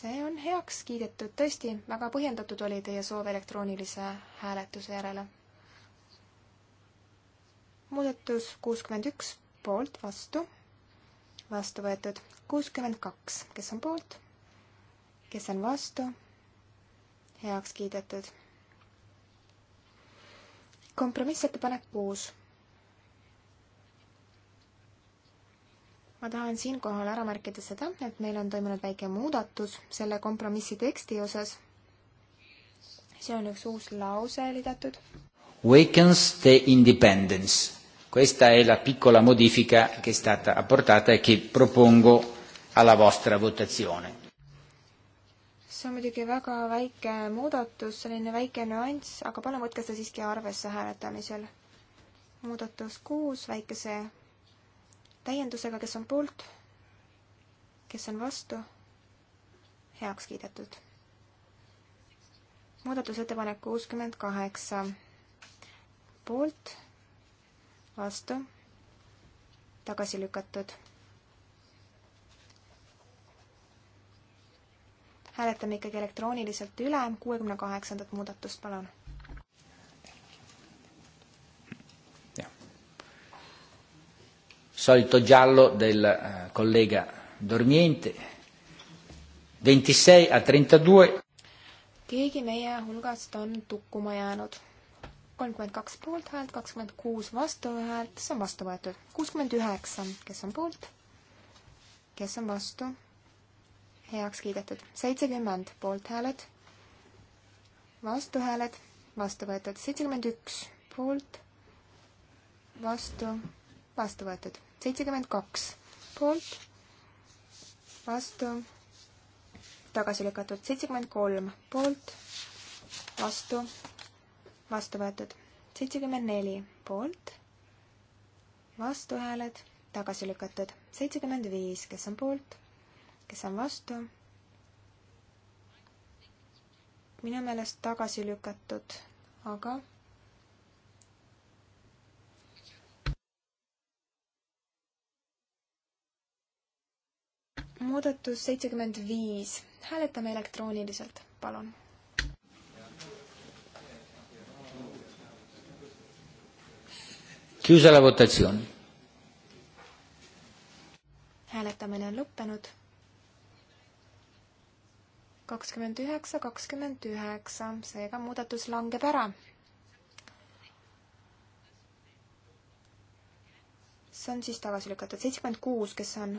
S5: see on heaks kiidetud, tõesti, väga põhjendatud oli teie soov elektroonilise hääletuse järele. muudatus kuuskümmend üks, poolt, vastu, vastu võetud kuuskümmend kaks, kes on poolt, kes on vastu heaks kiidetud. kompromissettepanek kuus. ma tahan siinkohal ära märkida seda, et meil on toimunud väike muudatus selle kompromissi teksti osas. see on üks uus lause lisatud.
S4: Wakens the independence. Questa è la piccola modifica che è stata apportata e che propongo alla vostra votazione
S5: see on muidugi väga väike muudatus, selline väike nüanss, aga palun võtke seda siiski arvesse hääletamisel. muudatus kuus väikese täiendusega, kes on poolt, kes on vastu, heaks kiidetud. muudatusettepanek kuuskümmend kaheksa, poolt, vastu, tagasi lükatud hääletame ikkagi elektrooniliselt üle, kuuekümne kaheksandat muudatust, palun.
S4: solito giallo del eh, collega Dormiente, ventisei a trentadue.
S5: keegi meie hulgast on tukkuma jäänud kolmkümmend kaks poolthäält, kakskümmend kuus vastuhäält, see on vastu võetud. kuuskümmend üheksa, kes on poolt, kes on vastu, heaks kiidetud. seitsekümmend poolthääled, vastuhääled, vastu võetud. seitsekümmend üks poolt, vastu, vastu võetud. seitsekümmend kaks poolt, vastu, tagasi lükatud. seitsekümmend kolm poolt, vastu, vastu võetud. seitsekümmend neli poolt, vastuhääled, tagasi lükatud. seitsekümmend viis, kes on poolt kes on vastu? minu meelest tagasi lükatud, aga muudatus seitsekümmend viis, hääletame elektrooniliselt, palun. hääletamine on lõppenud kakskümmend üheksa, kakskümmend üheksa, seega muudatus langeb ära. see on siis tagasi lükatud, seitsekümmend kuus, kes on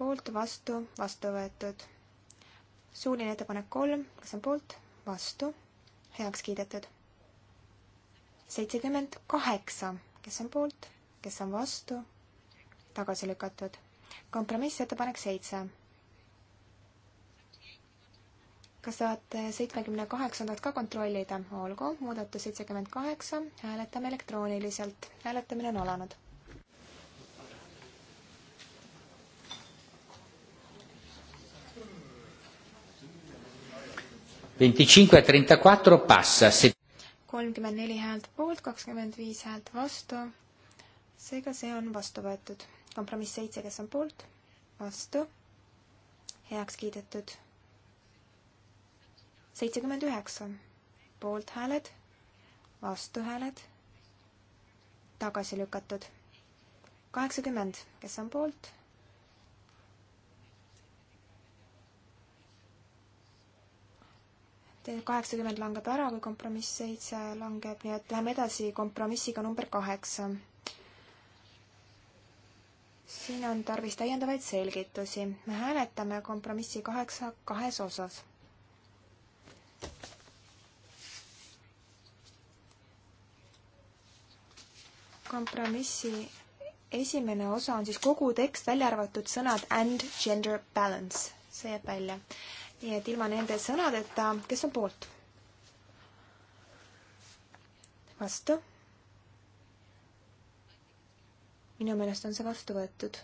S5: poolt, vastu, vastu võetud. suuline ettepanek kolm, kes on poolt, vastu, heaks kiidetud. seitsekümmend kaheksa, kes on poolt, kes on vastu, tagasi lükatud. kompromissettepanek seitse kas saate seitsmekümne kaheksandat ka kontrollida? olgu, muudatus seitsekümmend kaheksa, hääletame elektrooniliselt. hääletamine on alanud. kolmkümmend neli häält poolt, kakskümmend viis häält vastu. seega see on vastu võetud. kompromiss seitse, kes on poolt, vastu, heaks kiidetud seitsekümmend üheksa poolthääled, vastuhääled, tagasi lükatud. kaheksakümmend, kes on poolt? kaheksakümmend langeb ära, kui kompromiss seitse langeb, nii et läheme edasi kompromissiga number kaheksa. siin on tarvis täiendavaid selgitusi. me hääletame kompromissi kaheksa kahes osas kompromissi esimene osa on siis kogu tekst, välja arvatud sõnad and gender balance, see jääb välja. nii et ilma nende sõnadeta, kes on poolt? vastu? minu meelest on see vastu võetud.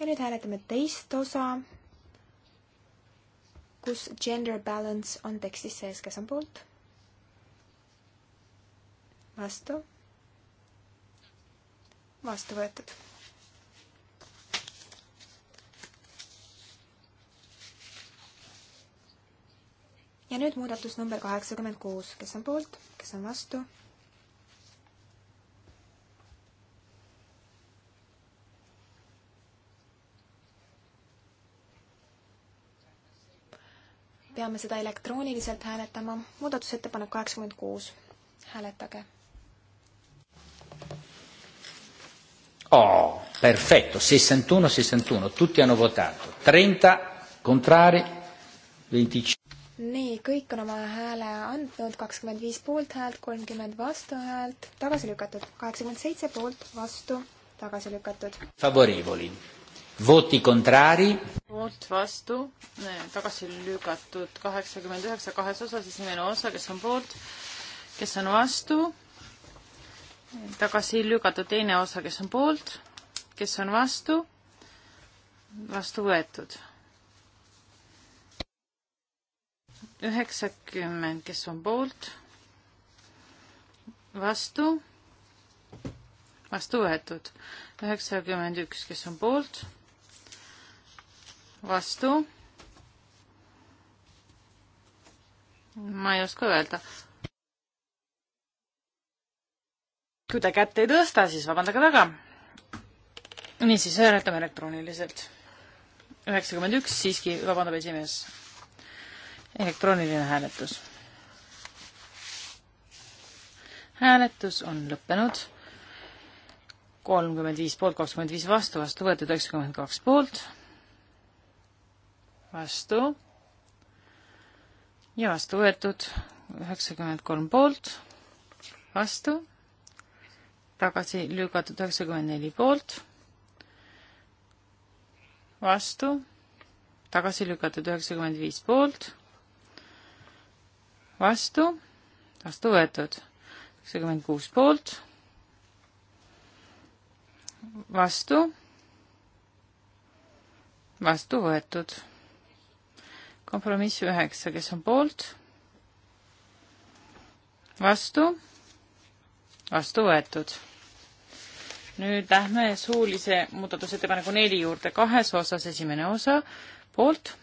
S5: ja nüüd hääletame teist osa kus gender balance on tekstis sees, kes on poolt? vastu? vastu võetud. ja nüüd muudatus number kaheksakümmend kuus, kes on poolt, kes on vastu, peame seda elektrooniliselt hääletama. muudatusettepanek kaheksakümmend kuus. hääletage.
S4: Oh, perfetto, 61, 61, tutti hanno votato, 30 contrari, 25.
S5: nii, kõik on oma hääle andnud, kakskümmend viis poolthäält, kolmkümmend vastuhäält, tagasi lükatud, kaheksakümmend seitse poolt, vastu, tagasi lükatud. Favorevoli
S4: Voti contrari.
S3: poolt, vastu, tagasi lükatud kaheksakümmend üheksa kahes osas, esimene osa, kes on poolt, kes on vastu, tagasi lükatud teine osa, kes on poolt, kes on vastu, vastu võetud. üheksakümmend, kes on poolt, vastu, vastu võetud. üheksakümmend üks, kes on poolt vastu. ma ei oska öelda. kui te kätt ei tõsta, siis vabandage väga. niisiis, hääletame elektrooniliselt. üheksakümmend üks, siiski vabandab esimees. elektrooniline hääletus. hääletus on lõppenud kolmkümmend viis poolt, kakskümmend viis vastu, vastu võetud üheksakümmend kaks poolt vastu ja vastu võetud üheksakümmend kolm poolt, vastu, tagasi lükatud üheksakümmend neli poolt, vastu, tagasi lükatud üheksakümmend viis poolt, vastu, vastu võetud üheksakümmend kuus poolt, vastu, vastu võetud kompromiss üheksa, kes on poolt? vastu? vastu võetud. nüüd lähme suulise muudatusettepaneku neli juurde kahes osas, esimene osa poolt,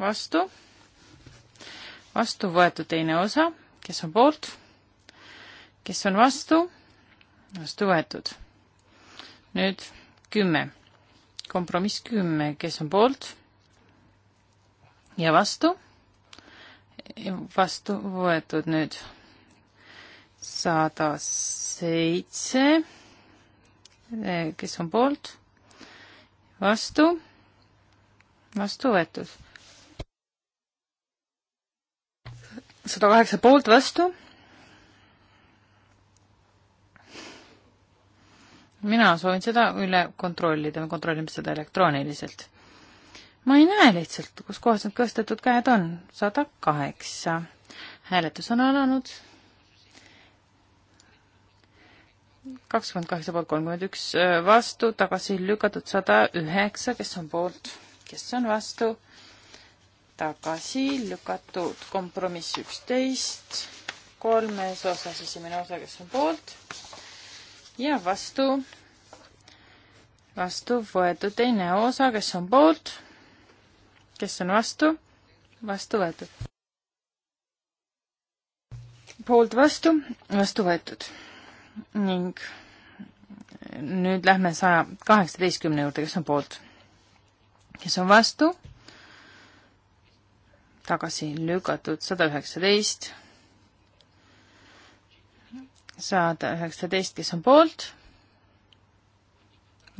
S3: vastu, vastu võetud teine osa, kes on poolt, kes on vastu, vastu võetud. nüüd kümme, kompromiss kümme, kes on poolt ja vastu, vastu võetud nüüd sada seitse, kes on poolt, vastu, vastu võetud. sada kaheksa poolt, vastu. mina soovin seda üle kontrollida, me kontrollime seda elektrooniliselt ma ei näe lihtsalt, kus kohas need kõstetud käed on. sada kaheksa. hääletus on alanud. kakskümmend kaheksa poolt kolmkümmend üks äh, vastu, tagasi lükatud sada üheksa, kes on poolt, kes on vastu, tagasi lükatud kompromiss üksteist, kolmes osas esimene osa, kes on poolt ja vastu, vastu võetud teine osa, kes on poolt kes on vastu, vastu võetud. poolt vastu, vastu võetud. ning nüüd lähme saja kaheksateistkümne juurde, kes on poolt, kes on vastu, tagasi lükatud sada üheksateist, sada üheksateist, kes on poolt,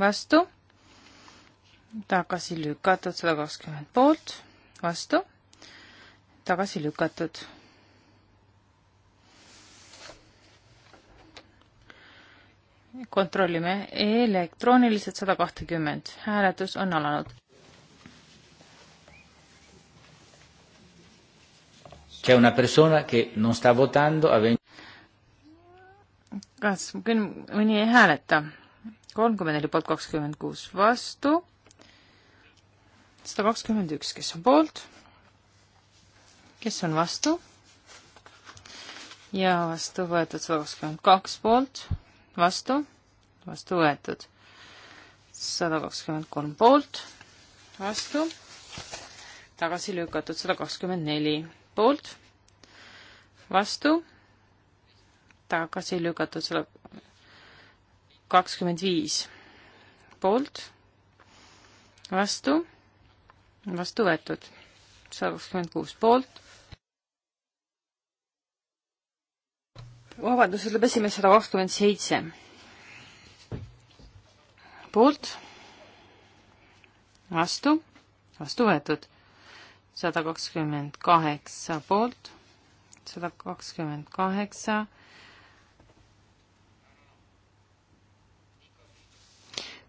S3: vastu tagasi lükatud sada kakskümmend poolt, vastu, tagasi lükatud. kontrollime elektrooniliselt sada kahtekümmend, hääletus on alanud.
S4: C'è una persona che non sta votando aven-.
S3: kas mõni ei hääleta? kolmkümmend neli poolt kakskümmend kuus vastu sada kakskümmend üks, kes on poolt, kes on vastu ja vastu võetud sada kakskümmend kaks poolt, vastu, vastu võetud sada kakskümmend kolm poolt, vastu, tagasi lükatud sada kakskümmend neli poolt, vastu, tagasi lükatud sada kakskümmend viis poolt, vastu vastu võetud. sada kakskümmend kuus poolt. vabandust, ütleb esimees sada kakskümmend seitse. poolt, vastu, vastu võetud. sada kakskümmend kaheksa poolt, sada kakskümmend kaheksa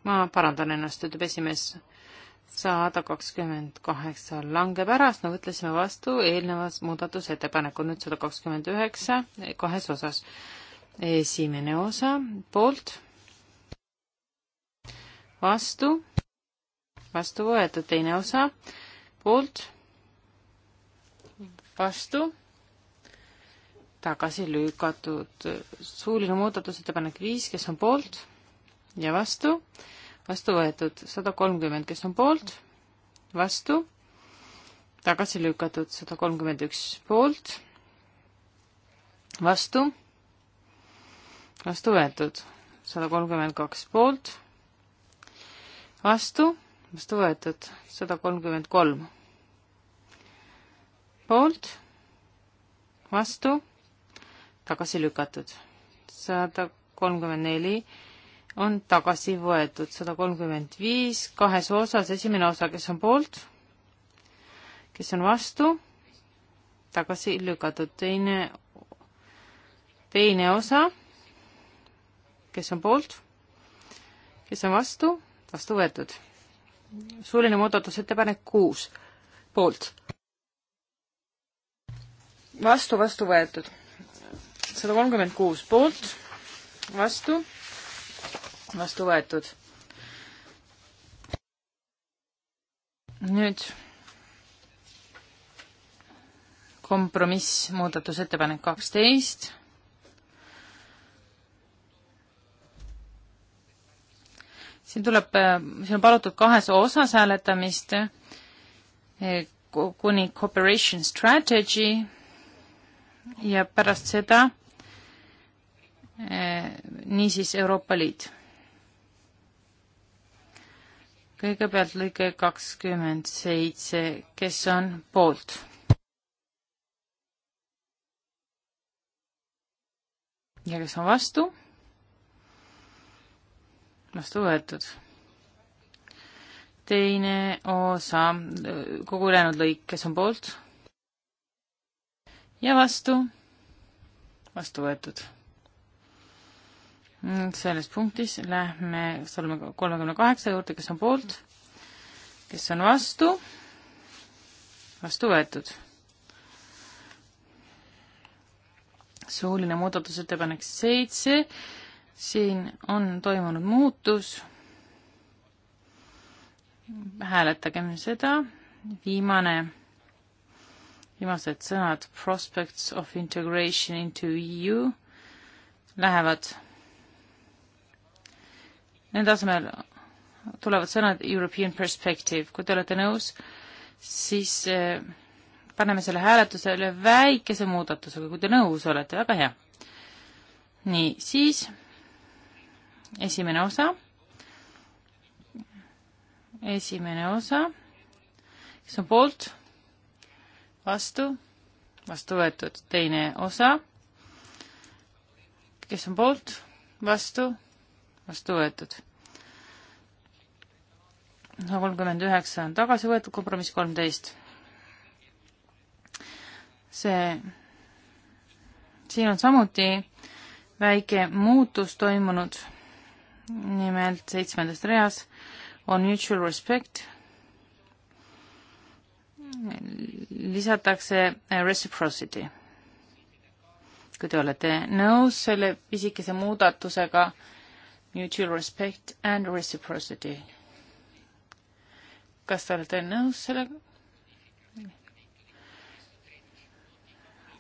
S3: ma parandan ennast, ütleb esimees sada kakskümmend kaheksa langeb ära, sest me võtlesime vastu eelnevas muudatusettepanekud, nüüd sada kakskümmend üheksa kahes osas. esimene osa poolt, vastu, vastu võetud, teine osa poolt, vastu, tagasi lükatud, suuline muudatusettepanek viis, kes on poolt ja vastu vastu võetud sada kolmkümmend, kes on poolt, vastu, tagasi lükatud sada kolmkümmend üks poolt, vastu, vastu võetud sada kolmkümmend kaks poolt, vastu, vastu võetud sada kolmkümmend kolm poolt, vastu, tagasi lükatud sada kolmkümmend neli on tagasi võetud, sada kolmkümmend viis, kahes osas, esimene osa, kes on poolt, kes on vastu, tagasi lükatud, teine, teine osa, kes on poolt, kes on vastu, vastu võetud. suuline muudatusettepanek kuus, poolt. vastu, vastu võetud. sada kolmkümmend kuus poolt, vastu vastu võetud. nüüd kompromiss, muudatusettepanek kaksteist. siin tuleb, äh, siin on palutud kahes osas hääletamist eh, kuni cooperation strategy ja pärast seda eh, niisiis Euroopa Liit kõigepealt lõige kakskümmend seitse, kes on poolt? ja kes on vastu? vastu võetud. teine osa, kogu ülejäänud lõik, kes on poolt? ja vastu? vastu võetud selles punktis lähme kolmekümne kaheksa juurde, kes on poolt, kes on vastu, vastu võetud. suuline muudatusettepanek seitse, siin on toimunud muutus. hääletagem seda, viimane, viimased sõnad prospects of integration into EU lähevad nende asemel tulevad sõnad European perspective, kui te olete nõus, siis eh, paneme selle hääletusele väikese muudatusega, kui te nõus olete, väga hea. nii, siis esimene osa, esimene osa, kes on poolt, vastu, vastu võetud, teine osa, kes on poolt, vastu, vastu võetud kolmkümmend üheksa on tagasi võetud, kompromiss kolmteist. see, siin on samuti väike muutus toimunud, nimelt seitsmendas reas on mutual respect, lisatakse reciprocity. kui te olete nõus selle pisikese muudatusega, mutual respect and reciprocity kas te olete nõus sellega?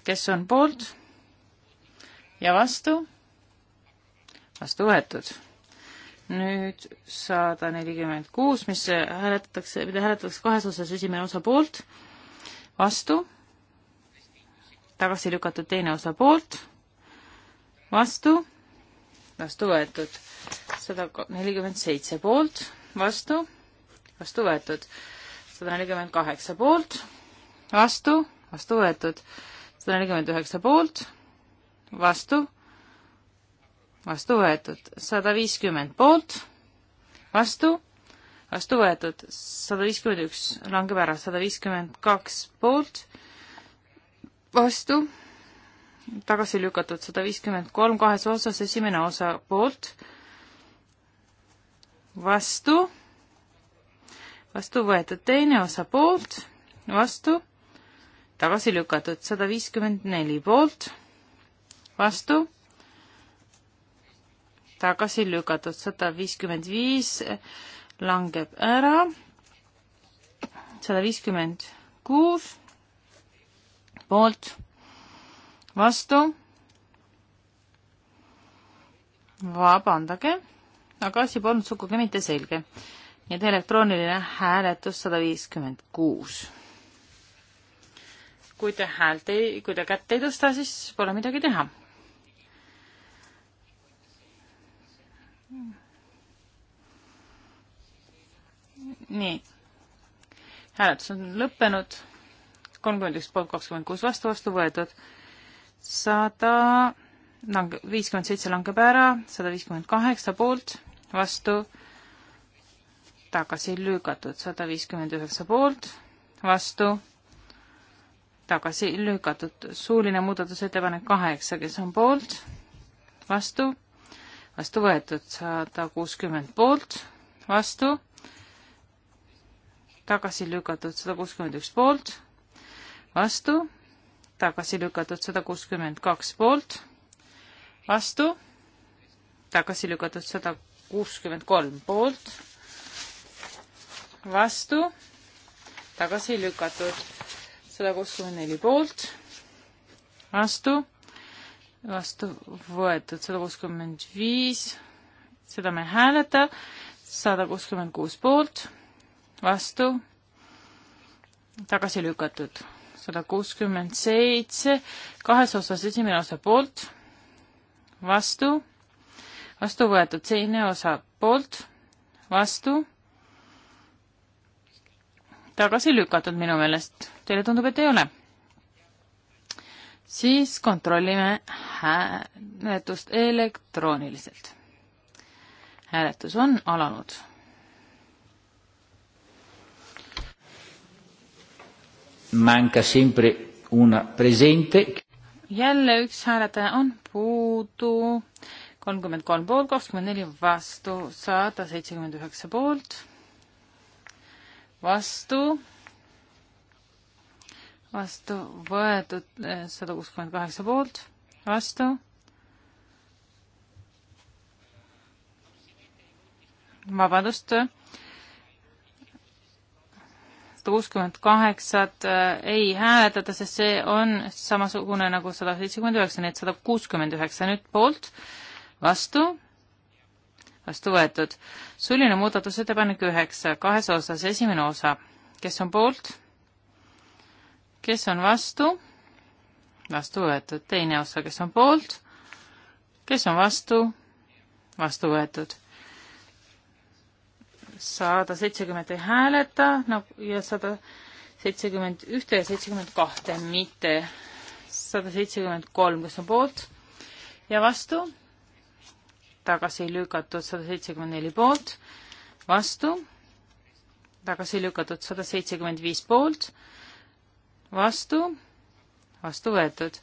S3: kes on poolt ja vastu? vastu võetud. nüüd sada nelikümmend kuus, mis hääletatakse, mida hääletatakse kahes osas, esimene osa poolt, vastu, tagasi lükatud teine osa poolt, vastu, vastu võetud. sada nelikümmend seitse poolt, vastu vastu võetud. sada nelikümmend kaheksa poolt, vastu, vastu võetud. sada nelikümmend üheksa poolt, vastu, vastu võetud. sada viiskümmend poolt, vastu, vastu võetud. sada viiskümmend üks langeb ära, sada viiskümmend kaks poolt, vastu, tagasi lükatud, sada viiskümmend kolm kahes osas, esimene osa poolt, vastu vastu võetud, teine osa poolt, vastu, tagasi lükatud, sada viiskümmend neli poolt, vastu, tagasi lükatud, sada viiskümmend viis langeb ära, sada viiskümmend kuus poolt, vastu, vabandage, aga asi polnud sugugi mitte selge nüüd elektrooniline hääletus sada viiskümmend kuus. kui te häält ei, kui te kätt ei tõsta, siis pole midagi teha. nii, hääletus on lõppenud, kolmkümmend üks poolt, kakskümmend kuus vastu, vastu võetud sada lange, viiskümmend seitse langeb ära, sada viiskümmend kaheksa poolt, vastu tagasi lükatud, sada viiskümmend üheksa poolt, vastu, tagasi lükatud. suuline muudatusettepanek kaheksa, kes on poolt, vastu, vastu võetud, sada kuuskümmend poolt, vastu, tagasi lükatud, sada kuuskümmend üks poolt, vastu, tagasi lükatud, sada kuuskümmend kaks poolt, vastu, tagasi lükatud, sada kuuskümmend kolm poolt vastu, tagasi lükatud. sada kuuskümmend neli poolt, vastu, vastu võetud sada kuuskümmend viis, seda me ei hääleta, sada kuuskümmend kuus poolt, vastu, tagasi lükatud sada kuuskümmend seitse, kahes osas esimene osa poolt, vastu, vastu võetud teine osa poolt, vastu, tagasi lükatud minu meelest. Teile tundub, et ei ole? siis kontrollime hääletust elektrooniliselt. hääletus on alanud.
S4: Manca sempre una presente.
S3: jälle üks hääletaja on puudu. kolmkümmend kolm poolt, kakskümmend neli vastu, sada seitsekümmend üheksa poolt vastu, vastu võetud eh, sada kuuskümmend kaheksa poolt, vastu. vabandust, sada kuuskümmend kaheksat eh, ei hääletata, sest see on samasugune nagu sada seitsekümmend üheksa, nii et sada kuuskümmend üheksa nüüd poolt, vastu vastu võetud. suuline muudatusettepanek üheksa, kahes osas, esimene osa, kes on poolt, kes on vastu, vastu võetud, teine osa, kes on poolt, kes on vastu, vastu võetud. sada seitsekümmend ei hääleta nagu ja sada seitsekümmend ühte ja seitsekümmend kahte, mitte sada seitsekümmend kolm, kes on poolt ja vastu tagasi lükatud sada seitsekümmend neli poolt, vastu, tagasi lükatud sada seitsekümmend viis poolt, vastu, vastu võetud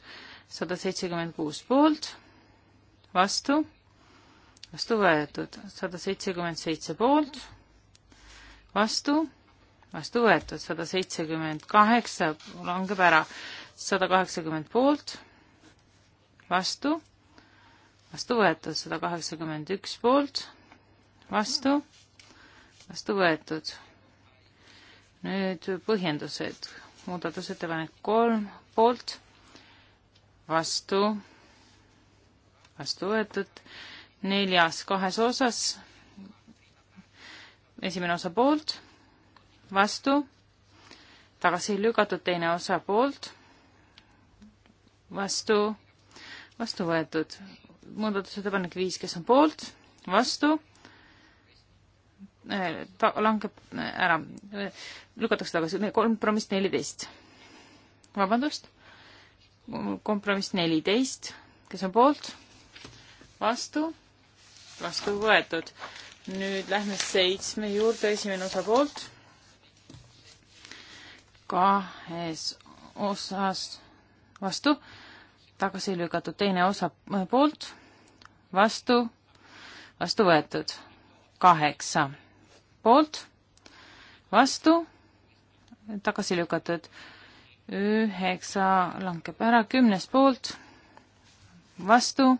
S3: sada seitsekümmend kuus poolt, vastu, vastu võetud sada seitsekümmend seitse poolt, vastu, vastu võetud sada seitsekümmend kaheksa langeb ära, sada kaheksakümmend poolt, vastu vastu võetud, sada kaheksakümmend üks poolt, vastu, vastu võetud. nüüd põhjendused, muudatusettepanek kolm poolt, vastu, vastu võetud, neljas kahes osas, esimene osa poolt, vastu, tagasi lükatud teine osa poolt vastu, vastu võetud muudatusettepanek viis, kes on poolt, vastu, äh, ta langeb äh, ära, lükatakse tagasi, kompromiss neliteist. vabandust, kompromiss neliteist, kes on poolt, vastu, vastu võetud. nüüd lähme seitsme juurde, esimene osa poolt, kahes osas vastu tagasi lükatud teine osa poolt, vastu, vastu võetud. kaheksa poolt, vastu, tagasi lükatud. üheksa langeb ära, kümnes poolt, vastu,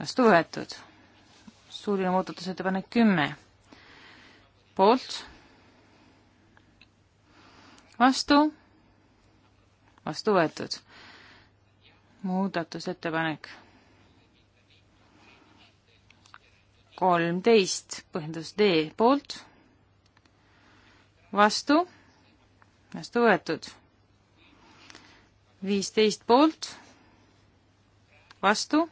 S3: vastu võetud. suuline muudatusettepanek kümme poolt, vastu, vastu võetud muudatusettepanek kolmteist, põhjendus D poolt, vastu, vastu võetud, viisteist poolt, vastu,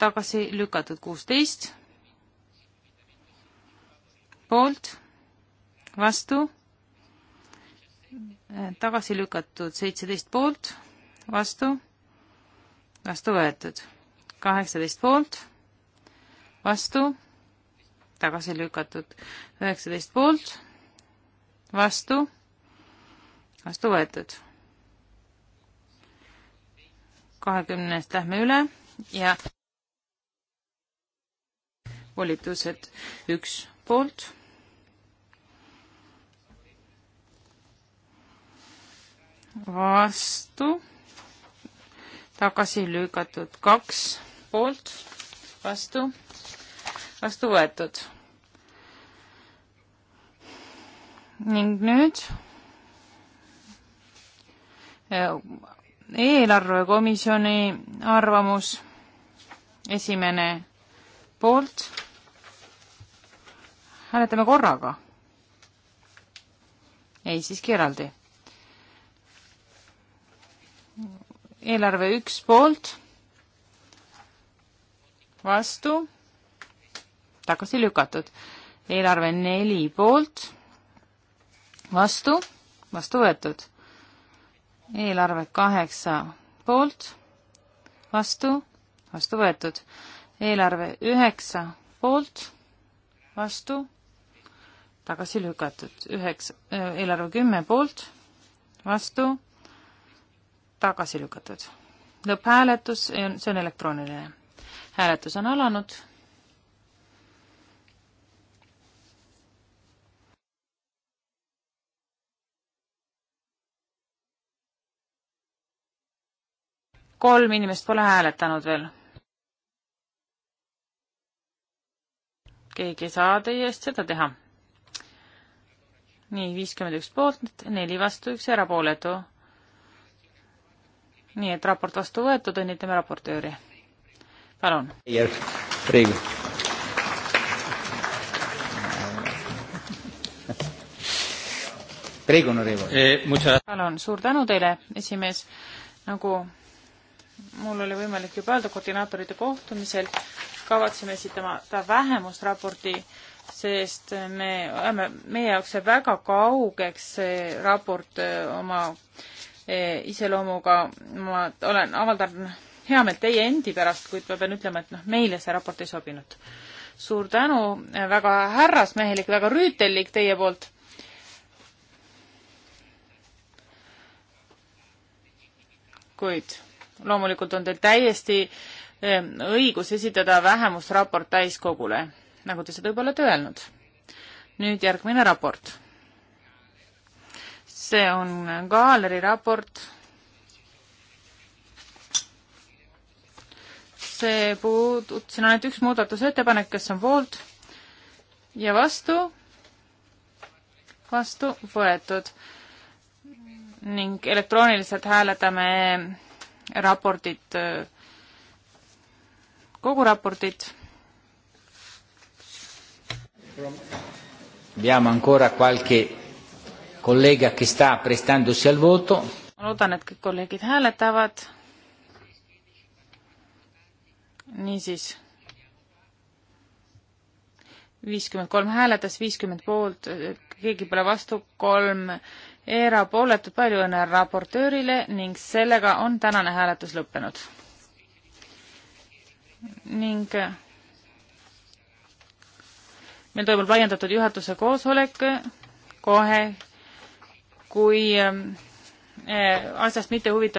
S3: tagasi lükatud kuusteist, poolt, vastu, tagasi lükatud seitseteist poolt vastu, vastu võetud. kaheksateist poolt, vastu, tagasi lükatud. üheksateist poolt, vastu, vastu võetud. kahekümnest lähme üle ja volitused üks poolt vastu tagasi lükatud, kaks poolt, vastu, vastu võetud. ning nüüd eelarvekomisjoni arvamus, esimene poolt, hääletame korraga. ei, siiski eraldi eelarve üks poolt, vastu, tagasi lükatud. eelarve neli poolt, vastu, vastu võetud. eelarve kaheksa poolt, vastu, vastu võetud. eelarve üheksa poolt, vastu, tagasi lükatud. üheksa, äh, eelarve kümme poolt, vastu tagasi lükatud. lõpphääletus, see on elektrooniline. hääletus on alanud. kolm inimest pole hääletanud veel. keegi ei saa teie eest seda teha. nii, viiskümmend üks poolt, neli vastu, üks erapooletu nii et raport vastu võetud, õnnitleme raportööri. palun. Eh, palun, suur tänu teile, esimees. nagu mul oli võimalik juba öelda koordinaatorite kohtumisel, kavatseme esitama ta vähemusraporti, sest me oleme, meie jaoks jääb väga kaugeks see raport eh, oma äh, E, iseloomuga, ma olen, avaldan heameelt teie endi pärast, kuid ma pean ütlema, et noh, meile see raport ei sobinud. suur tänu, e, väga härrasmehelik, väga rüütellik teie poolt. kuid loomulikult on teil täiesti e, õigus esitada vähemusraport täiskogule, nagu te seda juba olete öelnud. nüüd järgmine raport see on Kaaleri raport. see puudut-, siin on ainult üks muudatusettepanek, kes on poolt ja vastu, vastu võetud. ning elektrooniliselt hääletame raportit, kogu raportit.
S4: Abbiamo ancora qualche collega che sta prestandosi al voto.
S3: ma loodan, et kõik kolleegid hääletavad. niisiis, viiskümmend kolm hääletas, viiskümmend poolt, keegi pole vastu, kolm erapooletut, palju õnne raportöörile ning sellega on tänane hääletus lõppenud. ning meil toimub laiendatud juhatuse koosolek kohe kui ähm, äh, asjast
S4: mitte huvitatud